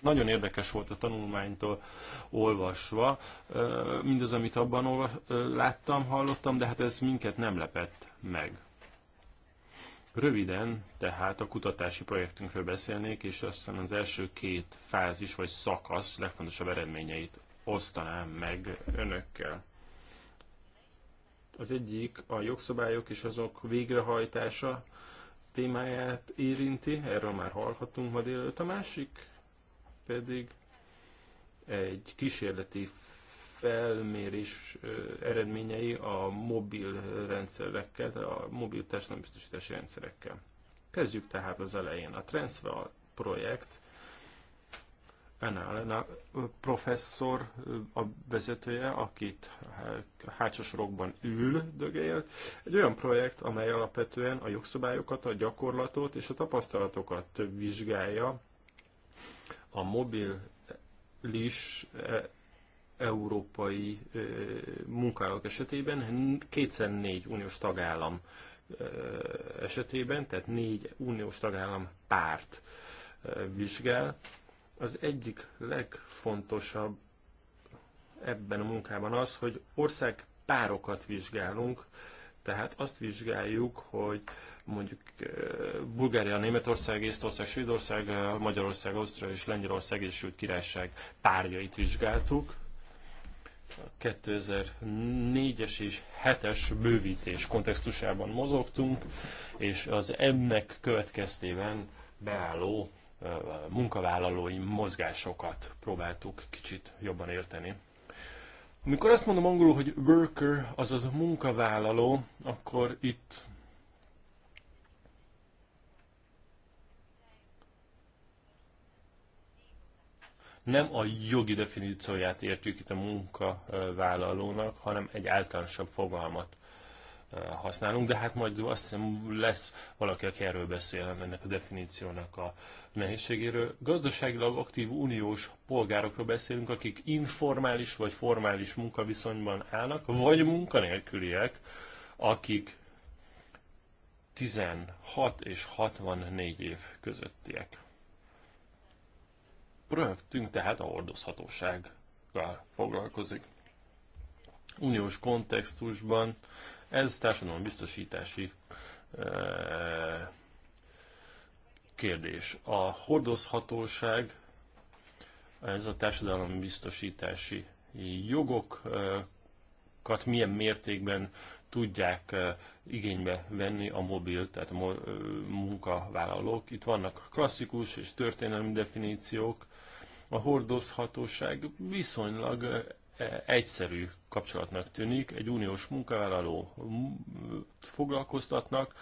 Nagyon érdekes volt a tanulmánytól olvasva, mindaz, amit abban olvas, láttam, hallottam, de hát ez minket nem lepett meg. Röviden tehát a kutatási projektünkről beszélnék, és aztán az első két fázis vagy szakasz legfontosabb eredményeit osztanám meg önökkel. Az egyik a jogszabályok és azok végrehajtása témáját érinti, erről már hallhatunk ma délelőtt. A másik pedig egy kísérleti felmérés eredményei a mobil rendszerekkel, a mobil társadalombiztosítási rendszerekkel. Kezdjük tehát az elején. A Transfer projekt a professzor a vezetője, akit hátsó sorokban ül, dögél. Egy olyan projekt, amely alapvetően a jogszabályokat, a gyakorlatot és a tapasztalatokat vizsgálja a mobilis e, európai e, munkálók esetében kétszer négy uniós tagállam e, esetében, tehát négy uniós tagállam párt vizsgál, az egyik legfontosabb ebben a munkában az, hogy ország párokat vizsgálunk, tehát azt vizsgáljuk, hogy mondjuk eh, Bulgária, Németország, Észtország, Svédország, eh, Magyarország, Ausztria és Lengyelország és Sült Királyság párjait vizsgáltuk. A 2004-es és 7-es bővítés kontextusában mozogtunk, és az ennek következtében beálló munkavállalói mozgásokat próbáltuk kicsit jobban érteni. Amikor azt mondom angolul, hogy worker, azaz munkavállaló, akkor itt nem a jogi definícióját értjük itt a munkavállalónak, hanem egy általánosabb fogalmat használunk, de hát majd azt hiszem lesz valaki, aki erről beszél ennek a definíciónak a nehézségéről. Gazdaságilag aktív uniós polgárokról beszélünk, akik informális vagy formális munkaviszonyban állnak, vagy munkanélküliek, akik 16 és 64 év közöttiek. Projektünk tehát a hordozhatósággal foglalkozik. Uniós kontextusban ez társadalom biztosítási eh, kérdés. A hordozhatóság, ez a társadalom biztosítási jogokat milyen mértékben tudják eh, igénybe venni a mobil, tehát a eh, munkavállalók. Itt vannak klasszikus és történelmi definíciók. A hordozhatóság viszonylag egyszerű kapcsolatnak tűnik. Egy uniós munkavállaló foglalkoztatnak,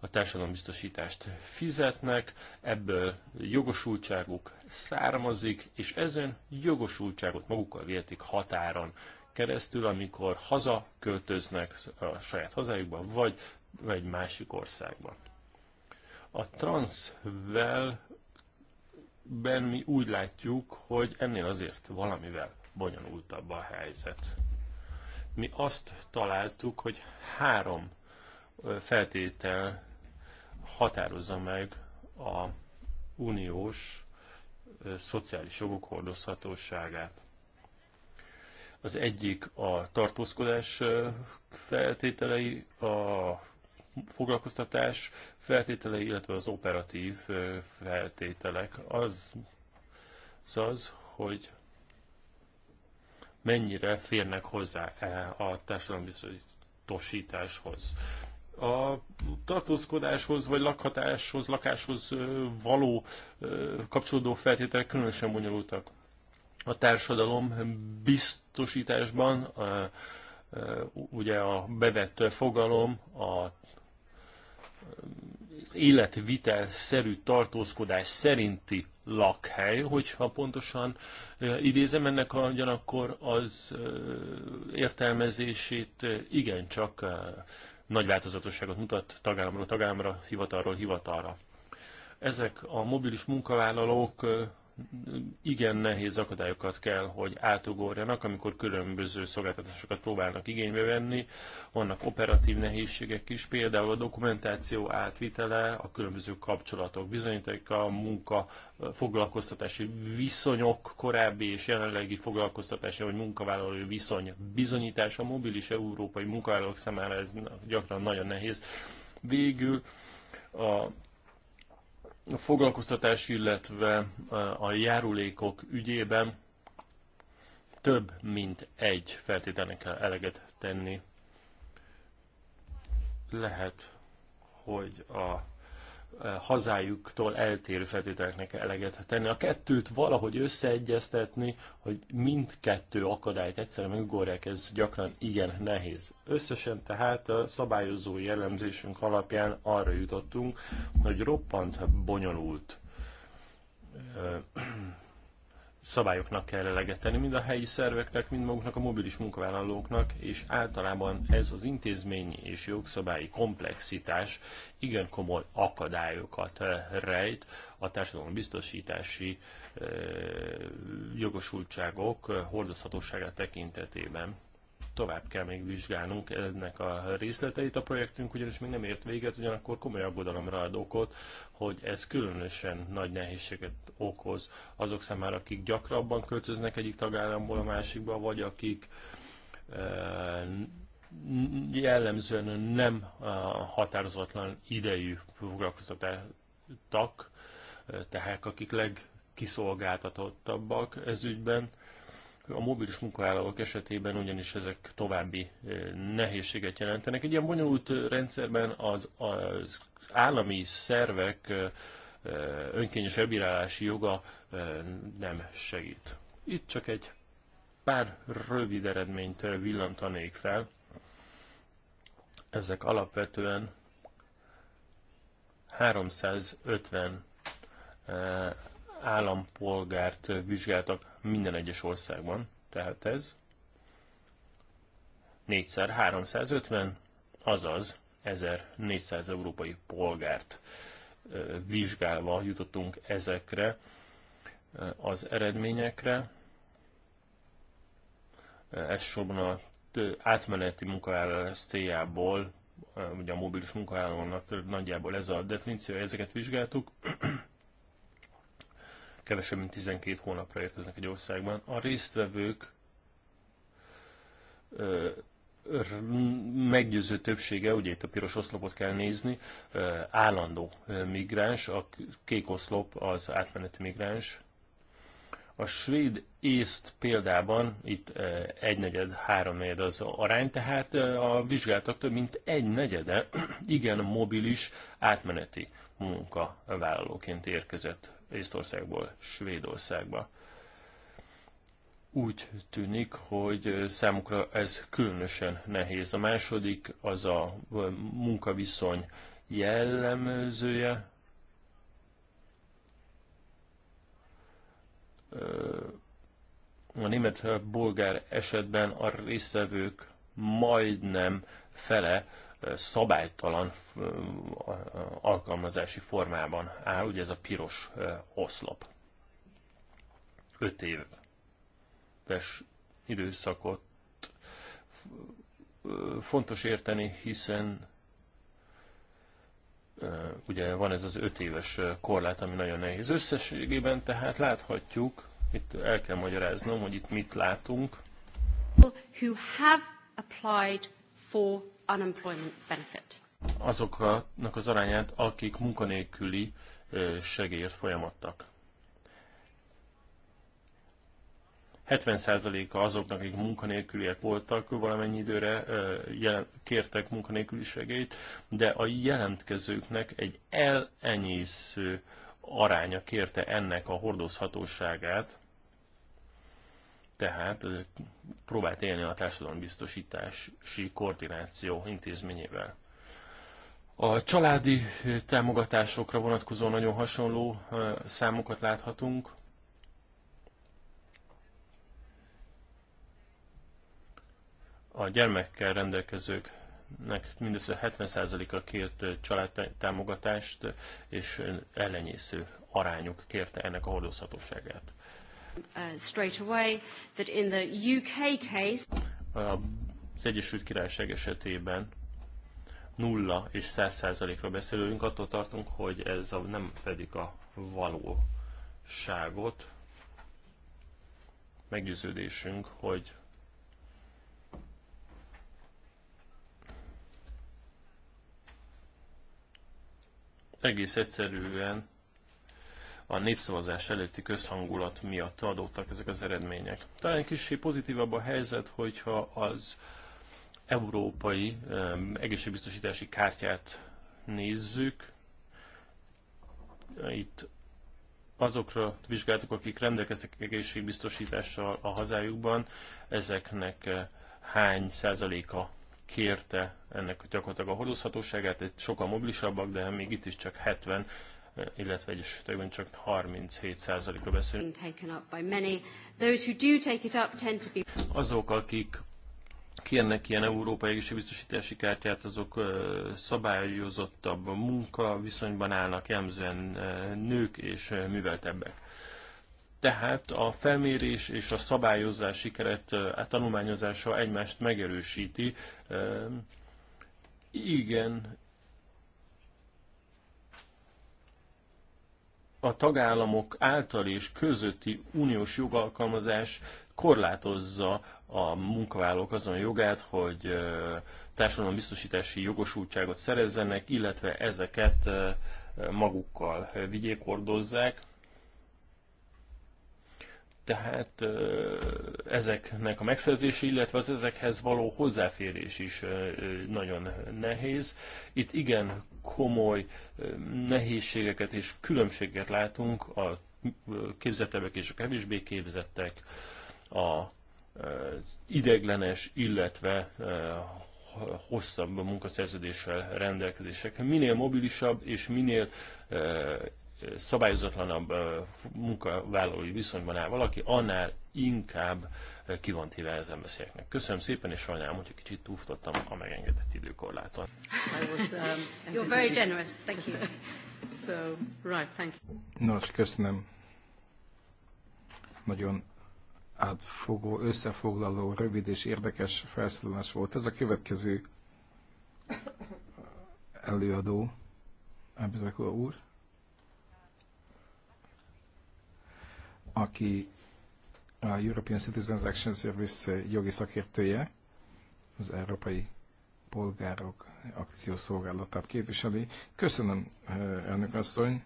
a társadalombiztosítást fizetnek, ebből jogosultságuk származik, és ezen jogosultságot magukkal vértik határon keresztül, amikor haza költöznek a saját hazájukba, vagy egy másik országba. A transvel ben mi úgy látjuk, hogy ennél azért valamivel bonyolultabb a helyzet mi azt találtuk, hogy három feltétel határozza meg a uniós szociális jogok hordozhatóságát. Az egyik a tartózkodás feltételei, a foglalkoztatás feltételei, illetve az operatív feltételek. Az, az, hogy mennyire férnek hozzá eh, a társadalombiztosításhoz. A tartózkodáshoz vagy lakhatáshoz, lakáshoz eh, való eh, kapcsolódó feltételek különösen bonyolultak. A társadalom biztosításban ugye a bevett fogalom a az életvitel szerű tartózkodás szerinti lakhely, hogyha pontosan idézem ennek a, gyanakkor az értelmezését igencsak nagy változatosságot mutat tagállamról tagállamra, hivatalról hivatalra. Ezek a mobilis munkavállalók igen nehéz akadályokat kell, hogy átugorjanak, amikor különböző szolgáltatásokat próbálnak igénybe venni. Vannak operatív nehézségek is, például a dokumentáció átvitele, a különböző kapcsolatok bizonyítéka, a munka, foglalkoztatási viszonyok, korábbi és jelenlegi foglalkoztatási vagy munkavállalói viszony bizonyítása, a mobilis európai munkavállalók számára ez gyakran nagyon nehéz. Végül a a foglalkoztatás, illetve e, a járulékok ügyében több mint egy feltételnek kell eleget tenni. Lehet, hogy a hazájuktól eltérő feltételeknek eleget tenni. A kettőt valahogy összeegyeztetni, hogy mindkettő akadályt egyszerűen megugorják, ez gyakran igen nehéz. Összesen tehát a szabályozó jellemzésünk alapján arra jutottunk, hogy roppant bonyolult szabályoknak kell eleget tenni, mind a helyi szerveknek, mind maguknak a mobilis munkavállalóknak, és általában ez az intézményi és jogszabályi komplexitás igen komoly akadályokat eh, rejt a társadalom biztosítási eh, jogosultságok eh, hordozhatóságát tekintetében tovább kell még vizsgálnunk ennek a részleteit. A projektünk ugyanis még nem ért véget, ugyanakkor komoly aggodalomra ad okot, hogy ez különösen nagy nehézséget okoz azok számára, akik gyakrabban költöznek egyik tagállamból a másikba, vagy akik e, jellemzően nem e, határozatlan idejű foglalkoztatottak, e, tehát akik legkiszolgáltatottabbak ez ügyben, a mobilis munkavállalók esetében ugyanis ezek további eh, nehézséget jelentenek. Egy ilyen bonyolult eh, rendszerben az, az állami szervek eh, önkényes elbírálási joga nem segít. Itt csak egy pár rövid eredményt villantanék fel. Ezek alapvetően 350 állampolgárt vizsgáltak minden egyes országban, tehát ez 4x350, azaz 1400 európai polgárt vizsgálva jutottunk ezekre az eredményekre. Elsősorban a átmeneti munkavállalás céljából, ugye a mobilis munkavállalónak nagyjából ez a definíció, ezeket vizsgáltuk kevesebb, mint 12 hónapra érkeznek egy országban. A résztvevők meggyőző többsége, ugye itt a piros oszlopot kell nézni, állandó migráns, a kék oszlop az átmeneti migráns. A svéd észt példában itt egynegyed, háromnegyed az arány, tehát a vizsgáltak több mint egynegyede <clears throat> igen mobilis átmeneti munkavállalóként érkezett Észtországból Svédországba. Úgy tűnik, hogy számukra ez különösen nehéz. A második az a munkaviszony jellemzője, a német-bolgár esetben a résztvevők majdnem fele szabálytalan alkalmazási formában áll, ugye ez a piros oszlop. 5 éves időszakot fontos érteni, hiszen ugye van ez az 5 éves korlát, ami nagyon nehéz. Összességében tehát láthatjuk, itt el kell magyaráznom, hogy itt mit látunk. Who have applied for unemployment benefit. Azoknak az arányát, akik munkanélküli segélyért folyamattak. 70%-a azoknak, akik munkanélküliek voltak, valamennyi időre jelen, kértek munkanélküli segélyt, de a jelentkezőknek egy elenyésző aránya kérte ennek a hordozhatóságát, tehát próbált élni a társadalombiztosítási koordináció intézményével. A családi támogatásokra vonatkozó nagyon hasonló számokat láthatunk. A gyermekkel rendelkezőknek mindössze 70%-a kért családtámogatást, és ellenyésző arányuk kérte ennek a hordozhatóságát. Uh, straight away that in the UK case az Egyesült Királyság esetében nulla és száz százalékra beszélünk, attól tartunk, hogy ez a, nem fedik a valóságot. Meggyőződésünk, hogy egész egyszerűen a népszavazás előtti közhangulat miatt adottak ezek az eredmények. Talán kicsi pozitívabb a helyzet, hogyha az európai egészségbiztosítási kártyát nézzük. Itt azokra vizsgáltuk, akik rendelkeztek egészségbiztosítással a hazájukban, ezeknek eh, hány százaléka kérte ennek gyakorlatilag a hordozhatóságát, sokkal mobilisabbak, de még itt is csak 70 illetve egyes esetekben csak 37 a beszélünk. Azok, akik kérnek ilyen európai egészségbiztosítási kártyát, azok szabályozottabb munka viszonyban állnak, jellemzően nők és műveltebbek. Tehát a felmérés és a szabályozási keret tanulmányozása egymást megerősíti. Igen, a tagállamok által és közötti uniós jogalkalmazás korlátozza a munkavállalók azon jogát, hogy társadalombiztosítási jogosultságot szerezzenek, illetve ezeket magukkal vigyék, hordozzák. Tehát ezeknek a megszerzése, illetve az ezekhez való hozzáférés is nagyon nehéz. Itt igen komoly nehézségeket és különbséget látunk a képzettebbek és a kevésbé képzettek, a ideglenes, illetve hosszabb munkaszerződéssel rendelkezések. Minél mobilisabb és minél szabályozatlanabb munkavállalói viszonyban áll valaki, annál inkább ki van téve ezen beszéleknek. Köszönöm szépen, és sajnálom, hogy kicsit túlfutottam a megengedett időkorláton. Um, Nos, köszönöm. Nagyon átfogó, összefoglaló, rövid és érdekes felszólalás volt. Ez a következő előadó, Ábizakula úr, aki a European Citizens Action Service jogi szakértője, az Európai Polgárok Akciószolgálatát képviseli. Köszönöm, elnök asszony!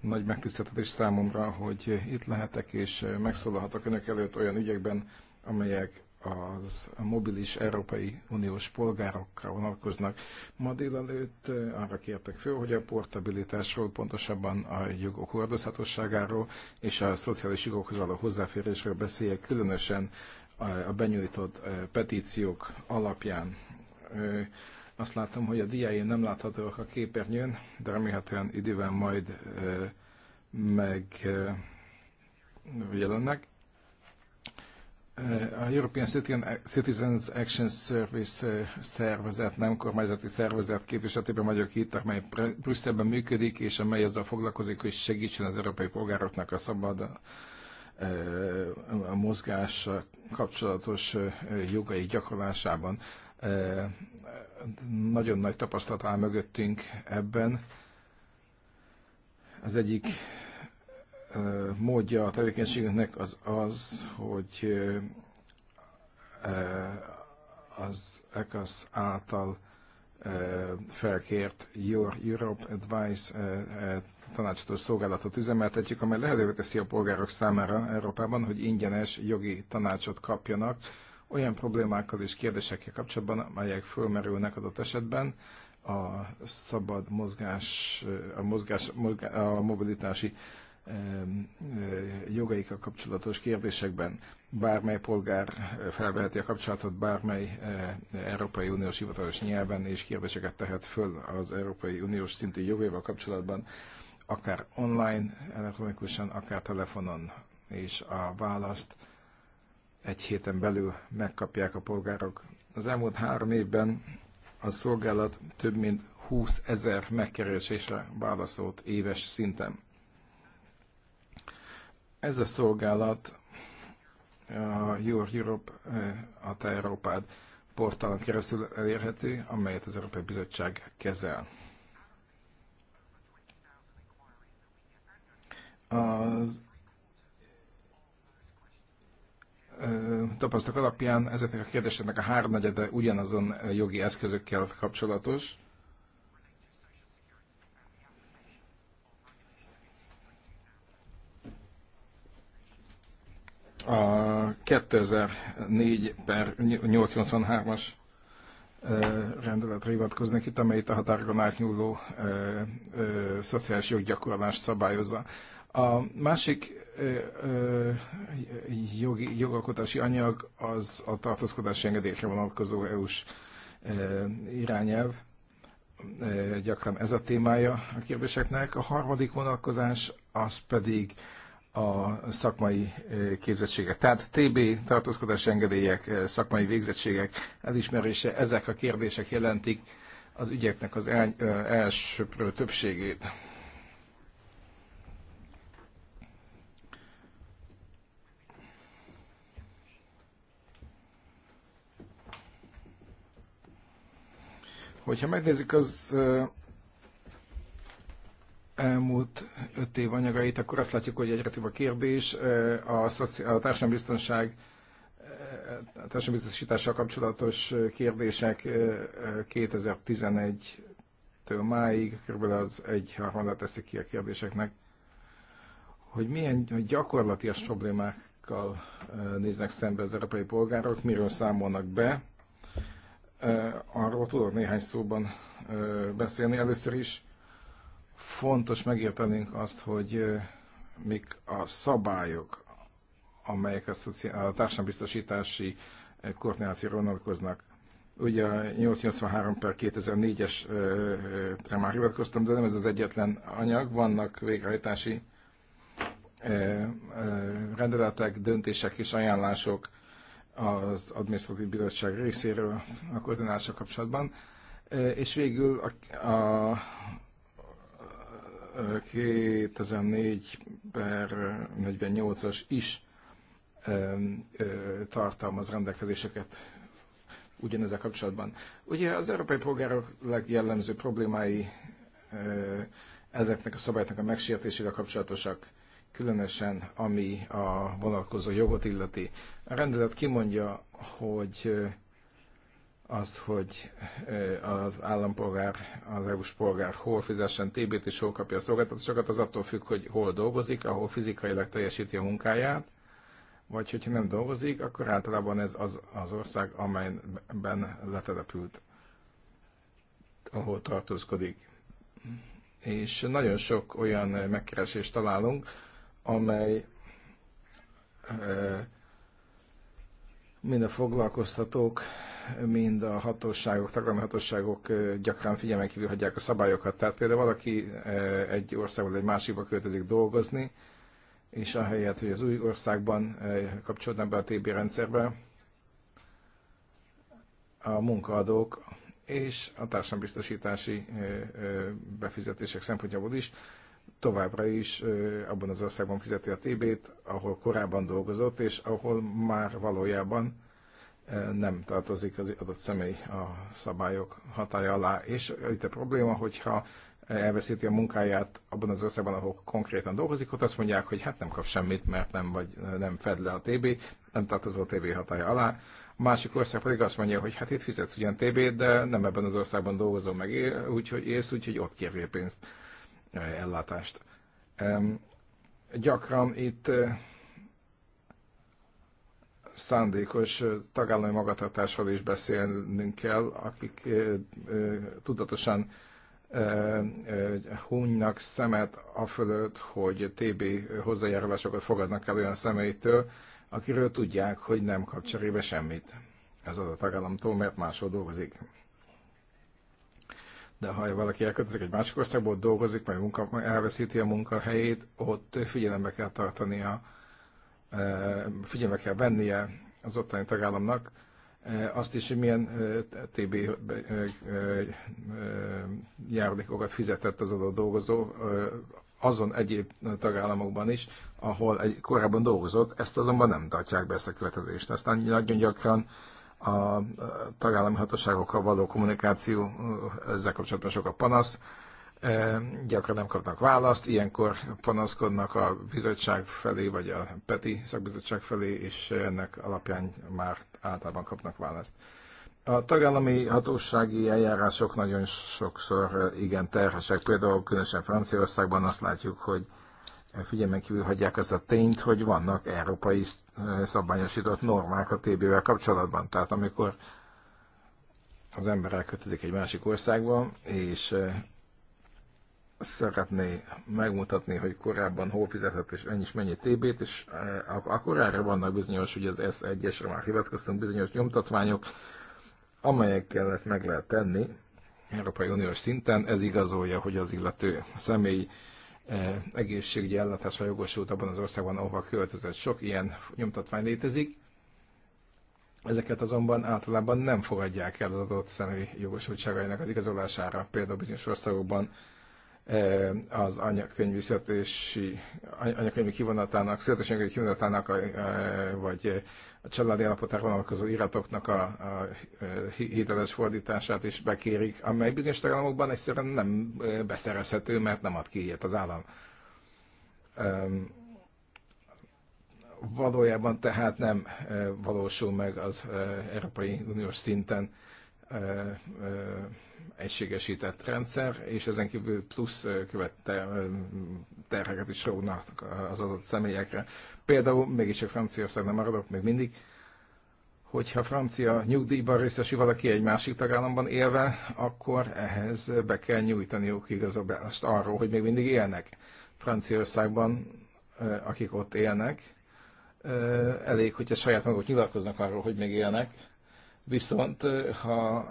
Nagy megtiszteltetés számomra, hogy itt lehetek és megszólalhatok önök előtt olyan ügyekben, amelyek az mobilis Európai Uniós polgárokra vonatkoznak. Ma délelőtt arra kértek föl, hogy a portabilitásról, pontosabban a jogok hordozhatóságáról és a szociális jogokhoz való hozzáférésről beszéljek, különösen a benyújtott petíciók alapján. Azt látom, hogy a diáim nem láthatóak a képernyőn, de remélhetően időben majd megjelennek. Eh, a European Citizens Action Service eh, szervezet, nem kormányzati szervezet képviseletében vagyok itt, amely Brüsszelben működik, és amely ezzel foglalkozik, hogy segítsen az európai polgároknak a szabad eh, a mozgás kapcsolatos jogai gyakorlásában. Nagyon nagy tapasztalat áll mögöttünk ebben. Az egyik módja a tevékenységünknek az az, hogy az ECAS által felkért Your Europe Advice tanácsadó szolgálatot üzemeltetjük, amely lehetővé teszi a polgárok számára Európában, hogy ingyenes jogi tanácsot kapjanak olyan problémákkal és kérdésekkel kapcsolatban, amelyek fölmerülnek adott esetben a szabad mozgás, a, mozgás, a mobilitási jogaikkal kapcsolatos kérdésekben bármely polgár felveheti a kapcsolatot bármely Európai Uniós hivatalos nyelven, és kérdéseket tehet föl az Európai Uniós szintű jogaival kapcsolatban, akár online, elektronikusan, akár telefonon, és a választ egy héten belül megkapják a polgárok. Az elmúlt három évben a szolgálat több mint 20 ezer megkeresésre válaszolt éves szinten. Ez a szolgálat a Your Europe, eh, a Te Európád portálon keresztül elérhető, amelyet az Európai Bizottság kezel. Az eh, tapasztalat alapján ezeknek a kérdéseknek a háromnegyede ugyanazon eh, jogi eszközökkel kapcsolatos, a 2004 per 883-as rendeletre hivatkoznak itt, amelyik a határokon átnyúló ö, ö, szociális joggyakorlást szabályozza. A másik ö, ö, jogi, jogalkotási anyag az a tartózkodási engedélyekre vonatkozó EU-s irányelv. Ö, gyakran ez a témája a kérdéseknek. A harmadik vonatkozás az pedig a szakmai eh, képzettségek. Tehát TB, tartózkodási engedélyek, eh, szakmai végzettségek elismerése, ezek a kérdések jelentik az ügyeknek az el, eh, elsőprő többségét. Hogyha megnézzük az elmúlt öt év anyagait, akkor azt látjuk, hogy egyre több a kérdés. A, szoci... a társadalombiztonság a társadalombiztosítással kapcsolatos kérdések 2011-től máig kb. az egy harmadát teszik ki a kérdéseknek, hogy milyen gyakorlatias problémákkal néznek szembe az európai polgárok, miről számolnak be. Arról tudok néhány szóban beszélni. Először is Fontos megértenünk azt, hogy mik a szabályok, amelyek a, szociál, a társadalombiztosítási koordinációra vonatkoznak. Ugye a 883 per 2004 es már hivatkoztam, de nem ez az egyetlen anyag, vannak végrehajtási rendeletek, döntések és ajánlások az adminisztratív bizottság részéről a koordinálással kapcsolatban. És végül a, a 2004 per 48-as is tartalmaz rendelkezéseket ugyanezzel kapcsolatban. Ugye az európai polgárok legjellemző problémái ezeknek a szabályoknak a megsértésével kapcsolatosak, különösen ami a vonatkozó jogot illeti. A rendelet kimondja, hogy azt, hogy az állampolgár, az EU-s polgár hol fizessen TB-t és hol kapja a szolgáltatásokat, az attól függ, hogy hol dolgozik, ahol fizikailag teljesíti a munkáját, vagy hogyha nem dolgozik, akkor általában ez az, az ország, amelyben letelepült, ahol tartózkodik. És nagyon sok olyan megkeresést találunk, amely mind a foglalkoztatók mind a hatóságok, tagállami hatóságok gyakran figyelmen kívül hagyják a szabályokat. Tehát például valaki egy országból egy másikba költözik dolgozni, és ahelyett, hogy az új országban kapcsolódnak be a TB rendszerbe, a munkaadók és a társadalombiztosítási befizetések szempontjából is továbbra is abban az országban fizeti a TB-t, ahol korábban dolgozott, és ahol már valójában nem tartozik az adott személy a szabályok hatája alá. És itt a probléma, hogyha elveszíti a munkáját abban az országban, ahol konkrétan dolgozik, ott azt mondják, hogy hát nem kap semmit, mert nem, vagy, nem fed le a TB, nem tartozó a TB hatája alá. A másik ország pedig azt mondja, hogy hát itt fizetsz ugyan TB, de nem ebben az országban dolgozom meg, úgyhogy élsz, úgyhogy ott kérjél pénzt, ellátást. Gyakran itt szándékos tagállami magatartásról is beszélnünk kell, akik tudatosan hunynak szemet a fölött, hogy TB hozzájárulásokat fogadnak el olyan személytől, akiről tudják, hogy nem kap cserébe semmit. Ez az a tagállamtól, mert máshol dolgozik. De ha valaki elköltözik egy másik országból, dolgozik, majd munka, elveszíti a munkahelyét, ott figyelembe kell tartania figyelme kell vennie az ottani tagállamnak azt is, hogy milyen TB járulékokat fizetett az adott dolgozó azon egyéb tagállamokban is, ahol egy, korábban dolgozott, ezt azonban nem tartják be ezt a követelést. Aztán nagyon gyakran a tagállami hatóságokkal való kommunikáció, ezzel kapcsolatban sok a panasz, gyakran nem kapnak választ, ilyenkor panaszkodnak a bizottság felé, vagy a PETI szakbizottság felé, és ennek alapján már általában kapnak választ. A tagállami hatósági eljárások nagyon sokszor igen terhesek, például különösen Franciaországban azt látjuk, hogy figyelmen kívül hagyják azt a tényt, hogy vannak európai szabványosított normák a TB-vel kapcsolatban. Tehát amikor az ember elköltözik egy másik országba, és szeretné megmutatni, hogy korábban hol fizetett és ennyi mennyi TB-t, és eh, akkor erre vannak bizonyos, hogy az S1-esre már hivatkoztunk, bizonyos nyomtatványok, amelyekkel ezt meg lehet tenni Európai Uniós szinten. Ez igazolja, hogy az illető személy eh, egészségügyi ellátásra jogosult abban az országban, ahova költözött. Sok ilyen nyomtatvány létezik, Ezeket azonban általában nem fogadják el az adott személy jogosultságainak az igazolására. Például bizonyos országokban E, az anyakönyv anyakönyvi kivonatának, születési kivonatának, e, vagy a családi állapotára vonatkozó iratoknak a, a e, hiteles fordítását is bekérik, amely bizonyos tagállamokban egyszerűen nem beszerezhető, mert nem ad ki ilyet az állam. Valójában tehát nem valósul meg az Európai Uniós szinten egységesített rendszer, és ezen kívül plusz követte terheket is rónak az adott személyekre. Például, mégiscsak nem maradok még mindig, hogyha francia nyugdíjban részesül valaki egy másik tagállamban élve, akkor ehhez be kell nyújtaniuk igazolást arról, hogy még mindig élnek. Franciaországban, akik ott élnek, elég, hogyha saját maguk nyilatkoznak arról, hogy még élnek, Viszont ha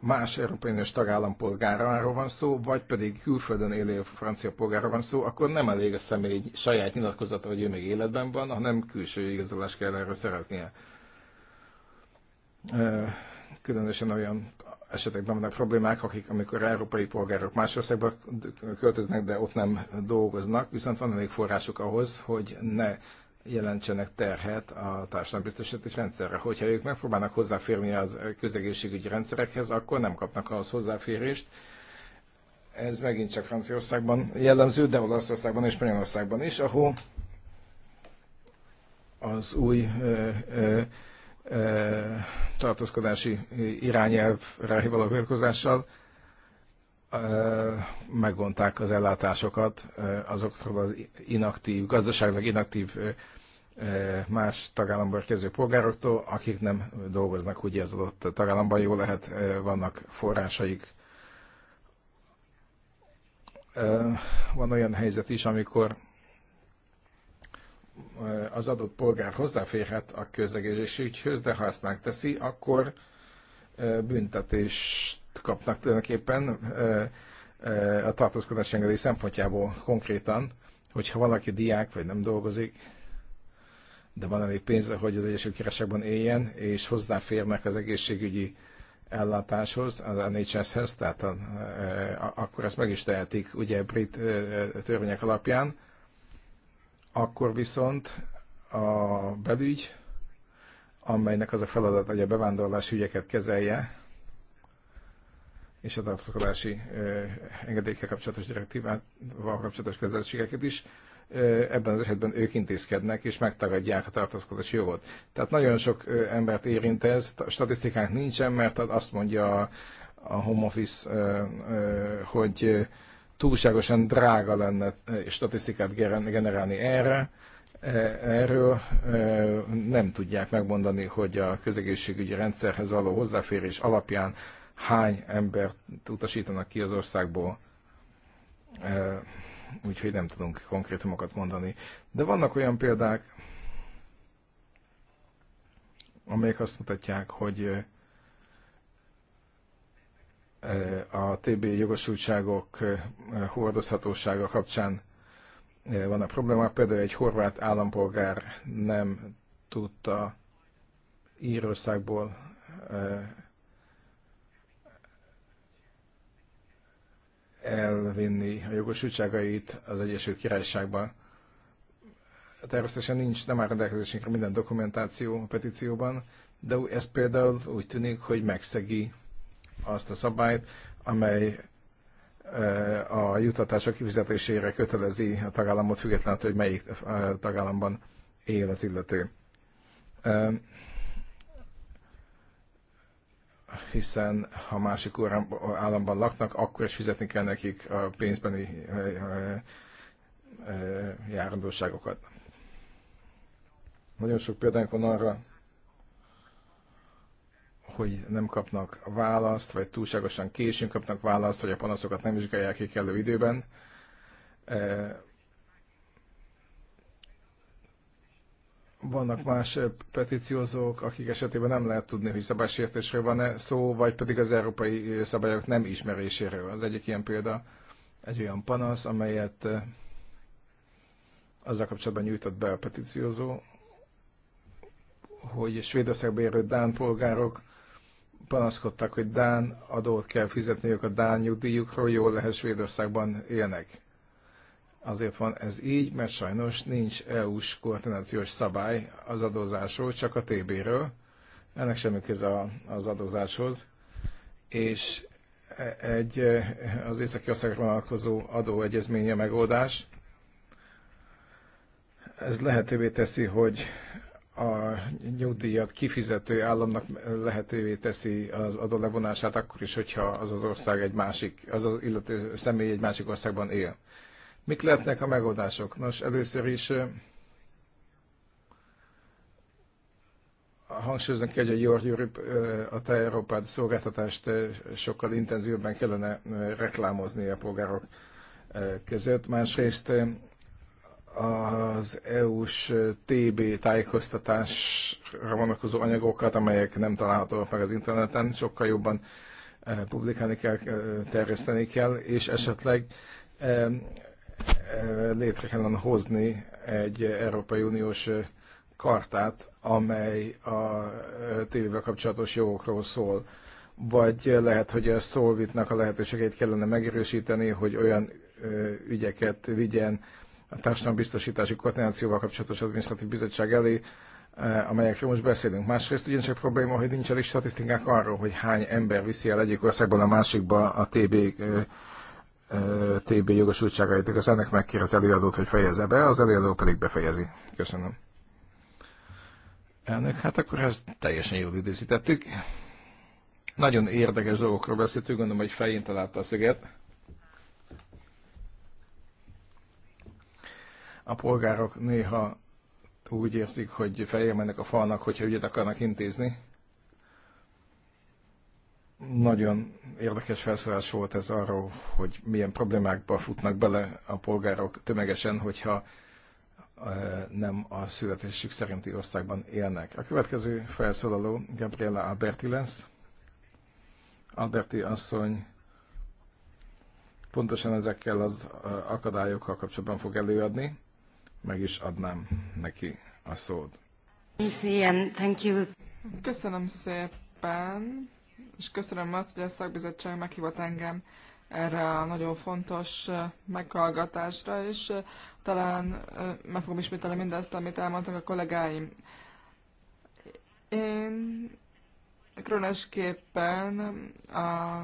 más Európai Uniós tagállam polgáráról van szó, vagy pedig külföldön élő francia polgárról van szó, akkor nem elég a személy saját nyilatkozata, hogy ő még életben van, hanem külső igazolást kell erre szereznie. Különösen olyan esetekben vannak problémák, akik, amikor európai polgárok más országba költöznek, de ott nem dolgoznak, viszont van elég forrásuk ahhoz, hogy ne jelentsenek terhet a társadalombiztosítási rendszerre. Hogyha ők megpróbálnak hozzáférni az közegészségügyi rendszerekhez, akkor nem kapnak ahhoz hozzáférést. Ez megint csak Franciaországban jellemző, de Olaszországban és Spanyolországban is, ahol az új ö, ö, ö, tartózkodási irányelvre való vélkozással megvonták az ellátásokat azoktól az inaktív, gazdaságnak inaktív más tagállamból érkező polgároktól, akik nem dolgoznak ugye az adott tagállamban, jó lehet, vannak forrásaik. Van olyan helyzet is, amikor az adott polgár hozzáférhet a közegészségügyhöz, de ha ezt megteszi, akkor büntetést kapnak tulajdonképpen a tartózkodás engedély szempontjából konkrétan, hogyha valaki diák vagy nem dolgozik, de van elég pénze, hogy az Egyesült Királyságban éljen, és hozzáférnek az egészségügyi ellátáshoz, az NHS-hez, tehát a, e, a, akkor ezt meg is tehetik, ugye brit e, e, törvények alapján, akkor viszont a belügy, amelynek az a feladat, hogy a bevándorlási ügyeket kezelje, és a tartozkodási engedélyekkel kapcsolatos direktívával kapcsolatos kezelettségeket is, ebben az esetben ők intézkednek és megtagadják a tartózkodási jogot. Tehát nagyon sok embert érint ez, statisztikánk nincsen, mert azt mondja a home office, hogy túlságosan drága lenne statisztikát generálni erre, Erről nem tudják megmondani, hogy a közegészségügyi rendszerhez való hozzáférés alapján hány embert utasítanak ki az országból úgyhogy nem tudunk konkrétumokat mondani. De vannak olyan példák, amelyek azt mutatják, hogy eh, a TB jogosultságok eh, hordozhatósága kapcsán eh, van a probléma. Például egy horvát állampolgár nem tudta Írországból elvinni a jogosultságait az Egyesült Királyságban. Természetesen nincs, nem áll rendelkezésünkre minden dokumentáció a petícióban, de ez például úgy tűnik, hogy megszegi azt a szabályt, amely eh, a jutatások kifizetésére kötelezi a tagállamot, függetlenül, hogy melyik eh, tagállamban él az illető. Eh, hiszen ha másik államban laknak, akkor is fizetni kell nekik a pénzbeni eh, eh, eh, járandóságokat. Nagyon sok példánk van arra, hogy nem kapnak választ, vagy túlságosan későn kapnak választ, hogy a panaszokat nem vizsgálják ki kellő időben. Vannak más eh, petíciózók, akik esetében nem lehet tudni, hogy szabálysértésről van-e szó, vagy pedig az európai eh, szabályok nem ismeréséről. Az egyik ilyen példa egy olyan panasz, amelyet eh, azzal kapcsolatban nyújtott be a petíciózó, hogy Svédországban érő Dán polgárok panaszkodtak, hogy Dán adót kell fizetniük a Dán nyugdíjukról, jól lehet Svédországban élnek. Azért van ez így, mert sajnos nincs EU-s koordinációs szabály az adózásról, csak a TB-ről. Ennek semmi köze az adózáshoz. És e, egy e, az északi országra vonatkozó adóegyezménye megoldás. Ez lehetővé teszi, hogy a nyugdíjat kifizető államnak lehetővé teszi az adó levonását akkor is, hogyha az az ország egy másik, az az illető személy egy másik országban él. Mik lehetnek a megoldások? Nos, először is hangsúlyozom ki, hogy a Your Europe, a Te Európád szolgáltatást sokkal intenzívebben kellene reklámozni a polgárok között. Másrészt az EU-s TB tájékoztatásra vonatkozó anyagokat, amelyek nem találhatóak meg az interneten, sokkal jobban publikálni kell, terjeszteni kell, és esetleg létre kellene hozni egy Európai Uniós kartát, amely a tévével kapcsolatos jogokról szól. Vagy lehet, hogy a Szolvitnak a lehetőségeit kellene megerősíteni, hogy olyan ügyeket vigyen a társadalombiztosítási koordinációval kapcsolatos adminisztratív bizottság elé, amelyekről most beszélünk. Másrészt ugyancsak probléma, hogy nincs elég statisztikák arról, hogy hány ember viszi el egyik országból a másikba a TB TB jogosultságait, az ennek megkér az előadót, hogy fejezze be, az előadó pedig befejezi. Köszönöm. Elnök, hát akkor ezt teljesen jól időzítettük. Nagyon érdekes dolgokról beszéltünk, gondolom, hogy fején találta a szöget. A polgárok néha úgy érzik, hogy feljel mennek a falnak, hogyha ügyet akarnak intézni. Nagyon érdekes felszólás volt ez arról, hogy milyen problémákba futnak bele a polgárok tömegesen, hogyha nem a születésük szerinti országban élnek. A következő felszólaló Gabriela Alberti lesz. Alberti asszony pontosan ezekkel az akadályokkal kapcsolatban fog előadni. Meg is adnám neki a szót. Köszönöm szépen és köszönöm azt, hogy a szakbizottság meghívott engem erre a nagyon fontos meghallgatásra, és talán meg fogom ismételni mindazt, amit elmondtak a kollégáim. Én különösképpen a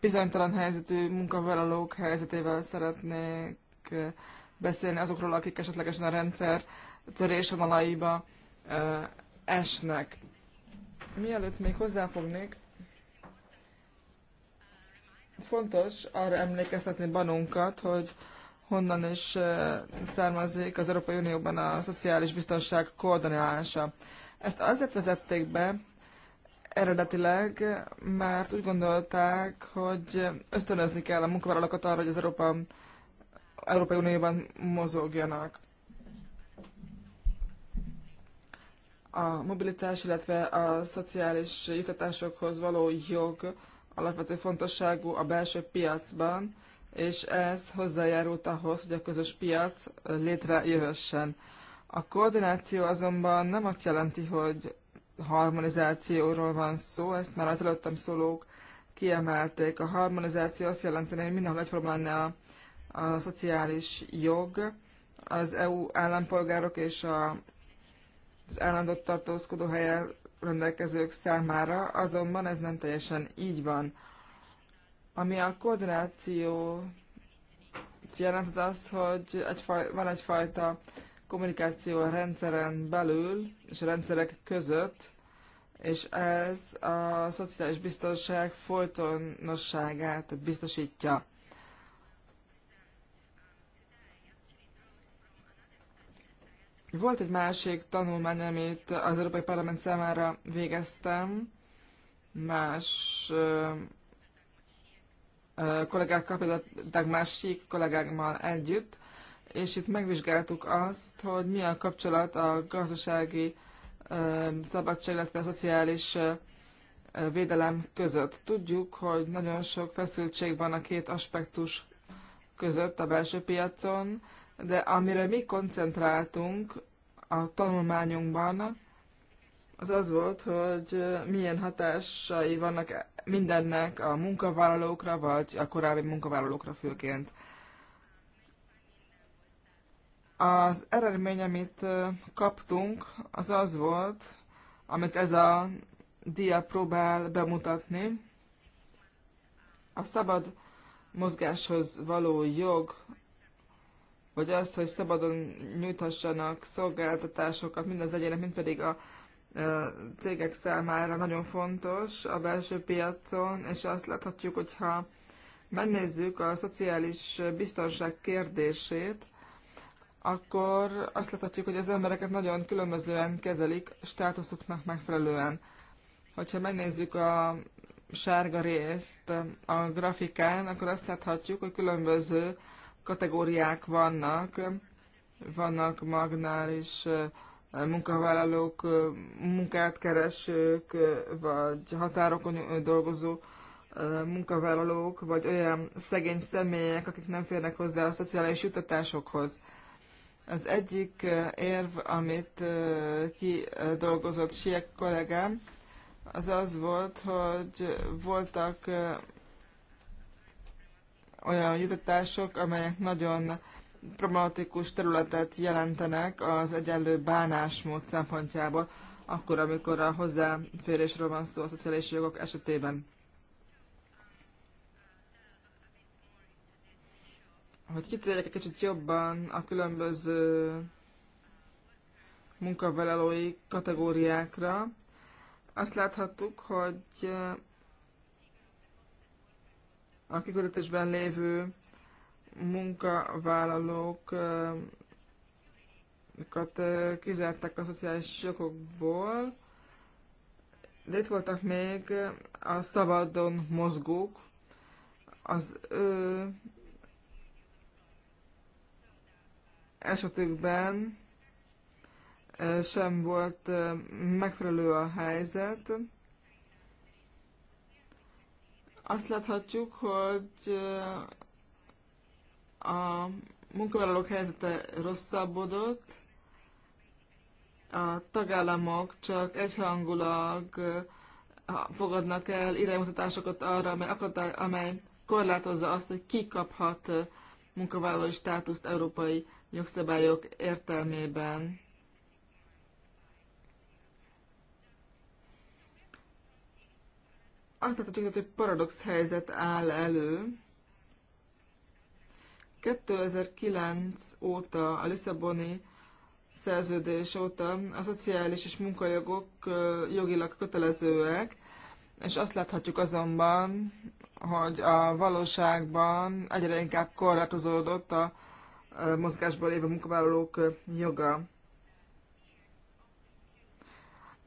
bizonytalan helyzetű munkavállalók helyzetével szeretnék beszélni azokról, akik esetlegesen a rendszer törésvonalaiba esnek. Mielőtt még hozzáfognék, fontos arra emlékeztetni banunkat, hogy honnan is eh, származik az Európai Unióban a szociális biztonság koordinálása. Ezt azért vezették be eredetileg, mert úgy gondolták, hogy ösztönözni kell a munkavállalókat arra, hogy az Európa, Európai Unióban mozogjanak. a mobilitás, illetve a szociális jutatásokhoz való jog alapvető fontosságú a belső piacban, és ez hozzájárult ahhoz, hogy a közös piac létrejöhessen. A koordináció azonban nem azt jelenti, hogy harmonizációról van szó, ezt már az előttem szólók kiemelték. A harmonizáció azt jelenteni, hogy mindenhol egyforma lenne a, a szociális jog, az EU állampolgárok és a az állandó tartózkodó helyen rendelkezők számára, azonban ez nem teljesen így van. Ami a koordináció jelent, az az, hogy egyfaj, van egyfajta kommunikáció a rendszeren belül és a rendszerek között, és ez a szociális biztonság folytonosságát biztosítja. Volt egy másik tanulmány, amit az Európai Parlament számára végeztem, más ö, ö, kollégákkal, például másik Sík együtt, és itt megvizsgáltuk azt, hogy mi a kapcsolat a gazdasági ö, szabadság, illetve a szociális ö, védelem között. Tudjuk, hogy nagyon sok feszültség van a két aspektus között a belső piacon, de amire mi koncentráltunk a tanulmányunkban, az az volt, hogy milyen hatásai vannak mindennek a munkavállalókra, vagy a korábbi munkavállalókra főként. Az eredmény, amit kaptunk, az az volt, amit ez a dia próbál bemutatni. A szabad mozgáshoz való jog vagy az, hogy szabadon nyújthassanak szolgáltatásokat mind az egyének, mind pedig a cégek számára nagyon fontos a belső piacon, és azt láthatjuk, hogyha megnézzük a szociális biztonság kérdését, akkor azt láthatjuk, hogy az embereket nagyon különbözően kezelik, státuszuknak megfelelően. Hogyha megnézzük a sárga részt a grafikán, akkor azt láthatjuk, hogy különböző kategóriák vannak, vannak magnális munkavállalók, munkát keresők, vagy határokon dolgozó munkavállalók, vagy olyan szegény személyek, akik nem férnek hozzá a szociális jutatásokhoz. Az egyik érv, amit kidolgozott Siek kollégám, az az volt, hogy voltak olyan jutatások, amelyek nagyon problematikus területet jelentenek az egyenlő bánásmód szempontjából, akkor, amikor a hozzáférésről van szó a szociális jogok esetében. Hogy kitérjek egy kicsit jobban a különböző munkavállalói kategóriákra, azt láthattuk, hogy a kiküldetésben lévő munkavállalókat kizárták a szociális jogokból, de itt voltak még a szabadon mozgók, az ő esetükben sem volt megfelelő a helyzet, azt láthatjuk, hogy a munkavállalók helyzete rosszabbodott, a tagállamok csak egyhangulag fogadnak el iránymutatásokat arra, amely, akadály, amely korlátozza azt, hogy ki kaphat munkavállalói státuszt európai jogszabályok értelmében. azt láthatjuk, hogy egy paradox helyzet áll elő. 2009 óta, a Lisszaboni szerződés óta a szociális és munkajogok jogilag kötelezőek, és azt láthatjuk azonban, hogy a valóságban egyre inkább korlátozódott a mozgásból lévő munkavállalók joga.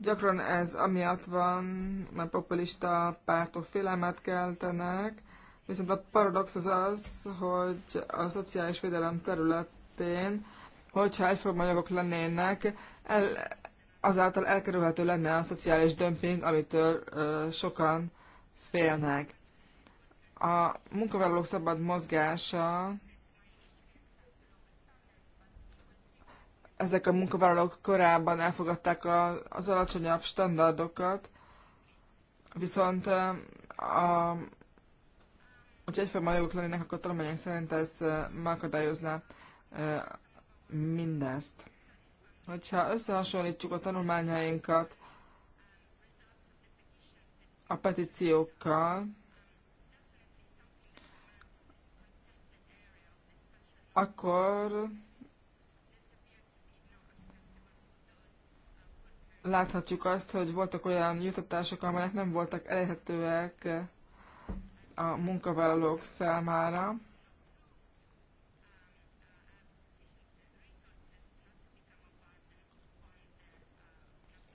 Gyakran ez amiatt van, mert populista pártok félelmet keltenek, viszont a paradox az az, hogy a szociális védelem területén, hogyha egyforma jogok lennének, el, azáltal elkerülhető lenne a szociális dömping, amitől ö, sokan félnek. A munkavállalók szabad mozgása ezek a munkavállalók korábban elfogadták a, az alacsonyabb standardokat, viszont a, hogyha egyfajta jogok lennének, akkor tanulmányok szerint ez megakadályozná mindezt. Hogyha összehasonlítjuk a tanulmányainkat a petíciókkal, akkor láthatjuk azt, hogy voltak olyan jutatások, amelyek nem voltak elérhetőek a munkavállalók számára.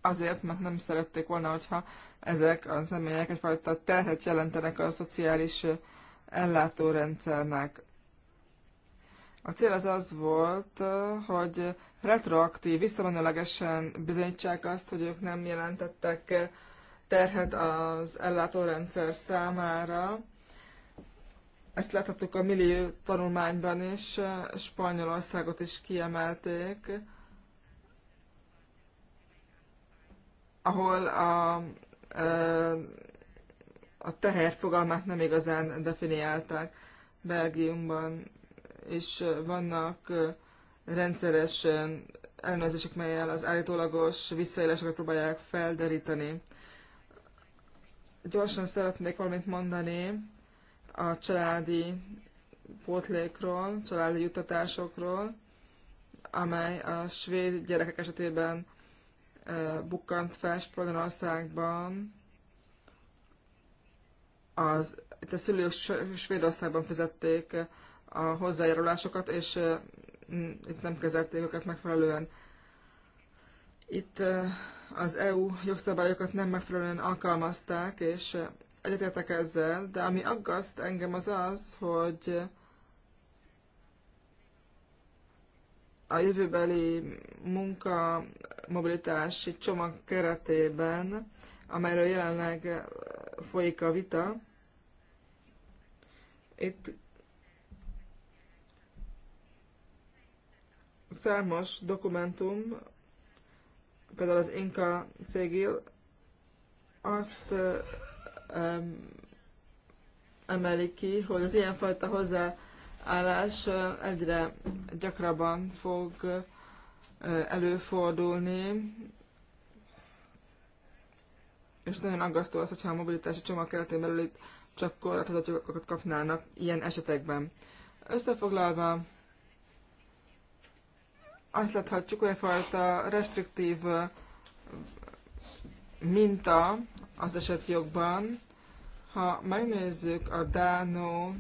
Azért, mert nem szerették volna, hogyha ezek a személyek egyfajta terhet jelentenek a szociális ellátórendszernek. A cél az az volt, hogy retroaktív, visszamenőlegesen bizonyítsák azt, hogy ők nem jelentettek terhet az ellátórendszer számára. Ezt láthattuk a millió tanulmányban is, Spanyolországot is kiemelték, ahol a, a teher fogalmát nem igazán definiálták Belgiumban és vannak rendszeresen ellenőrzések, melyel az állítólagos visszaéléseket próbálják felderíteni. Gyorsan szeretnék valamit mondani a családi pótlékról, családi juttatásokról, amely a svéd gyerekek esetében bukkant fel Spanyolországban. Az, itt a szülők Svédországban fizették a hozzájárulásokat, és itt nem kezelték őket megfelelően. Itt az EU jogszabályokat nem megfelelően alkalmazták, és egyetértek ezzel, de ami aggaszt engem az az, hogy a jövőbeli munka mobilitási csomag keretében, amelyről jelenleg folyik a vita, itt Számos dokumentum, például az Inka cégil, azt um, emeli ki, hogy az ilyenfajta hozzáállás egyre gyakrabban fog előfordulni, és nagyon aggasztó az, hogyha a mobilitási csomag keretén belül itt csak korlátozott jogokat kapnának ilyen esetekben. Összefoglalva azt láthatjuk, hogy egyfajta restriktív minta az esetjogban. Ha megnézzük a Dánó,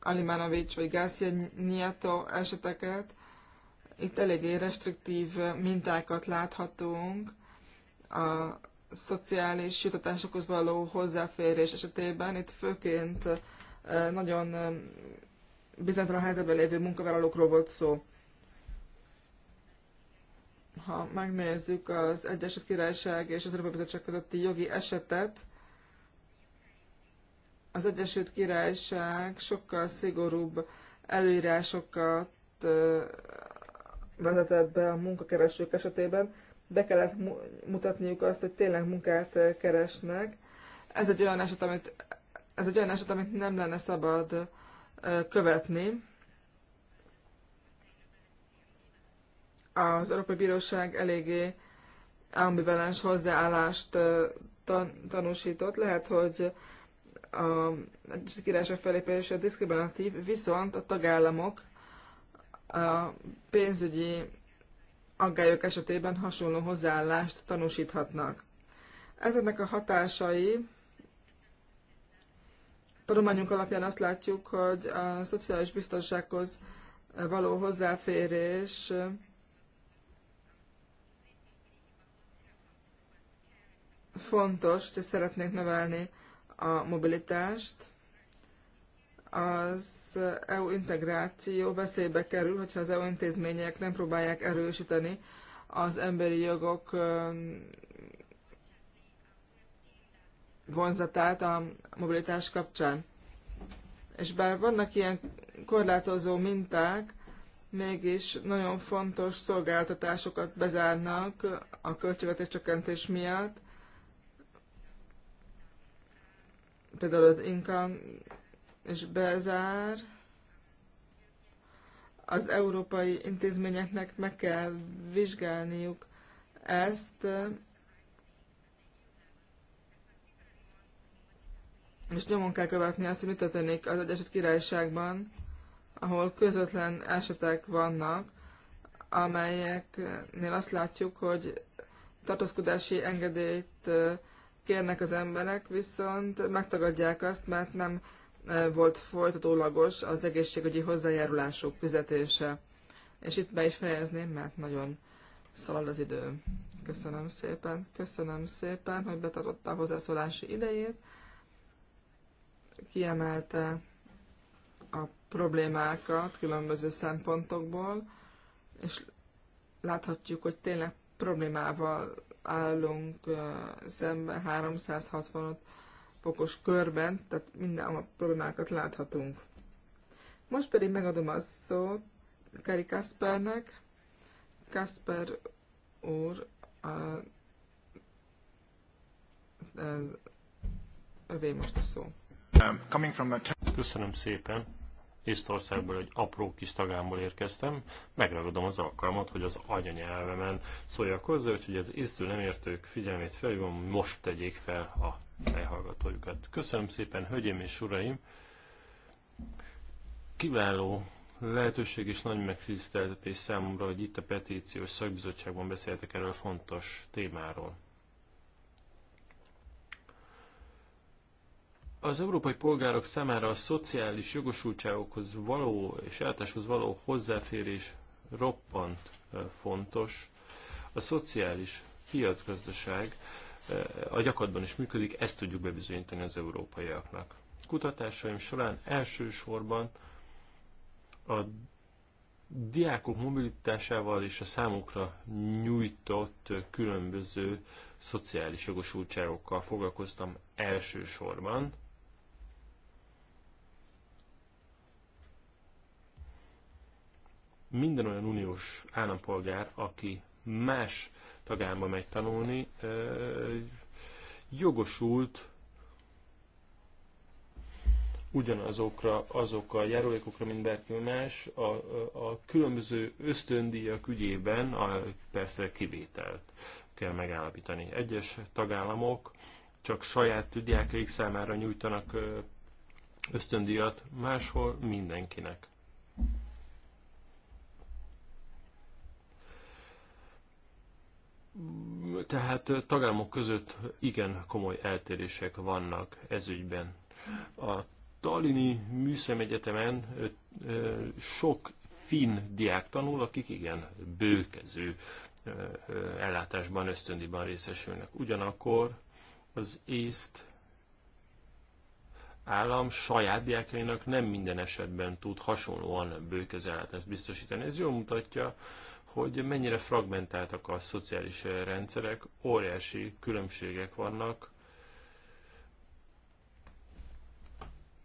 Alimanovics vagy Garcia Nieto eseteket, itt eléggé restriktív mintákat láthatunk a szociális jutatásokhoz való hozzáférés esetében. Itt főként nagyon bizonytalan helyzetben lévő munkavállalókról volt szó ha megnézzük az Egyesült Királyság és az Európai Bizottság közötti jogi esetet, az Egyesült Királyság sokkal szigorúbb előírásokat vezetett be a munkakeresők esetében. Be kellett mutatniuk azt, hogy tényleg munkát keresnek. Ez egy olyan eset, amit, ez egy olyan eset, amit nem lenne szabad követni. az Európai Bíróság eléggé ambivalens hozzáállást tan- tanúsított. Lehet, hogy a Egyesült Királyság felépése diszkriminatív, viszont a tagállamok a pénzügyi aggályok esetében hasonló hozzáállást tanúsíthatnak. Ezeknek a hatásai tudományunk alapján azt látjuk, hogy a szociális biztonsághoz való hozzáférés fontos, hogy szeretnénk növelni a mobilitást, az EU integráció veszélybe kerül, hogyha az EU intézmények nem próbálják erősíteni az emberi jogok vonzatát a mobilitás kapcsán. És bár vannak ilyen korlátozó minták, mégis nagyon fontos szolgáltatásokat bezárnak a költségvetés csökkentés miatt, például az Inkan és bezár, az európai intézményeknek meg kell vizsgálniuk ezt, és nyomon kell követni azt, hogy mit történik az Egyesült Királyságban, ahol közvetlen esetek vannak, amelyeknél azt látjuk, hogy tartózkodási engedélyt kérnek az emberek, viszont megtagadják azt, mert nem e, volt folytatólagos az egészségügyi hozzájárulások fizetése. És itt be is fejezném, mert nagyon szalad az idő. Köszönöm szépen, köszönöm szépen, hogy betartotta a hozzászólási idejét, kiemelte a problémákat különböző szempontokból, és láthatjuk, hogy tényleg problémával állunk szemben 365 fokos körben, tehát minden a problémákat láthatunk. Most pedig megadom a szót Kari Kaspernek. Kasper úr a, a, övé most a szó. Köszönöm szépen Észtországból, egy apró kis tagámból érkeztem, megragadom az alkalmat, hogy az anyanyelvemen szóljak hozzá, úgyhogy az észtől nem értők figyelmét felhívom, most tegyék fel a fejhallgatójukat. Köszönöm szépen, hölgyeim és uraim! Kiváló lehetőség és nagy megtiszteltetés számomra, hogy itt a petíciós szakbizottságban beszéltek erről a fontos témáról. Az európai polgárok számára a szociális jogosultságokhoz való és ellátáshoz való hozzáférés roppant fontos. A szociális piacgazdaság a gyakorlatban is működik, ezt tudjuk bebizonyítani az európaiaknak. Kutatásaim során elsősorban a diákok mobilitásával és a számukra nyújtott különböző szociális jogosultságokkal foglalkoztam elsősorban. minden olyan uniós állampolgár, aki más tagállamba megy tanulni, jogosult ugyanazokra, azok a járulékokra, mint bárki más, a, a különböző ösztöndíjak ügyében a, persze kivételt kell megállapítani. Egyes tagállamok csak saját diákaik számára nyújtanak ösztöndíjat, máshol mindenkinek. tehát tagállamok között igen komoly eltérések vannak ezügyben. A Tallini egyetemen sok finn diák tanul, akik igen bőkező ellátásban, ösztöndiban részesülnek. Ugyanakkor az észt állam saját diákjainak nem minden esetben tud hasonlóan ellátást biztosítani. Ez jól mutatja, hogy mennyire fragmentáltak a szociális rendszerek, óriási különbségek vannak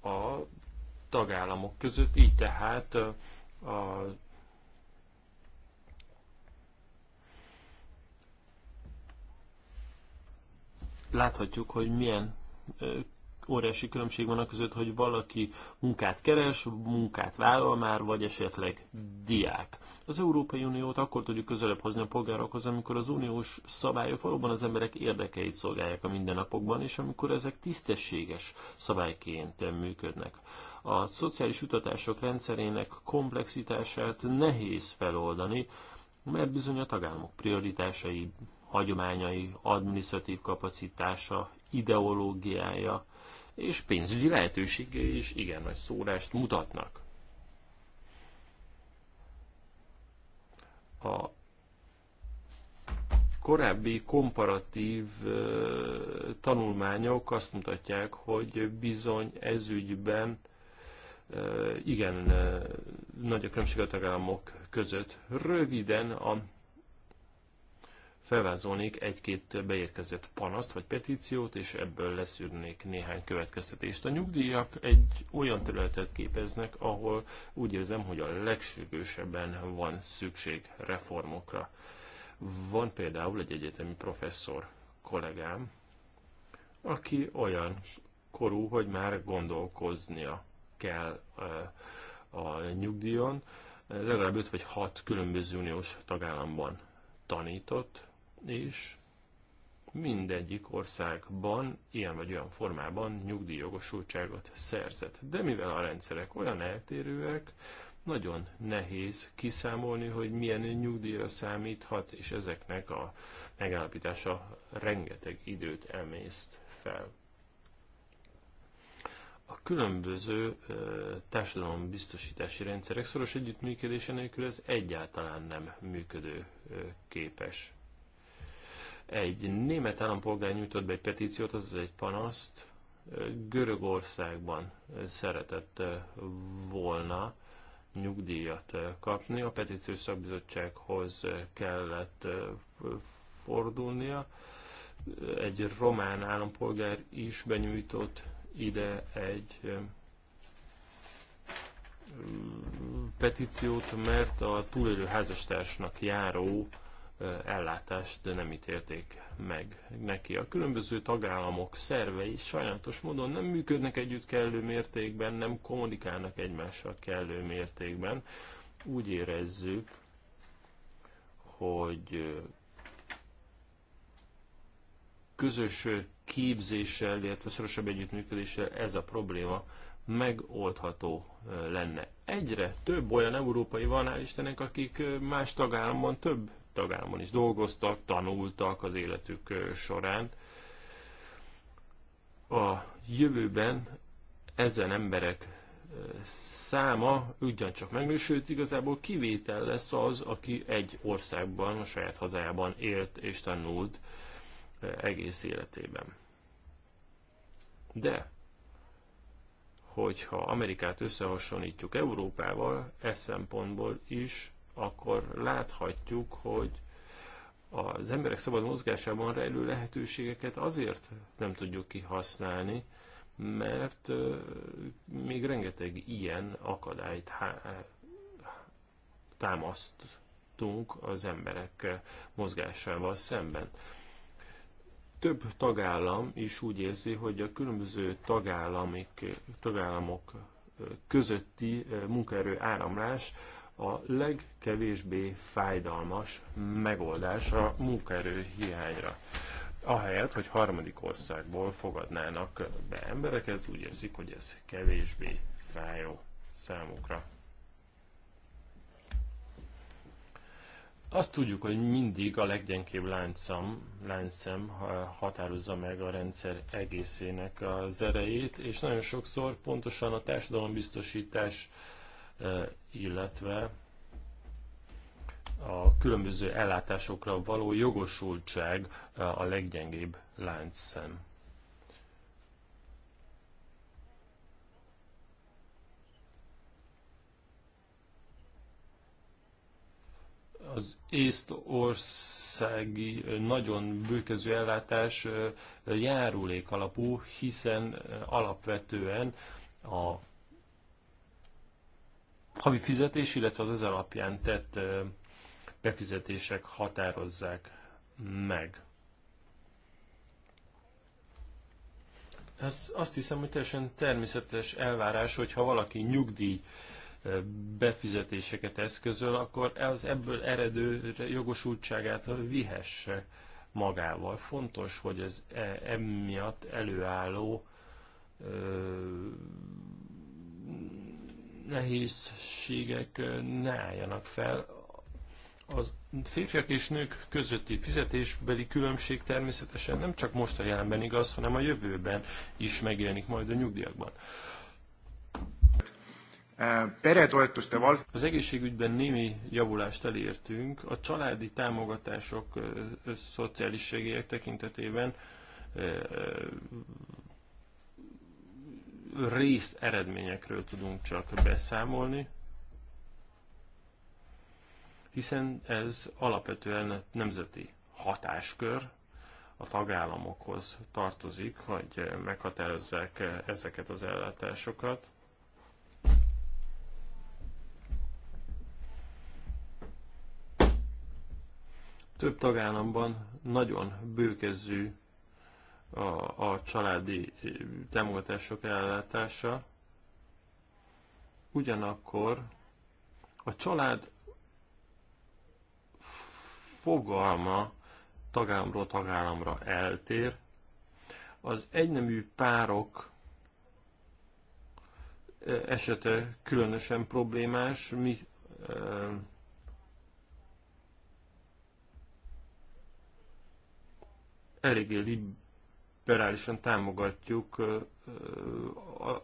a tagállamok között, így tehát a láthatjuk, hogy milyen óriási különbség van a között, hogy valaki munkát keres, munkát vállal már, vagy esetleg diák. Az Európai Uniót akkor tudjuk közelebb hozni a polgárokhoz, amikor az uniós szabályok valóban az emberek érdekeit szolgálják a mindennapokban, és amikor ezek tisztességes szabályként működnek. A szociális utatások rendszerének komplexitását nehéz feloldani, mert bizony a tagállamok prioritásai, hagyományai, adminisztratív kapacitása, ideológiája és pénzügyi lehetősége is igen nagy szórást mutatnak. A korábbi komparatív tanulmányok azt mutatják, hogy bizony ezügyben igen nagy a különbség a tagállamok között. Röviden a felvázolnék egy-két beérkezett panaszt vagy petíciót, és ebből leszűrnék néhány következtetést. A nyugdíjak egy olyan területet képeznek, ahol úgy érzem, hogy a legsürgősebben van szükség reformokra. Van például egy egyetemi professzor kollégám, aki olyan korú, hogy már gondolkoznia kell a nyugdíjon, legalább 5 vagy 6 különböző uniós tagállamban tanított, és mindegyik országban ilyen vagy olyan formában nyugdíjjogosultságot szerzett. De mivel a rendszerek olyan eltérőek, nagyon nehéz kiszámolni, hogy milyen nyugdíjra számíthat, és ezeknek a megállapítása rengeteg időt emészt fel. A különböző társadalombiztosítási rendszerek szoros együttműködése nélkül ez egyáltalán nem működő képes. Egy német állampolgár nyújtott be egy petíciót, azaz egy panaszt, Görögországban szeretett volna nyugdíjat kapni. A petíciós szakbizottsághoz kellett fordulnia. Egy román állampolgár is benyújtott ide egy petíciót, mert a túlélő házastársnak járó ellátást nem ítélték meg neki. A különböző tagállamok szervei sajnálatos módon nem működnek együtt kellő mértékben, nem kommunikálnak egymással kellő mértékben. Úgy érezzük, hogy közös képzéssel, illetve szorosabb együttműködéssel ez a probléma megoldható lenne. Egyre több olyan európai van, hál' akik más tagállamban több tagállamon is dolgoztak, tanultak az életük során. A jövőben ezen emberek száma ugyancsak megnősült, igazából kivétel lesz az, aki egy országban, a saját hazájában élt és tanult egész életében. De, hogyha Amerikát összehasonlítjuk Európával, e szempontból is akkor láthatjuk, hogy az emberek szabad mozgásában rejlő lehetőségeket azért nem tudjuk kihasználni, mert még rengeteg ilyen akadályt támasztunk az emberek mozgásával szemben. Több tagállam is úgy érzi, hogy a különböző tagállamok közötti munkaerő áramlás a legkevésbé fájdalmas megoldás a munkaerő hiányra. Ahelyett, hogy harmadik országból fogadnának be embereket, úgy érzik, hogy ez kevésbé fájó számukra. Azt tudjuk, hogy mindig a leggyenkébb láncszem, láncszem határozza meg a rendszer egészének az erejét, és nagyon sokszor pontosan a társadalombiztosítás biztosítás illetve a különböző ellátásokra való jogosultság a leggyengébb láncszem. az észtországi nagyon bőkező ellátás járulék alapú, hiszen alapvetően a havi fizetés, illetve az ez alapján tett befizetések határozzák meg. Ez azt hiszem, hogy teljesen természetes elvárás, hogyha valaki nyugdíj befizetéseket eszközöl, akkor az ebből eredő jogosultságát vihesse magával. Fontos, hogy az e, emiatt előálló nehézségek ne álljanak fel. A férfiak és nők közötti fizetésbeli különbség természetesen nem csak most a jelenben igaz, hanem a jövőben is megjelenik majd a nyugdíjakban. Az egészségügyben némi javulást elértünk. A családi támogatások, szociális segélyek tekintetében rész eredményekről tudunk csak beszámolni, hiszen ez alapvetően nemzeti hatáskör, a tagállamokhoz tartozik, hogy meghatározzák ezeket az ellátásokat. Több tagállamban nagyon bőkezű a, a családi támogatások ellátása. Ugyanakkor a család fogalma tagállamról tagállamra eltér. Az egynemű párok esete különösen problémás, mi eléggé Perálisan támogatjuk az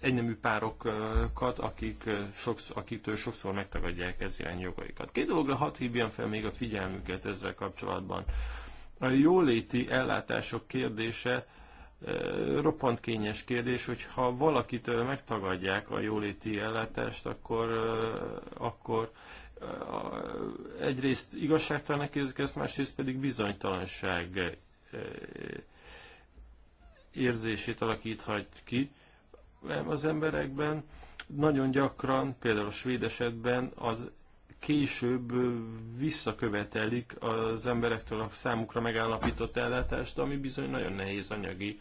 egynemű párokat, akik sokszor, akiktől sokszor megtagadják ez irány jogaikat. Két dologra hadd hívjam fel még a figyelmüket ezzel kapcsolatban. A jóléti ellátások kérdése roppant kényes kérdés, hogy ha valakitől megtagadják a jóléti ellátást, akkor, akkor egyrészt igazságtalanak érzik ezt, másrészt pedig bizonytalanság érzését alakíthat ki az emberekben. Nagyon gyakran, például a svéd esetben az később visszakövetelik az emberektől a számukra megállapított ellátást, ami bizony nagyon nehéz anyagi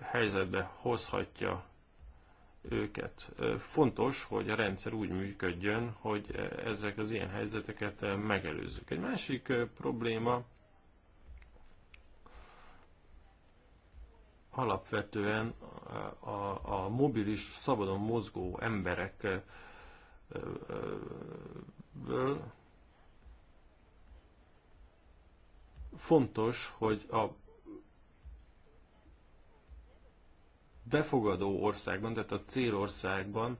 helyzetbe hozhatja őket. Fontos, hogy a rendszer úgy működjön, hogy ezek az ilyen helyzeteket megelőzzük. Egy másik probléma alapvetően a, a mobilis, szabadon mozgó emberekből fontos, hogy a befogadó országban, tehát a célországban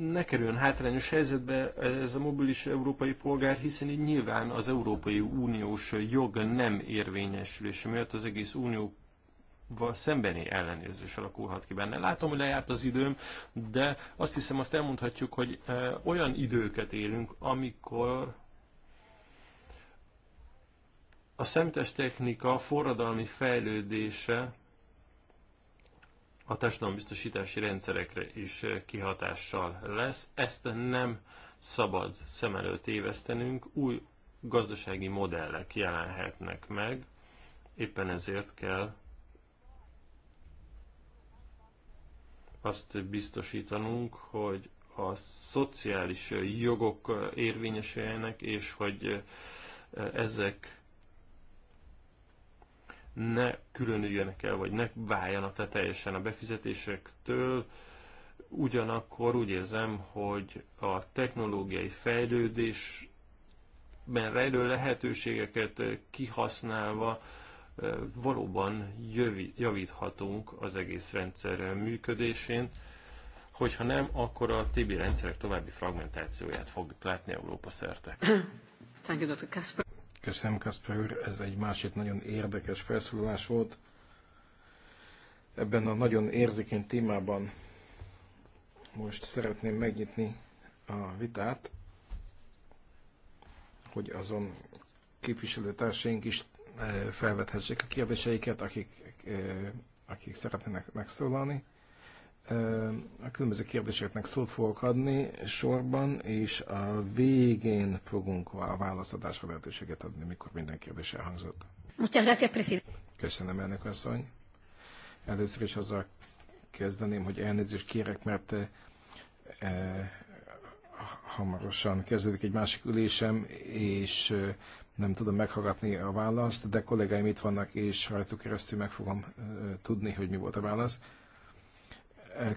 ne kerüljön hátrányos helyzetbe ez a mobilis európai polgár, hiszen így nyilván az Európai Uniós jog nem érvényesülése miatt az egész unió szembeni ellenérzés alakulhat ki benne. Látom, hogy lejárt az időm, de azt hiszem, azt elmondhatjuk, hogy e, olyan időket élünk, amikor a szemtes technika forradalmi fejlődése a társadalombiztosítási rendszerekre is eh, kihatással lesz. Ezt nem szabad szem előtt évesztenünk, új gazdasági modellek jelenhetnek meg, éppen ezért kell azt biztosítanunk, hogy a szociális jogok eh, érvényesüljenek, és hogy eh, ezek ne különüljenek el, vagy ne váljanak le teljesen a befizetésektől. Ugyanakkor úgy érzem, hogy a technológiai fejlődésben rejlő lehetőségeket kihasználva eh, valóban javíthatunk az egész rendszer működésén hogyha nem, akkor a TB rendszerek további fragmentációját fogjuk látni Európa szerte. Thank you, Dr. Köszönöm, Kasper úr, ez egy másik nagyon érdekes felszólás volt. Ebben a nagyon érzékeny témában most szeretném megnyitni a vitát, hogy azon képviselőtársaink is eh, felvethessék a kérdéseiket, akik, eh, akik szeretnének megszólalni a különböző kérdéseknek szót fogok adni sorban, és a végén fogunk a válaszadásra lehetőséget adni, mikor minden kérdés elhangzott. Köszönöm, elnök asszony. Először is azzal kezdeném, hogy elnézést kérek, mert e, hamarosan kezdődik egy másik ülésem, és e, nem tudom meghallgatni a választ, de kollégáim itt vannak, és rajtuk keresztül meg fogom e, tudni, hogy mi volt a válasz. E,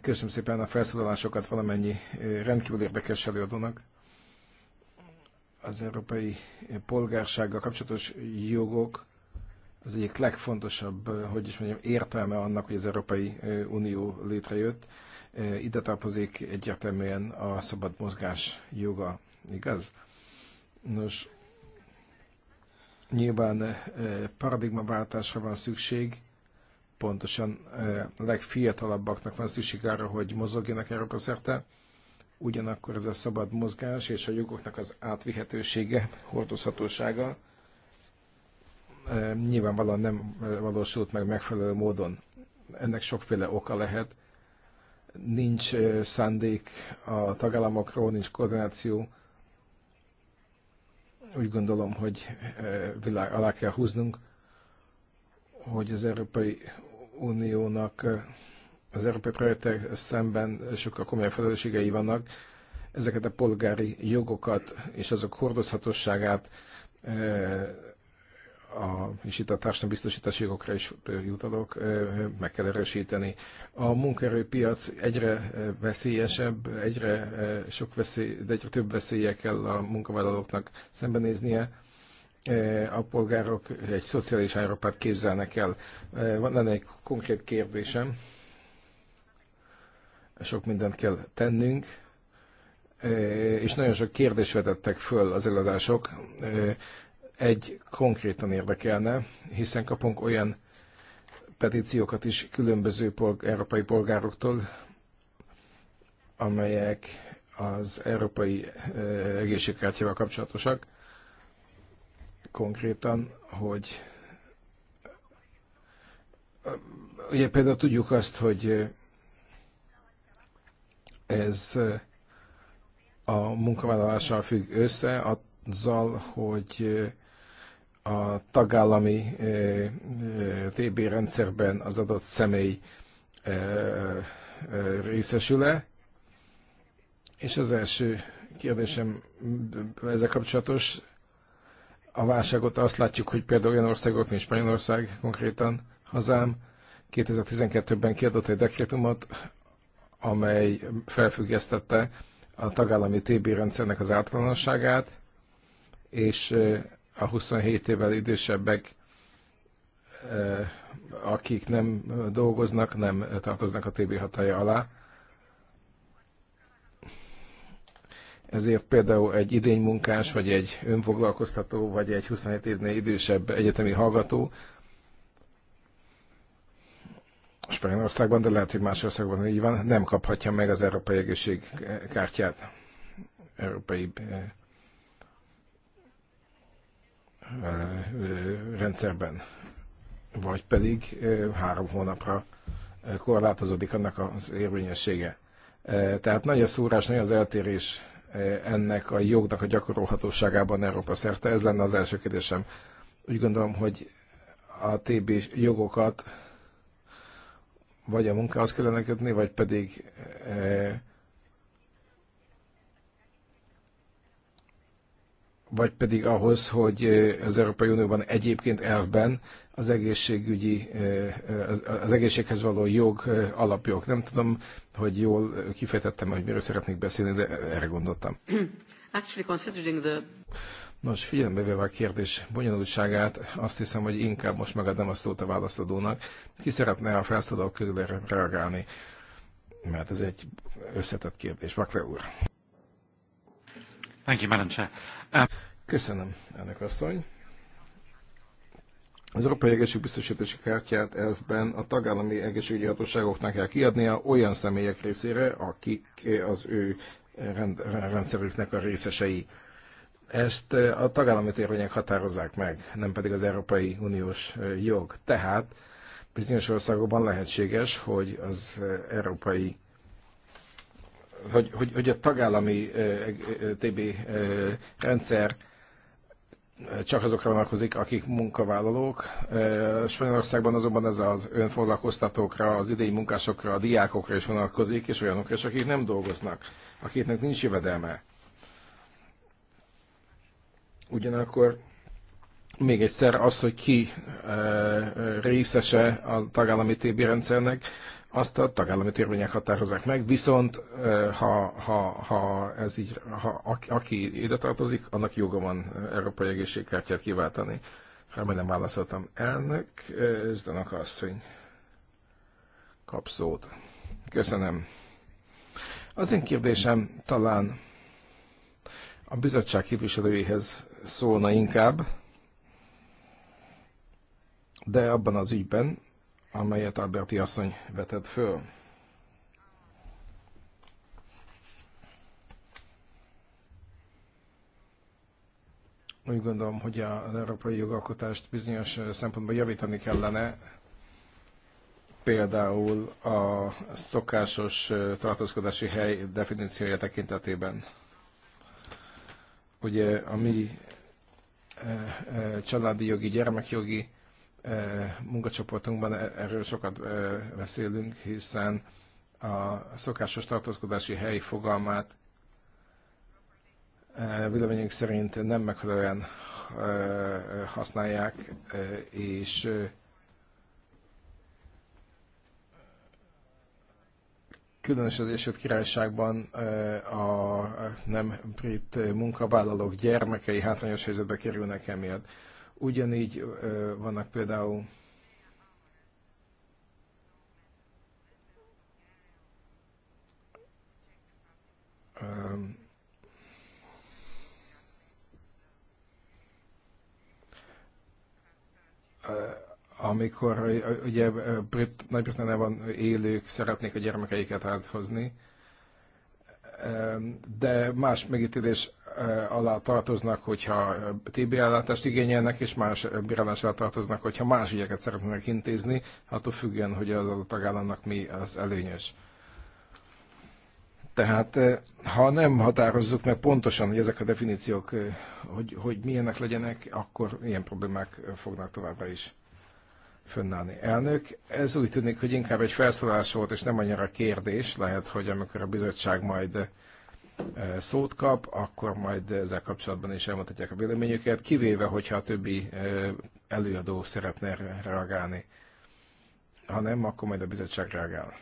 Köszönöm szépen a felszólalásokat valamennyi rendkívül érdekes előadónak. Az európai polgársággal kapcsolatos jogok az egyik legfontosabb, hogy is mondjam, értelme annak, hogy az Európai Unió létrejött. Ide tartozik egyértelműen a szabad mozgás joga, igaz? Nos, nyilván paradigmaváltásra van szükség, pontosan a legfiatalabbaknak van szükség arra, hogy mozogjanak Európa szerte, ugyanakkor ez a szabad mozgás és a jogoknak az átvihetősége, hordozhatósága nyilvánvalóan nem valósult meg megfelelő módon. Ennek sokféle oka lehet. Nincs szándék a tagállamokról, nincs koordináció. Úgy gondolom, hogy világ alá kell húznunk, hogy az Európai Uniónak az európai projektek szemben sokkal komolyabb felelősségei vannak. Ezeket a polgári jogokat és azok hordozhatóságát a, és itt a biztosítási jogokra is jutalok, meg kell erősíteni. A munkaerőpiac egyre veszélyesebb, egyre, sok veszély, de egyre több veszélyekkel a munkavállalóknak szembenéznie E, a polgárok egy szociális Európát képzelnek el. E, van lenne egy konkrét kérdésem. Sok mindent kell tennünk, e, és nagyon sok kérdést vetettek föl az előadások. Egy konkrétan érdekelne, hiszen kapunk olyan petíciókat is különböző polg- európai polgároktól, amelyek az európai egészségkártyával kapcsolatosak konkrétan, hogy ugye például tudjuk azt, hogy ez a munkavállalással függ össze, azzal, hogy a tagállami eh, eh, TB rendszerben az adott személy eh, részesül-e. És az első kérdésem ezzel kapcsolatos, a válságot azt látjuk, hogy például olyan országok, mint Spanyolország konkrétan, hazám, 2012-ben kiadott egy dekrétumot, amely felfüggesztette a tagállami TB rendszernek az általánosságát, és a 27 évvel idősebbek, akik nem dolgoznak, nem tartoznak a TB hatája alá. Ezért például egy idénymunkás, vagy egy önfoglalkoztató, vagy egy 27 évnél idősebb egyetemi hallgató Spanyolországban, de lehet, hogy más országban így van, nem kaphatja meg az Európai kártyát Európai eh, eh, rendszerben. Vagy pedig eh, három hónapra korlátozódik annak az érvényessége. Tehát nagy a szúrás, nagy az eltérés Eh, ennek a jognak a gyakorolhatóságában Európa szerte? Ez lenne az első kérdésem. Úgy gondolom, hogy a TB jogokat vagy a munkához kellene kötni, vagy pedig eh, vagy pedig ahhoz, hogy eh, az Európai Unióban egyébként elvben az egészségügyi, az egészséghez való jog alapjog. Nem tudom, hogy jól kifejtettem, hogy miről szeretnék beszélni, de erre gondoltam. <clears throat> Actually considering the... Nos, figyelembe véve a kérdés bonyolultságát, azt hiszem, hogy inkább most megadom a szót a válaszadónak. Ki szeretne a felszadók közül erre reagálni? Mert ez egy összetett kérdés. Bakle úr. Thank you, Madam Chair. Um... Köszönöm, elnök asszony. Az Európai Biztosítási Kártyát ebben a tagállami egészségügyi hatóságoknak kell kiadnia olyan személyek részére, akik az ő rend, rendszerüknek a részesei. Ezt a tagállami törvények határozzák meg, nem pedig az Európai Uniós jog. Tehát bizonyos országokban lehetséges, hogy az európai hogy, hogy, hogy a tagállami eh, eh, eh, TB rendszer csak azokra vonatkozik, akik munkavállalók. Spanyolországban azonban ez az önfoglalkoztatókra, az idei munkásokra, a diákokra is vonatkozik, és olyanokra is, akik nem dolgoznak, akiknek nincs jövedelme. Ugyanakkor még egyszer az, hogy ki részese a tagállami TB rendszernek, azt a tagállami törvények határozzák meg, viszont ha, ha, ha ez így, ha aki, ide tartozik, annak joga van európai egészségkártyát kiváltani. Remélem hát válaszoltam elnök, Zdanak asszony kap szót. Köszönöm. Az én kérdésem talán a bizottság képviselőjéhez szólna inkább, de abban az ügyben, amelyet Alberti asszony vetett föl. Úgy gondolom, hogy az európai jogalkotást bizonyos szempontból javítani kellene, például a szokásos tartózkodási hely definíciója tekintetében. Ugye a mi eh, eh, családi jogi, gyermekjogi Eh, munkacsoportunkban e- erről sokat eh, beszélünk, hiszen a szokásos tartózkodási hely fogalmát eh, véleményünk szerint nem megfelelően használják, és különösen az Egyesült Királyságban a nem brit munkavállalók gyermekei hátrányos helyzetbe kerülnek emiatt. Ugyanígy vannak például amikor ugye Brit, Nagy-Britanniában élők szeretnék a gyermekeiket áthozni, de más megítélés eh, alá tartoznak, hogyha TB ellátást igényelnek, és más eh, bírálás alá tartoznak, hogyha más ügyeket szeretnének intézni, attól függően, hogy az adott tagállamnak mi az előnyös. Tehát eh, ha nem határozzuk meg pontosan, hogy ezek a definíciók, hogy, hogy milyenek legyenek, akkor ilyen problémák fognak továbbra is fönnállni. Elnök, ez úgy tűnik, hogy inkább egy felszólás volt, és nem annyira kérdés. Lehet, hogy amikor a bizottság majd e, szót kap, akkor majd ezzel kapcsolatban is elmondhatják a véleményüket, kivéve, hogyha a többi e, előadó szeretne reagálni. Ha nem, akkor majd a bizottság reagál.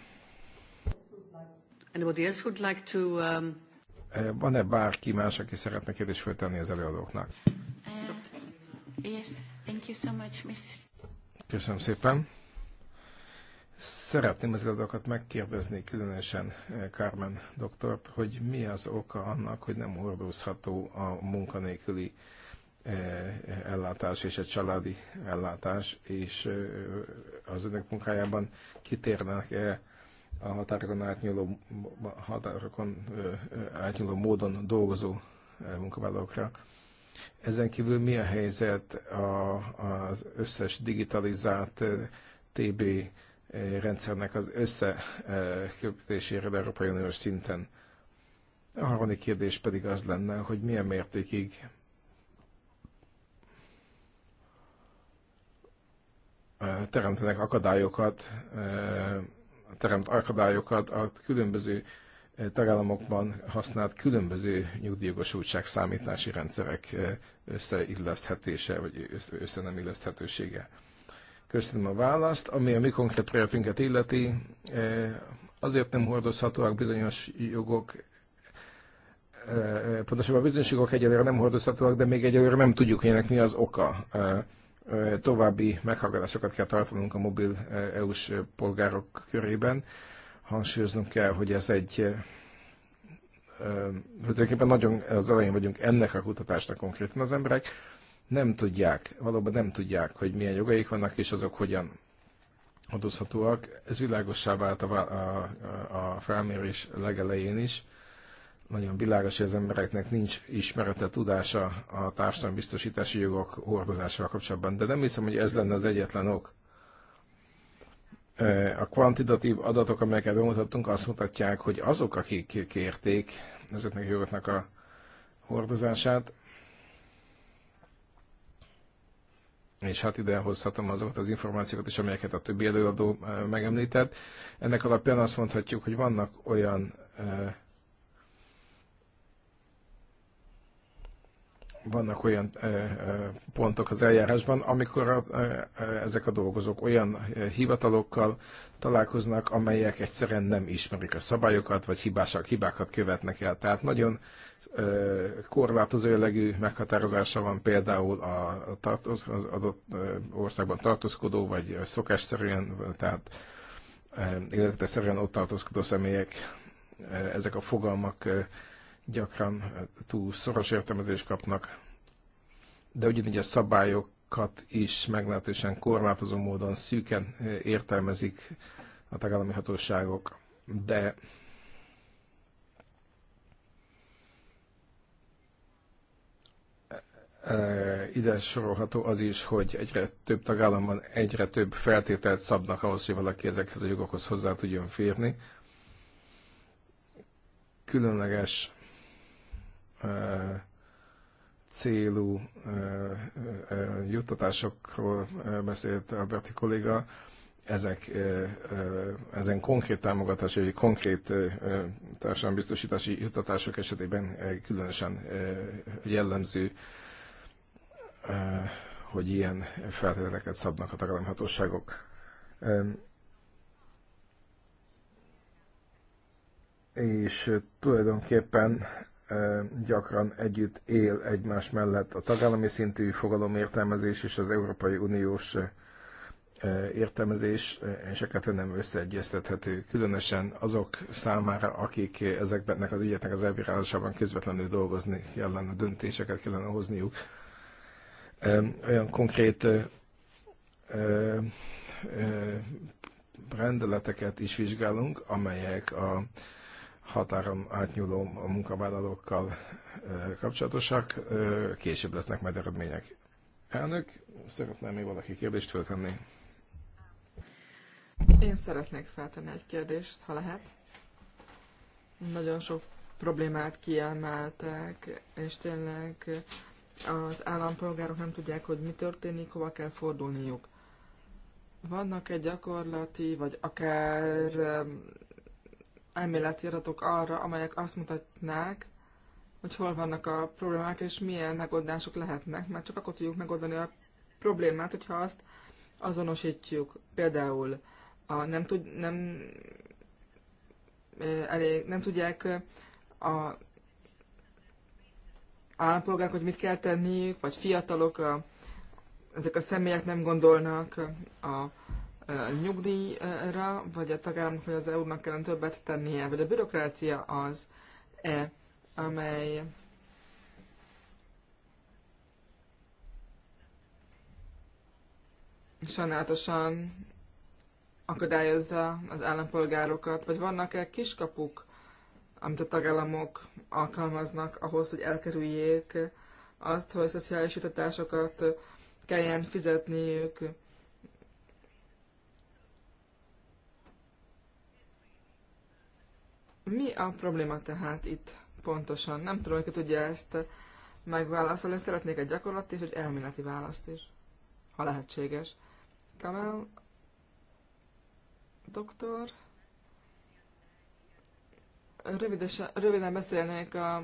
Um, e, van-e bárki más, aki szeretne kérdést föltenni az előadóknak? Uh, yes, thank you so much, Mrs. Köszönöm szépen. Szeretném az előadókat megkérdezni, különösen eh, Carmen doktort, hogy mi az oka annak, hogy nem hordozható a munkanélküli eh, ellátás és a családi ellátás, és eh, az önök munkájában kitérnek-e a határokon átnyúló, határokon átnyúló módon dolgozó munkavállalókra. Ezen kívül mi a helyzet a, az összes digitalizált TB rendszernek az összeköptésére Európai Uniós szinten? A harmadik kérdés pedig az lenne, hogy milyen mértékig teremtenek akadályokat, teremt akadályokat a különböző tagállamokban használt különböző nyugdíjogosultság számítási rendszerek eh, összeilleszthetése, vagy össze nem illeszthetősége. Köszönöm a választ. Ami a mi konkrét projektünket illeti, eh, azért nem hordozhatóak bizonyos jogok, eh, pontosabban bizonyos jogok egyelőre nem hordozhatóak, de még egyelőre nem tudjuk, hogy ennek mi az oka. További meghallgatásokat kell tartanunk a mobil EU-s polgárok körében hangsúlyoznunk kell, hogy ez egy tulajdonképpen nagyon az elején vagyunk ennek a kutatásnak konkrétan az emberek nem tudják, valóban nem tudják, hogy milyen jogaik vannak, és azok hogyan adózhatóak. Ez világossá vált a, a, a felmérés legelején is. Nagyon világos, hogy az embereknek nincs ismerete, tudása a társadalombiztosítási jogok hordozásával kapcsolatban. De nem hiszem, hogy ez lenne az egyetlen ok Eh, a kvantitatív adatok, amelyeket bemutattunk, azt mutatják, hogy azok, akik kérték ezeknek a jogoknak a hordozását, és hát ide hozhatom azokat az információkat is, amelyeket a többi előadó eh, megemlített. Ennek alapján azt mondhatjuk, hogy vannak olyan eh, vannak olyan eh, eh, pontok az eljárásban, amikor a, eh, ezek a dolgozók olyan hivatalokkal találkoznak, amelyek egyszerűen nem ismerik a szabályokat, vagy hibásak, hibákat követnek el. Tehát nagyon korlátozó jellegű meghatározása van például a tartoz, az adott országban tartózkodó, vagy szokásszerűen, tehát szerűen ott tartózkodó személyek, ezek a fogalmak gyakran eh, túl szoros értelmezést kapnak, de ugyanígy a szabályokat is meglehetősen korlátozó módon szűken eh, értelmezik a tagállami hatóságok, de eh, ide sorolható az is, hogy egyre több tagállamban egyre több feltételt szabnak ahhoz, hogy valaki ezekhez a jogokhoz hozzá tudjon férni. Különleges célú juttatásokról beszélt a Berti kolléga, ezek, ezen konkrét támogatási, vagy konkrét társadalombiztosítási juttatások esetében különösen jellemző, hogy ilyen feltételeket szabnak a tagállamhatóságok. És tulajdonképpen gyakran együtt él egymás mellett a tagállami szintű fogalomértelmezés és az Európai Uniós értelmezés, és a e kettő nem összeegyeztethető, különösen azok számára, akik ezeknek az ügyeknek az elbírálásában közvetlenül dolgozni kellene, döntéseket kellene hozniuk. Olyan konkrét rendeleteket is vizsgálunk, amelyek a határon átnyúló a munkavállalókkal kapcsolatosak. Később lesznek majd eredmények. Elnök, szeretném még valaki kérdést föltenni? Én szeretnék feltenni egy kérdést, ha lehet. Nagyon sok problémát kiemeltek, és tényleg az állampolgárok nem tudják, hogy mi történik, hova kell fordulniuk. vannak egy gyakorlati, vagy akár elméleti adatok arra, amelyek azt mutatnák, hogy hol vannak a problémák, és milyen megoldások lehetnek, mert csak akkor tudjuk megoldani a problémát, hogyha azt azonosítjuk. Például a nem, tud, nem, elég, nem tudják a állampolgárok, hogy mit kell tenniük, vagy fiatalok, a, ezek a személyek nem gondolnak a nyugdíjra, vagy a tagállamnak, hogy az EU-nak kellene többet tennie, vagy a bürokrácia az, -e, amely sajnálatosan akadályozza az állampolgárokat, vagy vannak-e kiskapuk, amit a tagállamok alkalmaznak ahhoz, hogy elkerüljék azt, hogy szociális jutatásokat kelljen fizetniük, Mi a probléma tehát itt pontosan? Nem tudom, hogy tudja ezt megválaszolni. Szeretnék egy gyakorlati és egy elméleti választ is, ha lehetséges. Kamel, doktor, rövidesen, röviden beszélnék a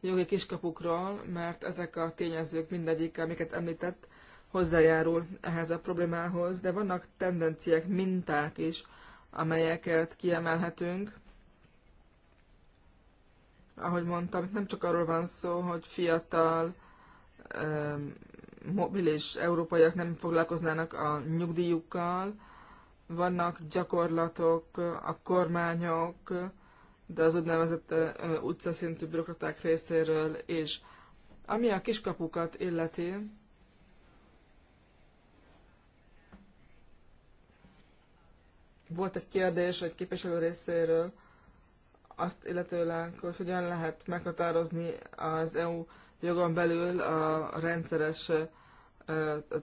jogi kiskapukról, mert ezek a tényezők mindegyik, amiket említett, hozzájárul ehhez a problémához, de vannak tendenciák, minták is, amelyeket kiemelhetünk ahogy mondtam, nem csak arról van szó, hogy fiatal, mobilis európaiak nem foglalkoznának a nyugdíjukkal, vannak gyakorlatok, a kormányok, de az úgynevezett utcaszintű bürokraták részéről is. Ami a kiskapukat illeti, volt egy kérdés egy képviselő részéről azt illetőleg, hogy hogyan lehet meghatározni az EU jogon belül a rendszeres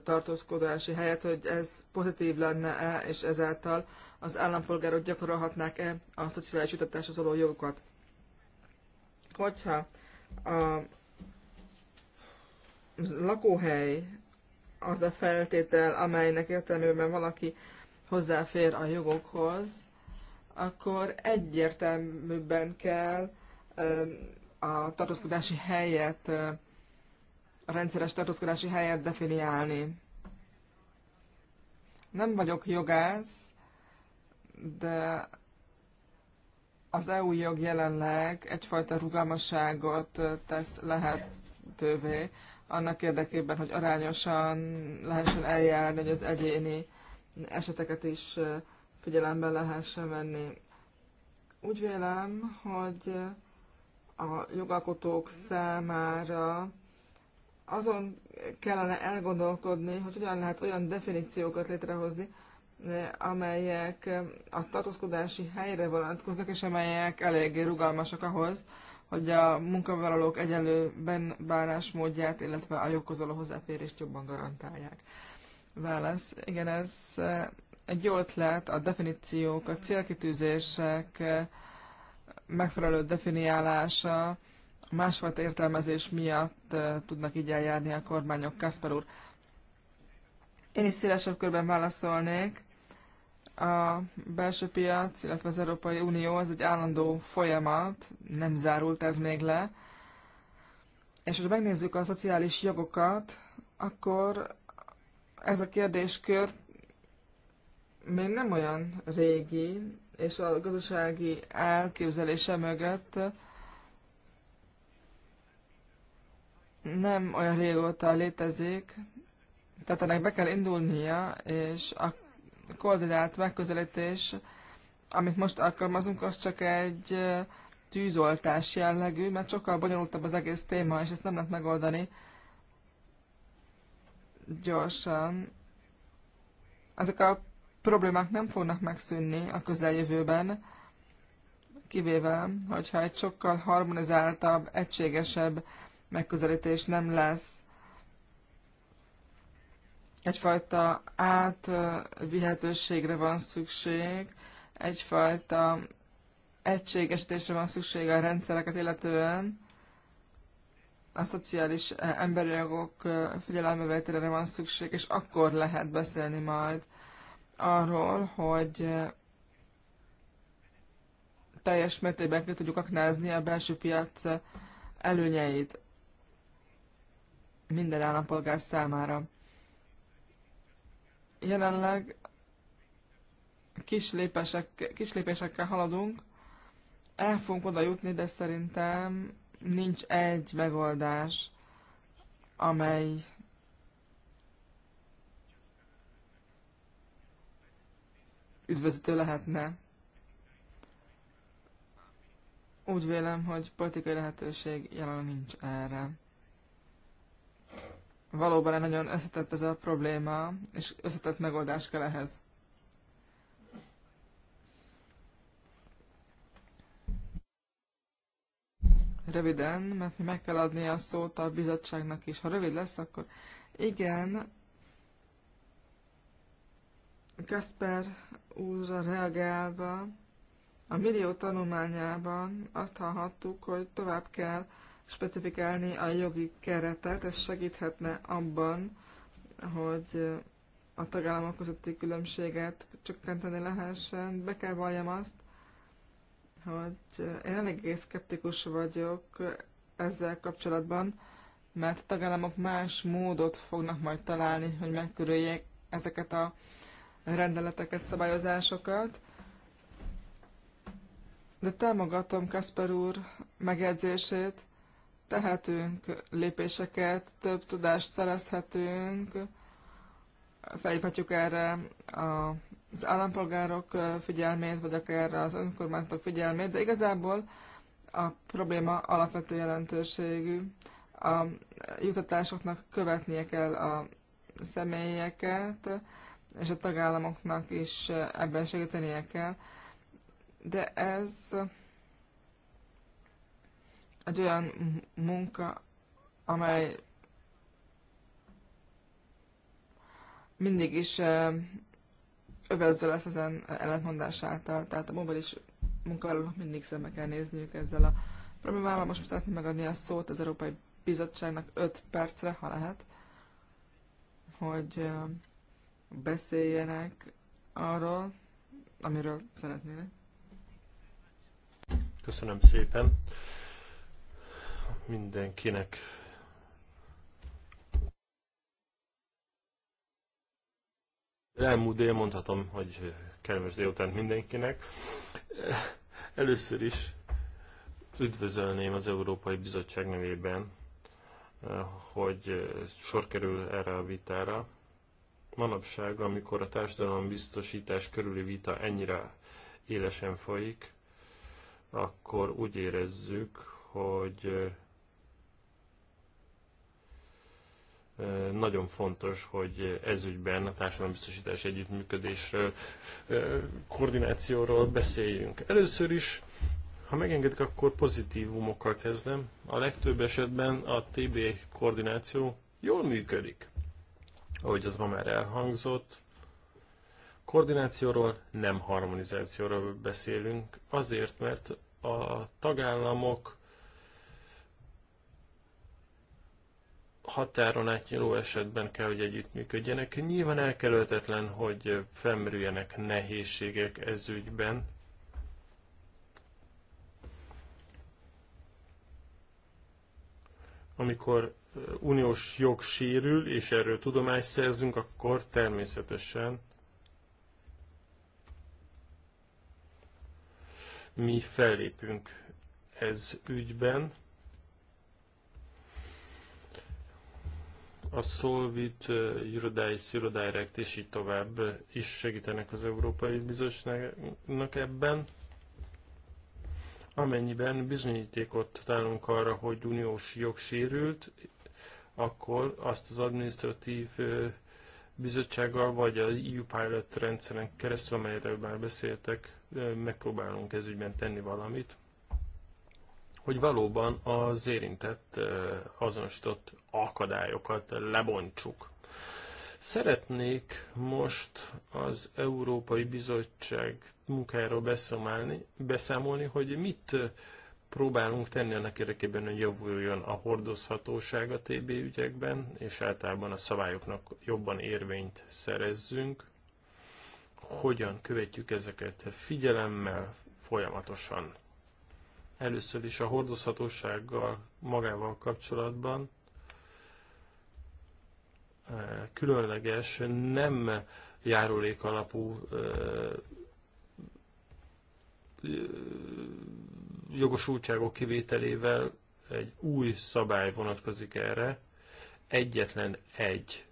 tartózkodási helyet, hogy ez pozitív lenne-e, és ezáltal az állampolgárok gyakorolhatnák-e a szociális ütetéshez való jogokat. Hogyha a lakóhely az a feltétel, amelynek értelmében valaki hozzáfér a jogokhoz, akkor egyértelműbben kell a tartózkodási helyet, a rendszeres tartózkodási helyet definiálni. Nem vagyok jogász, de az EU jog jelenleg egyfajta rugalmasságot tesz lehetővé annak érdekében, hogy arányosan lehessen eljárni, hogy az egyéni eseteket is figyelembe lehessen venni. Úgy vélem, hogy a jogalkotók számára azon kellene elgondolkodni, hogy hogyan lehet olyan definíciókat létrehozni, eh, amelyek a tartózkodási helyre vonatkoznak, és amelyek eléggé rugalmasak ahhoz, hogy a munkavállalók egyenlő bánásmódját, illetve a joghoz való hozzáférést jobban garantálják. Válasz. Igen, ez eh, egy jó ötlet a definíciók, a célkitűzések megfelelő definiálása, másfajta értelmezés miatt tudnak így eljárni a kormányok. Kaszper úr, én is szélesebb körben válaszolnék. A belső piac, illetve az Európai Unió az egy állandó folyamat, nem zárult ez még le. És hogy megnézzük a szociális jogokat, akkor ez a kérdéskör még nem olyan régi, és a gazdasági elképzelése mögött nem olyan régóta létezik, tehát ennek be kell indulnia, és a koordinált megközelítés, amit most alkalmazunk, az csak egy tűzoltás jellegű, mert sokkal bonyolultabb az egész téma, és ezt nem lehet megoldani gyorsan. Ezek a problémák nem fognak megszűnni a közeljövőben, kivéve, hogyha egy sokkal harmonizáltabb, egységesebb megközelítés nem lesz egyfajta átvihetőségre van szükség, egyfajta egységesítésre van szükség a rendszereket illetően, a szociális emberi jogok figyelembevételére van szükség, és akkor lehet beszélni majd arról, hogy eh, teljes mértékben ki tudjuk aknázni a belső piac előnyeit minden állampolgár számára. Jelenleg kis, lépések, kis lépésekkel haladunk, el fogunk oda jutni, de szerintem nincs egy megoldás, amely üdvözítő lehetne. Úgy vélem, hogy politikai lehetőség jelen nincs erre. Valóban egy nagyon összetett ez a probléma, és összetett megoldás kell ehhez. Röviden, mert meg kell adni a szót a bizottságnak is. Ha rövid lesz, akkor igen, Kasper úrra reagálva, a millió tanulmányában azt hallhattuk, hogy tovább kell specifikálni a jogi keretet, ez segíthetne abban, hogy a tagállamok közötti különbséget csökkenteni lehessen. Be kell valljam azt, hogy én eléggé szkeptikus vagyok ezzel kapcsolatban, mert a tagállamok más módot fognak majd találni, hogy megkörüljék ezeket a rendeleteket, szabályozásokat. De támogatom Kasper úr megjegyzését, tehetünk lépéseket, több tudást szerezhetünk, felhívhatjuk erre az állampolgárok figyelmét, vagy akár az önkormányzatok figyelmét, de igazából a probléma alapvető jelentőségű. A jutatásoknak követnie kell a személyeket, és a tagállamoknak is eh, ebben segítenie kell. De ez eh, egy olyan munka, amely mindig is eh, övező lesz ezen ellentmondás által. Tehát a mobilis munkavállalók mindig szembe kell nézniük ezzel a problémával. Most szeretném megadni a szót az Európai Bizottságnak 5 percre, ha lehet, hogy beszéljenek arról, amiről szeretnének. Köszönöm szépen mindenkinek. Elmúlt dél mondhatom, hogy kedves délután mindenkinek. Először is üdvözölném az Európai Bizottság nevében, hogy sor kerül erre a vitára. Manapság, amikor a társadalombiztosítás körüli vita ennyire élesen folyik, akkor úgy érezzük, hogy nagyon fontos, hogy ezügyben a társadalombiztosítás együttműködésről, koordinációról beszéljünk. Először is, ha megengedik, akkor pozitívumokkal kezdem. A legtöbb esetben a TB koordináció jól működik ahogy az ma már elhangzott. Koordinációról, nem harmonizációról beszélünk, azért, mert a tagállamok határon átnyúló esetben kell, hogy együttműködjenek. Nyilván elkerülhetetlen, hogy felmerüljenek nehézségek ez ügyben. Amikor uniós jog sérül, és erről tudomást szerzünk, akkor természetesen mi fellépünk ez ügyben. a Solvit, Eurodice, eh, Eurodirect és így tovább is segítenek az Európai Bizottságnak ebben. Amennyiben bizonyítékot találunk arra, hogy uniós jog sérült, akkor azt az administratív bizottsággal, vagy a EU Pilot rendszeren keresztül, amelyről már beszéltek, megpróbálunk ezügyben tenni valamit, hogy valóban az érintett azonosított akadályokat lebontsuk. Szeretnék most az Európai Bizottság munkájáról beszámolni, beszámolni hogy mit próbálunk tenni annak érdekében, hogy javuljon a hordozhatóság a TB ügyekben, és általában a szabályoknak jobban érvényt szerezzünk. Hogyan követjük ezeket figyelemmel, folyamatosan? Először is a hordozhatósággal magával kapcsolatban eh, különleges, nem járulék alapú eh, eh, jogosultságok kivételével egy új szabály vonatkozik erre, egyetlen egy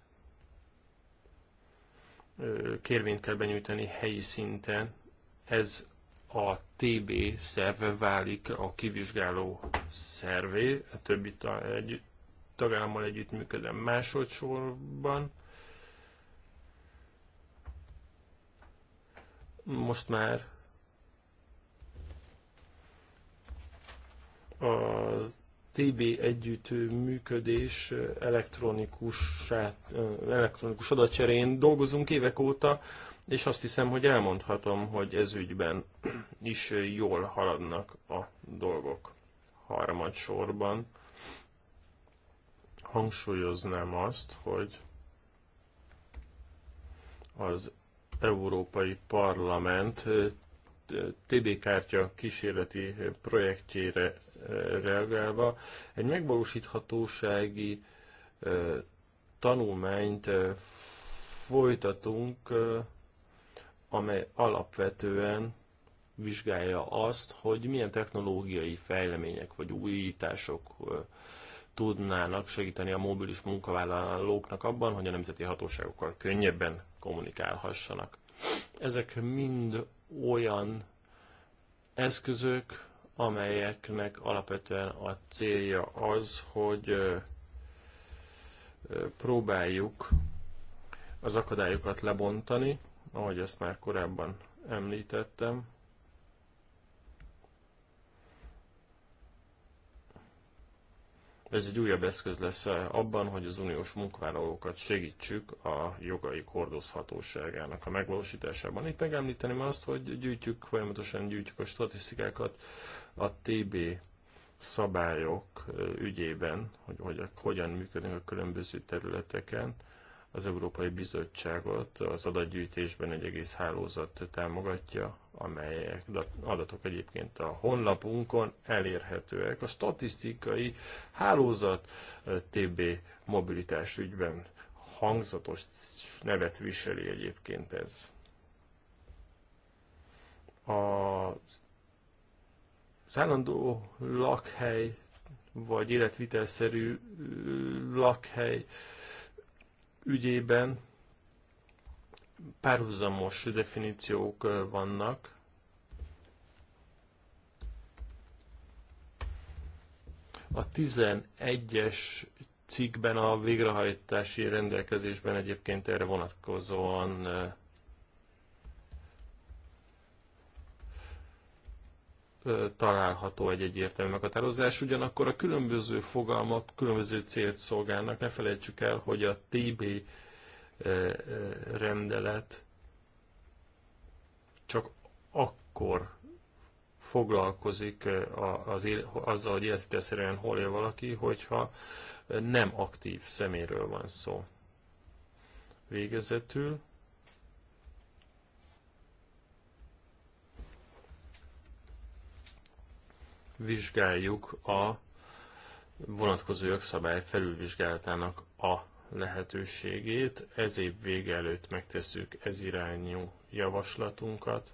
kérvényt kell benyújtani helyi szinten, ez a TB szerve válik a kivizsgáló szervé, a többi egy, tagállammal együttműködve másodszorban. Most már a TB működés elektronikus, elektronikus adatcserén dolgozunk évek óta, és azt hiszem, hogy elmondhatom, hogy ez ügyben is jól haladnak a dolgok. Harmadsorban hangsúlyoznám azt, hogy az Európai Parlament TB kártya kísérleti projektjére reagálva, egy megvalósíthatósági tanulmányt folytatunk, amely alapvetően vizsgálja azt, hogy milyen technológiai fejlemények vagy újítások tudnának segíteni a mobilis munkavállalóknak abban, hogy a nemzeti hatóságokkal könnyebben kommunikálhassanak. Ezek mind olyan eszközök, amelyeknek alapvetően a célja az, hogy próbáljuk az akadályokat lebontani, ahogy ezt már korábban említettem, Ez egy újabb eszköz lesz abban, hogy az uniós munkavállalókat segítsük a jogaik hordozhatóságának a megvalósításában. Itt megemlíteném azt, hogy gyűjtjük, folyamatosan gyűjtjük a statisztikákat a TB szabályok ügyében, hogy, hogy hogyan működnek a különböző területeken. Az Európai Bizottságot az adatgyűjtésben egy egész hálózat támogatja, amelyek adatok egyébként a honlapunkon elérhetőek. A statisztikai hálózat TB mobilitás ügyben hangzatos nevet viseli egyébként ez. A az állandó lakhely, vagy életvitelszerű lakhely ügyében párhuzamos definíciók vannak. A 11-es cikkben a végrehajtási rendelkezésben egyébként erre vonatkozóan található egy egyértelmű meghatározás, ugyanakkor a különböző fogalmak különböző célt szolgálnak. Ne felejtsük el, hogy a TB rendelet csak akkor foglalkozik az, azzal, hogy életvitelszerűen hol él valaki, hogyha nem aktív szeméről van szó. Végezetül vizsgáljuk a vonatkozó jogszabály felülvizsgálatának a lehetőségét. Ez év vége előtt megtesszük ez irányú javaslatunkat.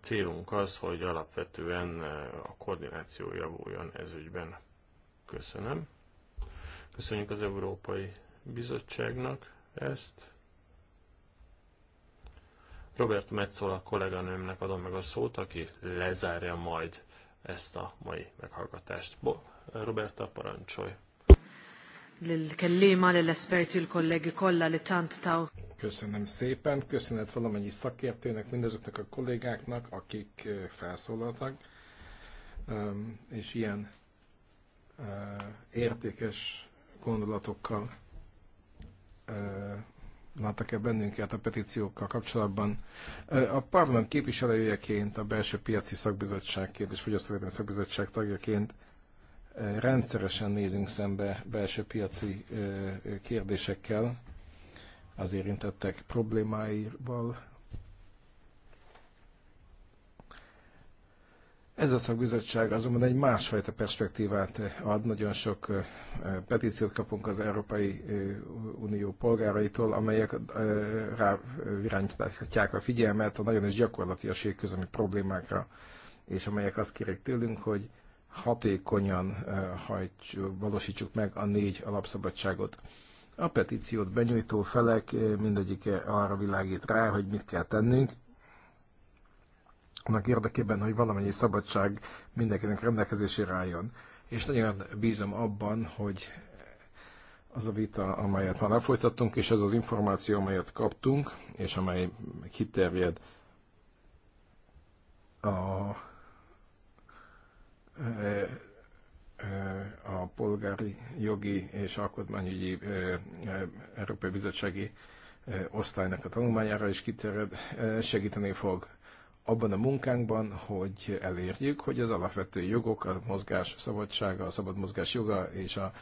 Célunk az, hogy alapvetően a koordináció javuljon ez ügyben. Köszönöm. Köszönjük az Európai Bizottságnak ezt. Robert a kolléganőmnek adom meg a szót, aki lezárja majd ezt a mai meghallgatást. Bo, Roberta, parancsolj! Köszönöm szépen, köszönet valamennyi szakértőnek, mindazoknak a kollégáknak, akik felszólaltak, és ilyen értékes gondolatokkal láttak-e bennünket a petíciókkal kapcsolatban. A parlament képviselőjeként, a belső piaci szakbizottságként és fogyasztóvédelmi szakbizottság tagjaként rendszeresen nézünk szembe belső piaci kérdésekkel, az érintettek problémáival, Ez a szakbizottság azonban egy másfajta perspektívát eh, ad. Nagyon sok eh, eh, petíciót kapunk az Európai Unió polgáraitól, amelyek rávirányítják a figyelmet a nagyon is gyakorlati érközömi problémákra, és amelyek azt kérik tőlünk, hogy hatékonyan hajt, valósítsuk meg a négy alapszabadságot. A petíciót benyújtó felek mindegyike arra világít rá, hogy mit kell tennünk, annak érdekében, hogy valamennyi szabadság mindenkinek rendelkezésére álljon. És nagyon bízom abban, hogy az a vita, amelyet már lefolytattunk, és az az információ, amelyet kaptunk, és amely kiterjed a, e, e, a polgári jogi és alkotmányügyi e, Európai Bizottsági osztálynak a tanulmányára is kiterjed, segíteni fog abban a munkánkban, hogy elérjük, hogy az alapvető jogok, a mozgás szabadsága, a szabad mozgás joga és a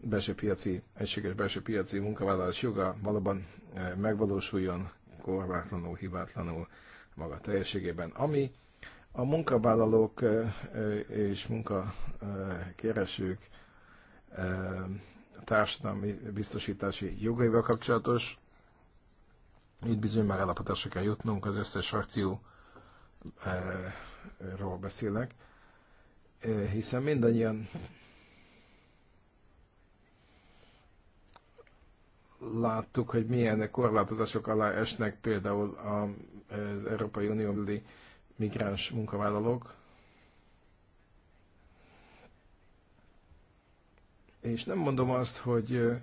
belső piaci, egységes belső piaci munkavállalás joga valóban eh, megvalósuljon korlátlanul, hibátlanul maga teljességében. Ami a munkavállalók eh, eh, és munkakeresők társadalmi biztosítási jogaival kapcsolatos, itt bizony megállapodásra kell jutnunk az összes frakció ról beszélek, hiszen mindannyian láttuk, hogy milyen korlátozások alá esnek például az Európai Unió-beli migráns munkavállalók, és nem mondom azt, hogy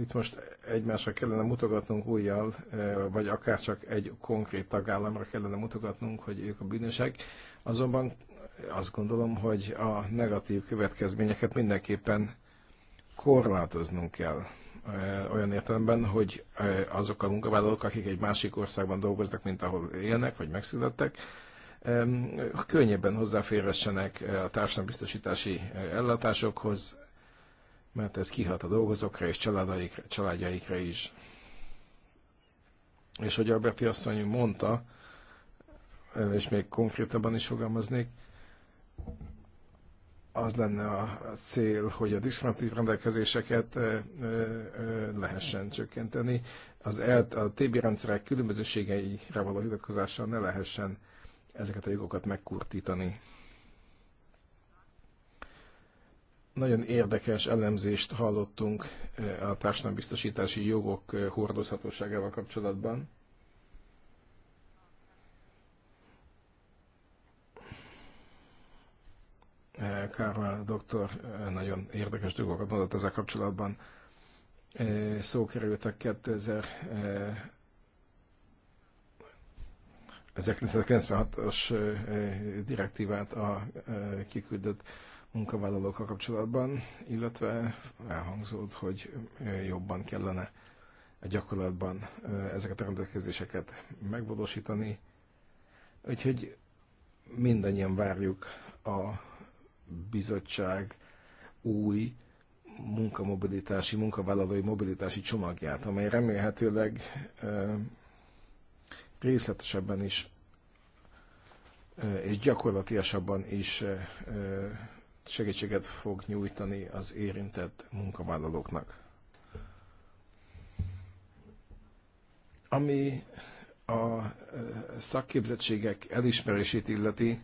itt most egymásra kellene mutogatnunk újjal, vagy akár csak egy konkrét tagállamra kellene mutogatnunk, hogy ők a bűnösek. Azonban azt gondolom, hogy a negatív következményeket mindenképpen korlátoznunk kell olyan értelemben, hogy azok a munkavállalók, akik egy másik országban dolgoznak, mint ahol élnek, vagy megszülettek, könnyebben hozzáférhessenek a társadalombiztosítási ellátásokhoz, mert ez kihat a dolgozókra és családjaikra, is. És hogy Alberti asszony mondta, és még konkrétabban is fogalmaznék, az lenne a cél, hogy a diszkriminatív rendelkezéseket lehessen csökkenteni, az ELT, a TB rendszerek különbözőségeire való hivatkozással ne lehessen ezeket a jogokat megkurtítani. Nagyon érdekes elemzést hallottunk eh, a társadalombiztosítási jogok eh, hordozhatóságával kapcsolatban. Eh, Kármel doktor nagyon érdekes dolgokat mondott ezzel kapcsolatban. Szó került a 2000 1996-os direktívát a kiküldött munkavállalókkal kapcsolatban, illetve elhangzott, hogy jobban kellene a gyakorlatban ezeket a rendelkezéseket megvalósítani. Úgyhogy mindannyian várjuk a bizottság új munkamobilitási, munkavállalói mobilitási csomagját, amely remélhetőleg részletesebben is és gyakorlatiasabban is segítséget fog nyújtani az érintett munkavállalóknak. Ami a szakképzettségek elismerését illeti,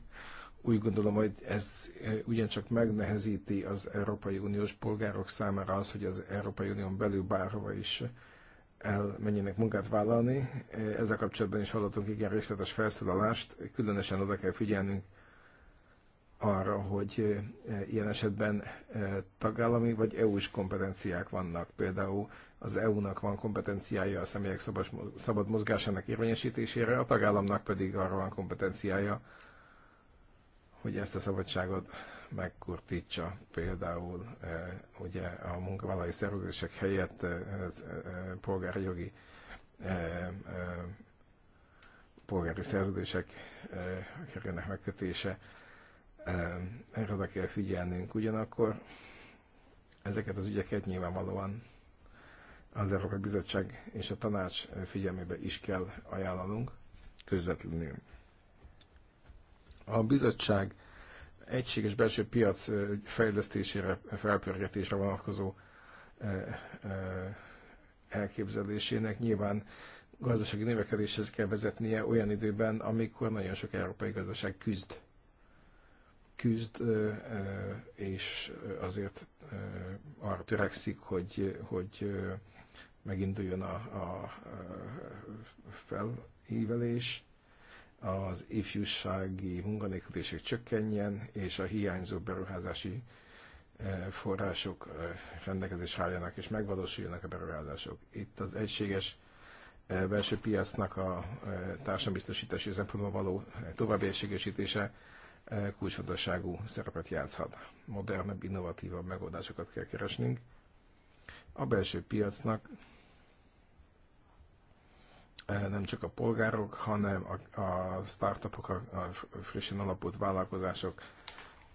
úgy gondolom, hogy ez ugyancsak megnehezíti az Európai Uniós polgárok számára az, hogy az Európai Unión belül bárhova is elmenjenek munkát vállalni. Ezzel kapcsolatban is hallottunk igen részletes felszólalást, különösen oda kell figyelnünk arra, hogy ilyen esetben tagállami vagy EU-s kompetenciák vannak. Például az EU-nak van kompetenciája a személyek szabad mozgásának érvényesítésére, a tagállamnak pedig arra van kompetenciája, hogy ezt a szabadságot megkurtítsa. Például ugye a munkavállalói szerződések helyett polgári jogi polgári szerződések kerülnek megkötése erre oda kell figyelnünk. Ugyanakkor ezeket az ügyeket nyilvánvalóan az Európai Bizottság és a tanács figyelmébe is kell ajánlanunk közvetlenül. A bizottság egységes belső piac fejlesztésére, felpörgetésre vonatkozó elképzelésének nyilván gazdasági növekedéshez kell vezetnie olyan időben, amikor nagyon sok európai gazdaság küzd küzd, és azért arra törekszik, hogy, hogy meginduljon a, a felhívelés, az ifjúsági munkanélküliség csökkenjen, és a hiányzó beruházási források rendelkezésre álljanak, és megvalósuljanak a beruházások. Itt az egységes belső piacnak a társadalombiztosítási szempontból való további egységesítése kulcsfontosságú szerepet játszhat. Modernebb, innovatívabb megoldásokat kell keresnünk. A belső piacnak nem csak a polgárok, hanem a, startupok, a, frissen alapult vállalkozások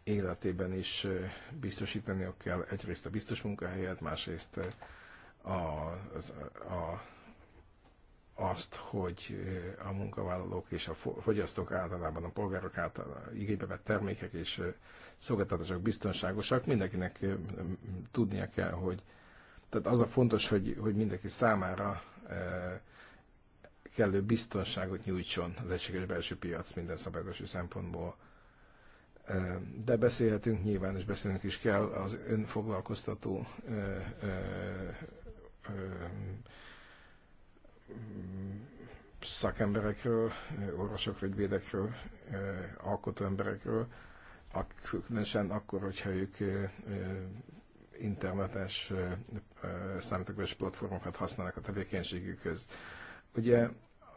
életében is biztosítani kell egyrészt a biztos munkahelyet, másrészt a, a, a azt, hogy eh, a munkavállalók és a fogyasztók általában, a polgárok által igénybe vett termékek és eh, szolgáltatások biztonságosak, mindenkinek eh, tudnia kell, hogy tehát az a fontos, hogy, hogy mindenki számára kellő biztonságot nyújtson az egységes belső piac minden szabályozási szempontból. De beszélhetünk nyilván, és beszélnünk is kell az önfoglalkoztató ö, ö, ö, szakemberekről, orvosok, ügyvédekről, eh, alkotó emberekről, különösen akkor, hogyha ők eh, eh, internetes számítógépes platformokat használnak a tevékenységükhöz. Ugye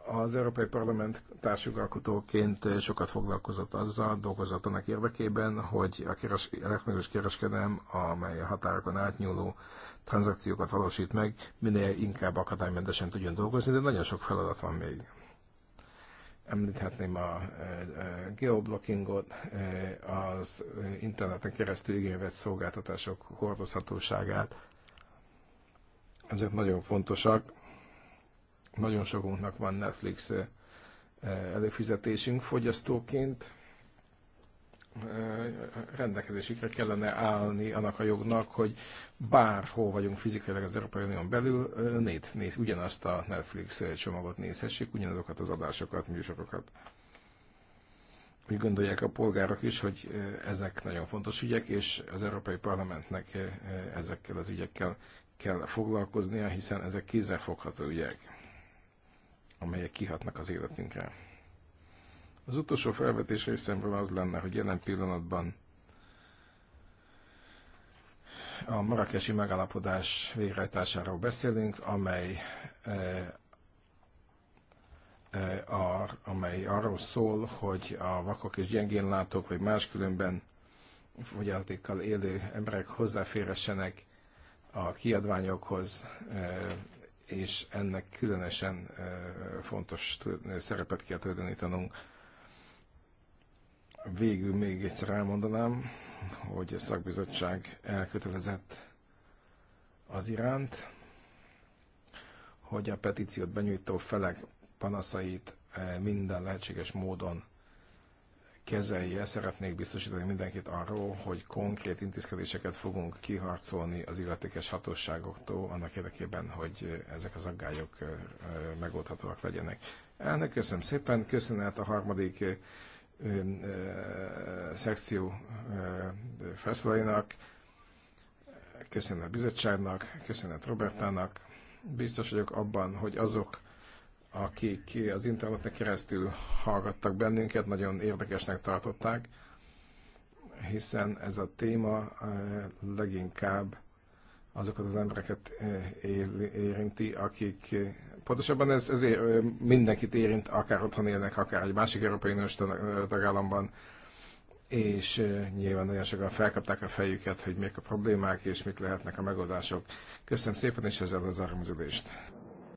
az Európai Parlament társjogalkotóként sokat foglalkozott azzal, dolgozott annak érdekében, hogy a keres, elektronikus kereskedelem, amely a határokon átnyúló tranzakciókat valósít meg, minél inkább akadálymentesen tudjon dolgozni, de nagyon sok feladat van még. Említhetném a e, e, geoblockingot, e, az interneten keresztül igényvett szolgáltatások hordozhatóságát. Ezek nagyon fontosak nagyon sokunknak van Netflix előfizetésünk fogyasztóként. Rendelkezésükre kellene állni annak a jognak, hogy bárhol vagyunk fizikailag az Európai Unión belül, néz, néz, ugyanazt a Netflix csomagot nézhessék, ugyanazokat az adásokat, műsorokat úgy gondolják a polgárok is, hogy ezek nagyon fontos ügyek, és az Európai Parlamentnek ezekkel az ügyekkel kell foglalkoznia, hiszen ezek kézzelfogható ügyek amelyek kihatnak az életünkre. Az utolsó felvetés részemről az lenne, hogy jelen pillanatban a marakesi megállapodás végrehajtásáról beszélünk, amely, eh, eh, a, amely arról szól, hogy a vakok és gyengénlátók, vagy máskülönben fogyatékkal élő emberek hozzáférhessenek a kiadványokhoz, eh, és ennek különösen fontos szerepet kell tulajdonítanunk. Végül még egyszer elmondanám, hogy a szakbizottság elkötelezett az iránt, hogy a petíciót benyújtó felek panaszait minden lehetséges módon kezelje. Szeretnék biztosítani mindenkit arról, hogy konkrét intézkedéseket fogunk kiharcolni az illetékes hatóságoktól, annak érdekében, hogy ezek az aggályok megoldhatóak legyenek. Elnök, köszönöm szépen, köszönet a harmadik szekció felszólalóinak, köszönet a bizottságnak, köszönet Robertának. Biztos vagyok abban, hogy azok, akik az interneten keresztül hallgattak bennünket, nagyon érdekesnek tartották, hiszen ez a téma eh, leginkább azokat az embereket eh, érinti, akik eh, pontosabban ez, ez mindenkit érint, akár otthon élnek, akár egy másik európai uniós tagállamban, és nyilván nagyon sokan felkapták a fejüket, hogy mik a problémák és mik lehetnek a megoldások. Köszönöm szépen, és ezzel az ülést.